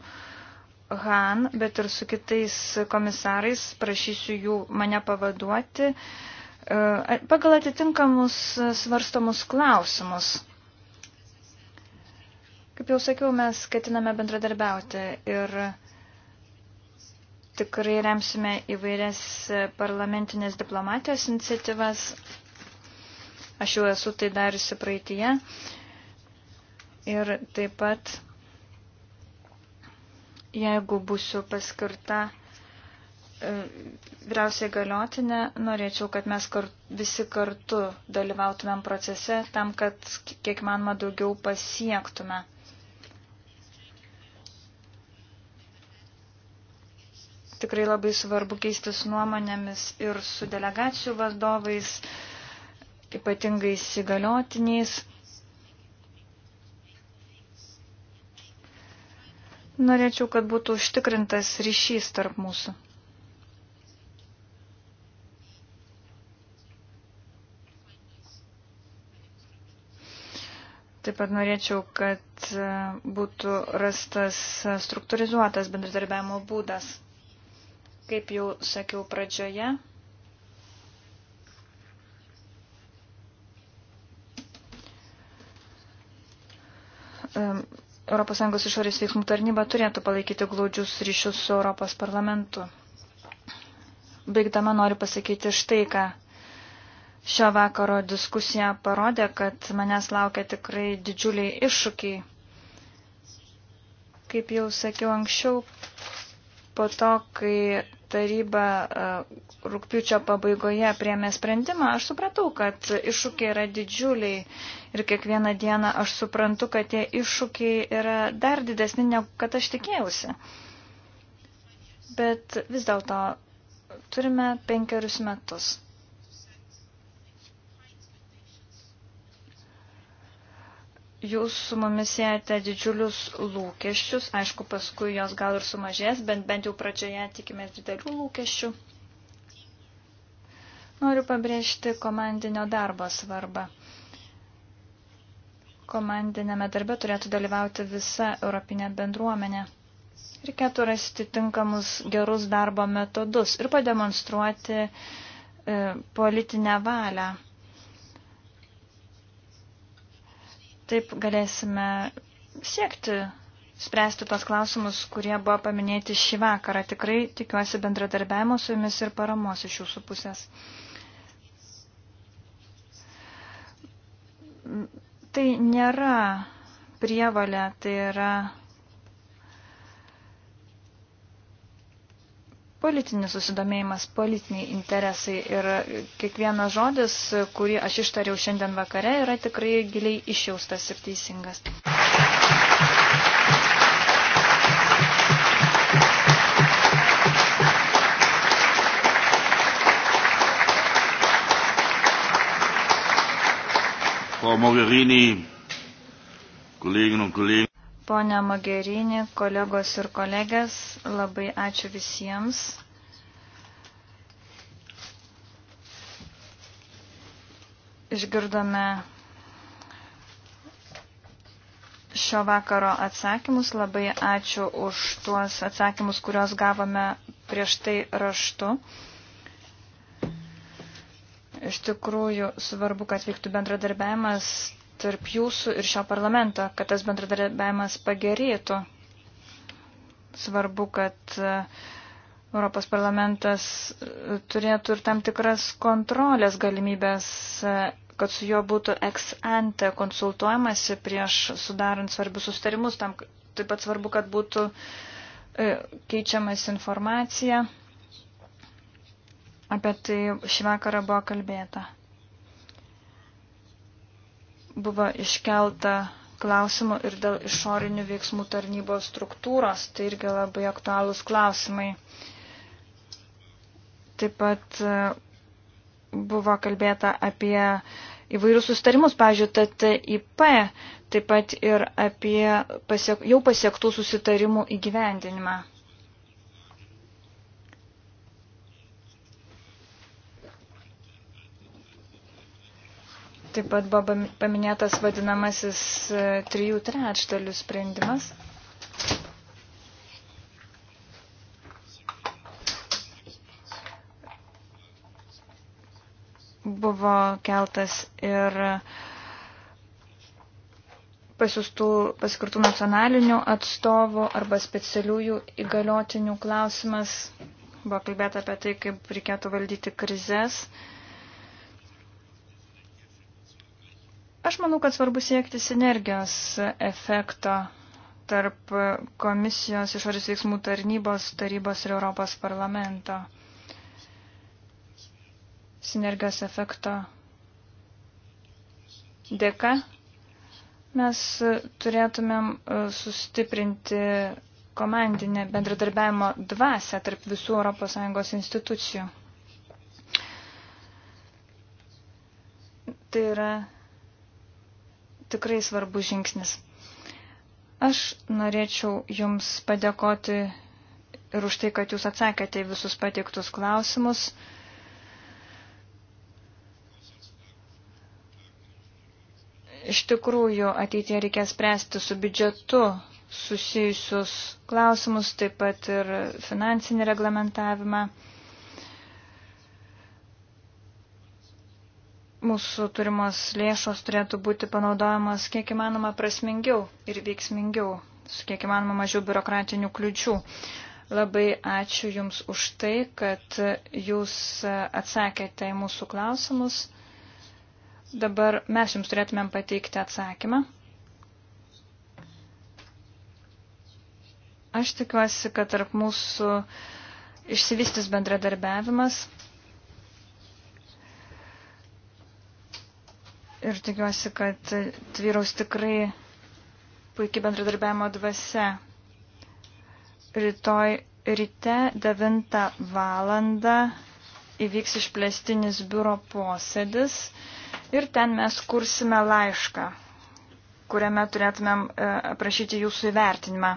Han, bet ir su kitais komisarais, prašysiu jų mane pavaduoti e, pagal atitinkamus svarstomus klausimus. Kaip jau sakiau, mes ketiname bendradarbiauti ir Tikrai remsime įvairias e, parlamentinės diplomatijos iniciatyvas. Aš jau esu tai dariusi praeitie. Ir taip pat, jeigu būsiu paskirta e, vyriausiai galiotinė, norėčiau, kad mes kart, visi kartu dalyvautumėm procese tam, kad kiek manoma daugiau pasiektume. Tikrai labai svarbu keistis nuomonėmis ir su delegacijų vadovais, ypatingai įsigaliotiniais. Norėčiau, kad būtų užtikrintas ryšys tarp mūsų. Taip pat norėčiau, kad būtų rastas struktūrizuotas bendradarbiavimo būdas. Kaip jau sakiau pradžioje, ES išorės veiksmų tarnyba turėtų palaikyti glaudžius ryšius su Europos parlamentu. Baigdama noriu pasakyti štai ką. Šio vakaro diskusija parodė, kad manęs laukia tikrai didžiuliai iššūkiai. Kaip jau sakiau anksčiau, po to, kai taryba e, rūpiučio pabaigoje priemė sprendimą, aš supratau, kad iššūkiai yra didžiuliai ir kiekvieną dieną aš suprantu, kad tie iššūkiai yra dar didesni, negu kad aš tikėjausi. Bet vis dėlto turime penkerius metus. jūs su mumis siejate didžiulius lūkesčius, aišku, paskui jos gal ir sumažės, bet bent jau pradžioje tikimės didelių lūkesčių. Noriu pabrėžti komandinio darbo svarbą. Komandinėme darbe turėtų dalyvauti visa Europinė bendruomenė. Reikėtų rasti tinkamus gerus darbo metodus ir pademonstruoti e, politinę valią Taip galėsime siekti spręsti tos klausimus, kurie buvo paminėti šį vakarą. Tikrai tikiuosi bendradarbiavimo su jumis ir paramos iš jūsų pusės. Tai nėra prievalė, tai yra politinis susidomėjimas, politiniai interesai ir kiekvienas žodis, kurį aš ištariau šiandien vakare, yra tikrai giliai išjaustas ir teisingas. Frau Mogherini, Kolleginnen und Kollegen. Pone Magerinį, kolegos ir kolegės, labai ačiū visiems. Išgirdome šio vakaro atsakymus. Labai ačiū už tuos atsakymus, kuriuos gavome prieš tai raštu. Iš tikrųjų, svarbu, kad vyktų bendradarbiavimas tarp jūsų ir šio parlamento, kad tas bendradarbiavimas pagerėtų. Svarbu, kad e, Europos parlamentas e, turėtų ir tam tikras kontrolės galimybės, e, kad su juo būtų ex ante konsultuojamasi prieš sudarant svarbius sustarimus. Tam taip pat svarbu, kad būtų keičiamas informacija. Apie tai šį vakarą buvo kalbėta. Buvo iškelta klausimų ir dėl išorinių veiksmų tarnybos struktūros, tai irgi labai aktualūs klausimai. Taip pat e, buvo kalbėta apie įvairius sustarimus, pavyzdžiui, TTIP, taip pat ir apie pasiek, jau pasiektų susitarimų įgyvendinimą. Taip pat buvo paminėtas vadinamasis e, trijų trečdalių sprendimas. Buvo keltas ir pasiūstų paskirtų nacionalinių atstovų arba specialiųjų įgaliotinių klausimas. Buvo kalbėta apie tai, kaip reikėtų valdyti krizės. Uh, Aš manau, kad svarbu siekti sinergijos efekto tarp komisijos išorės veiksmų tarnybos, tarybos ir Europos parlamento. Sinergijos efekto dėka mes turėtumėm e, sustiprinti komandinę bendradarbiavimo dvasę tarp visų ES institucijų. Tai yra tikrai svarbus žingsnis. Aš norėčiau Jums padėkoti ir už tai, kad Jūs atsakėte į visus pateiktus klausimus. Iš tikrųjų, ateitie reikės spręsti su biudžetu susijusius klausimus, taip pat ir finansinį reglamentavimą. mūsų turimos lėšos turėtų būti panaudojamas kiek įmanoma prasmingiau ir veiksmingiau, su kiek įmanoma mažiau biurokratinių kliučių. Labai ačiū Jums už tai, kad Jūs atsakėte į mūsų klausimus. Dabar mes Jums turėtumėm pateikti atsakymą. Aš tikiuosi, kad tarp mūsų išsivystys bendradarbiavimas. ir tikiuosi, kad tvyraus tikrai puikiai bendradarbiavimo dvasia. Rytoj ryte 9 valandą įvyks išplėstinis biuro posėdis ir ten mes kursime laišką, kuriame turėtumėm e, aprašyti jūsų įvertinimą.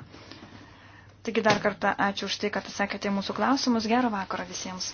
Taigi dar kartą ačiū už tai, kad atsakėte į mūsų klausimus. Gerą vakarą visiems.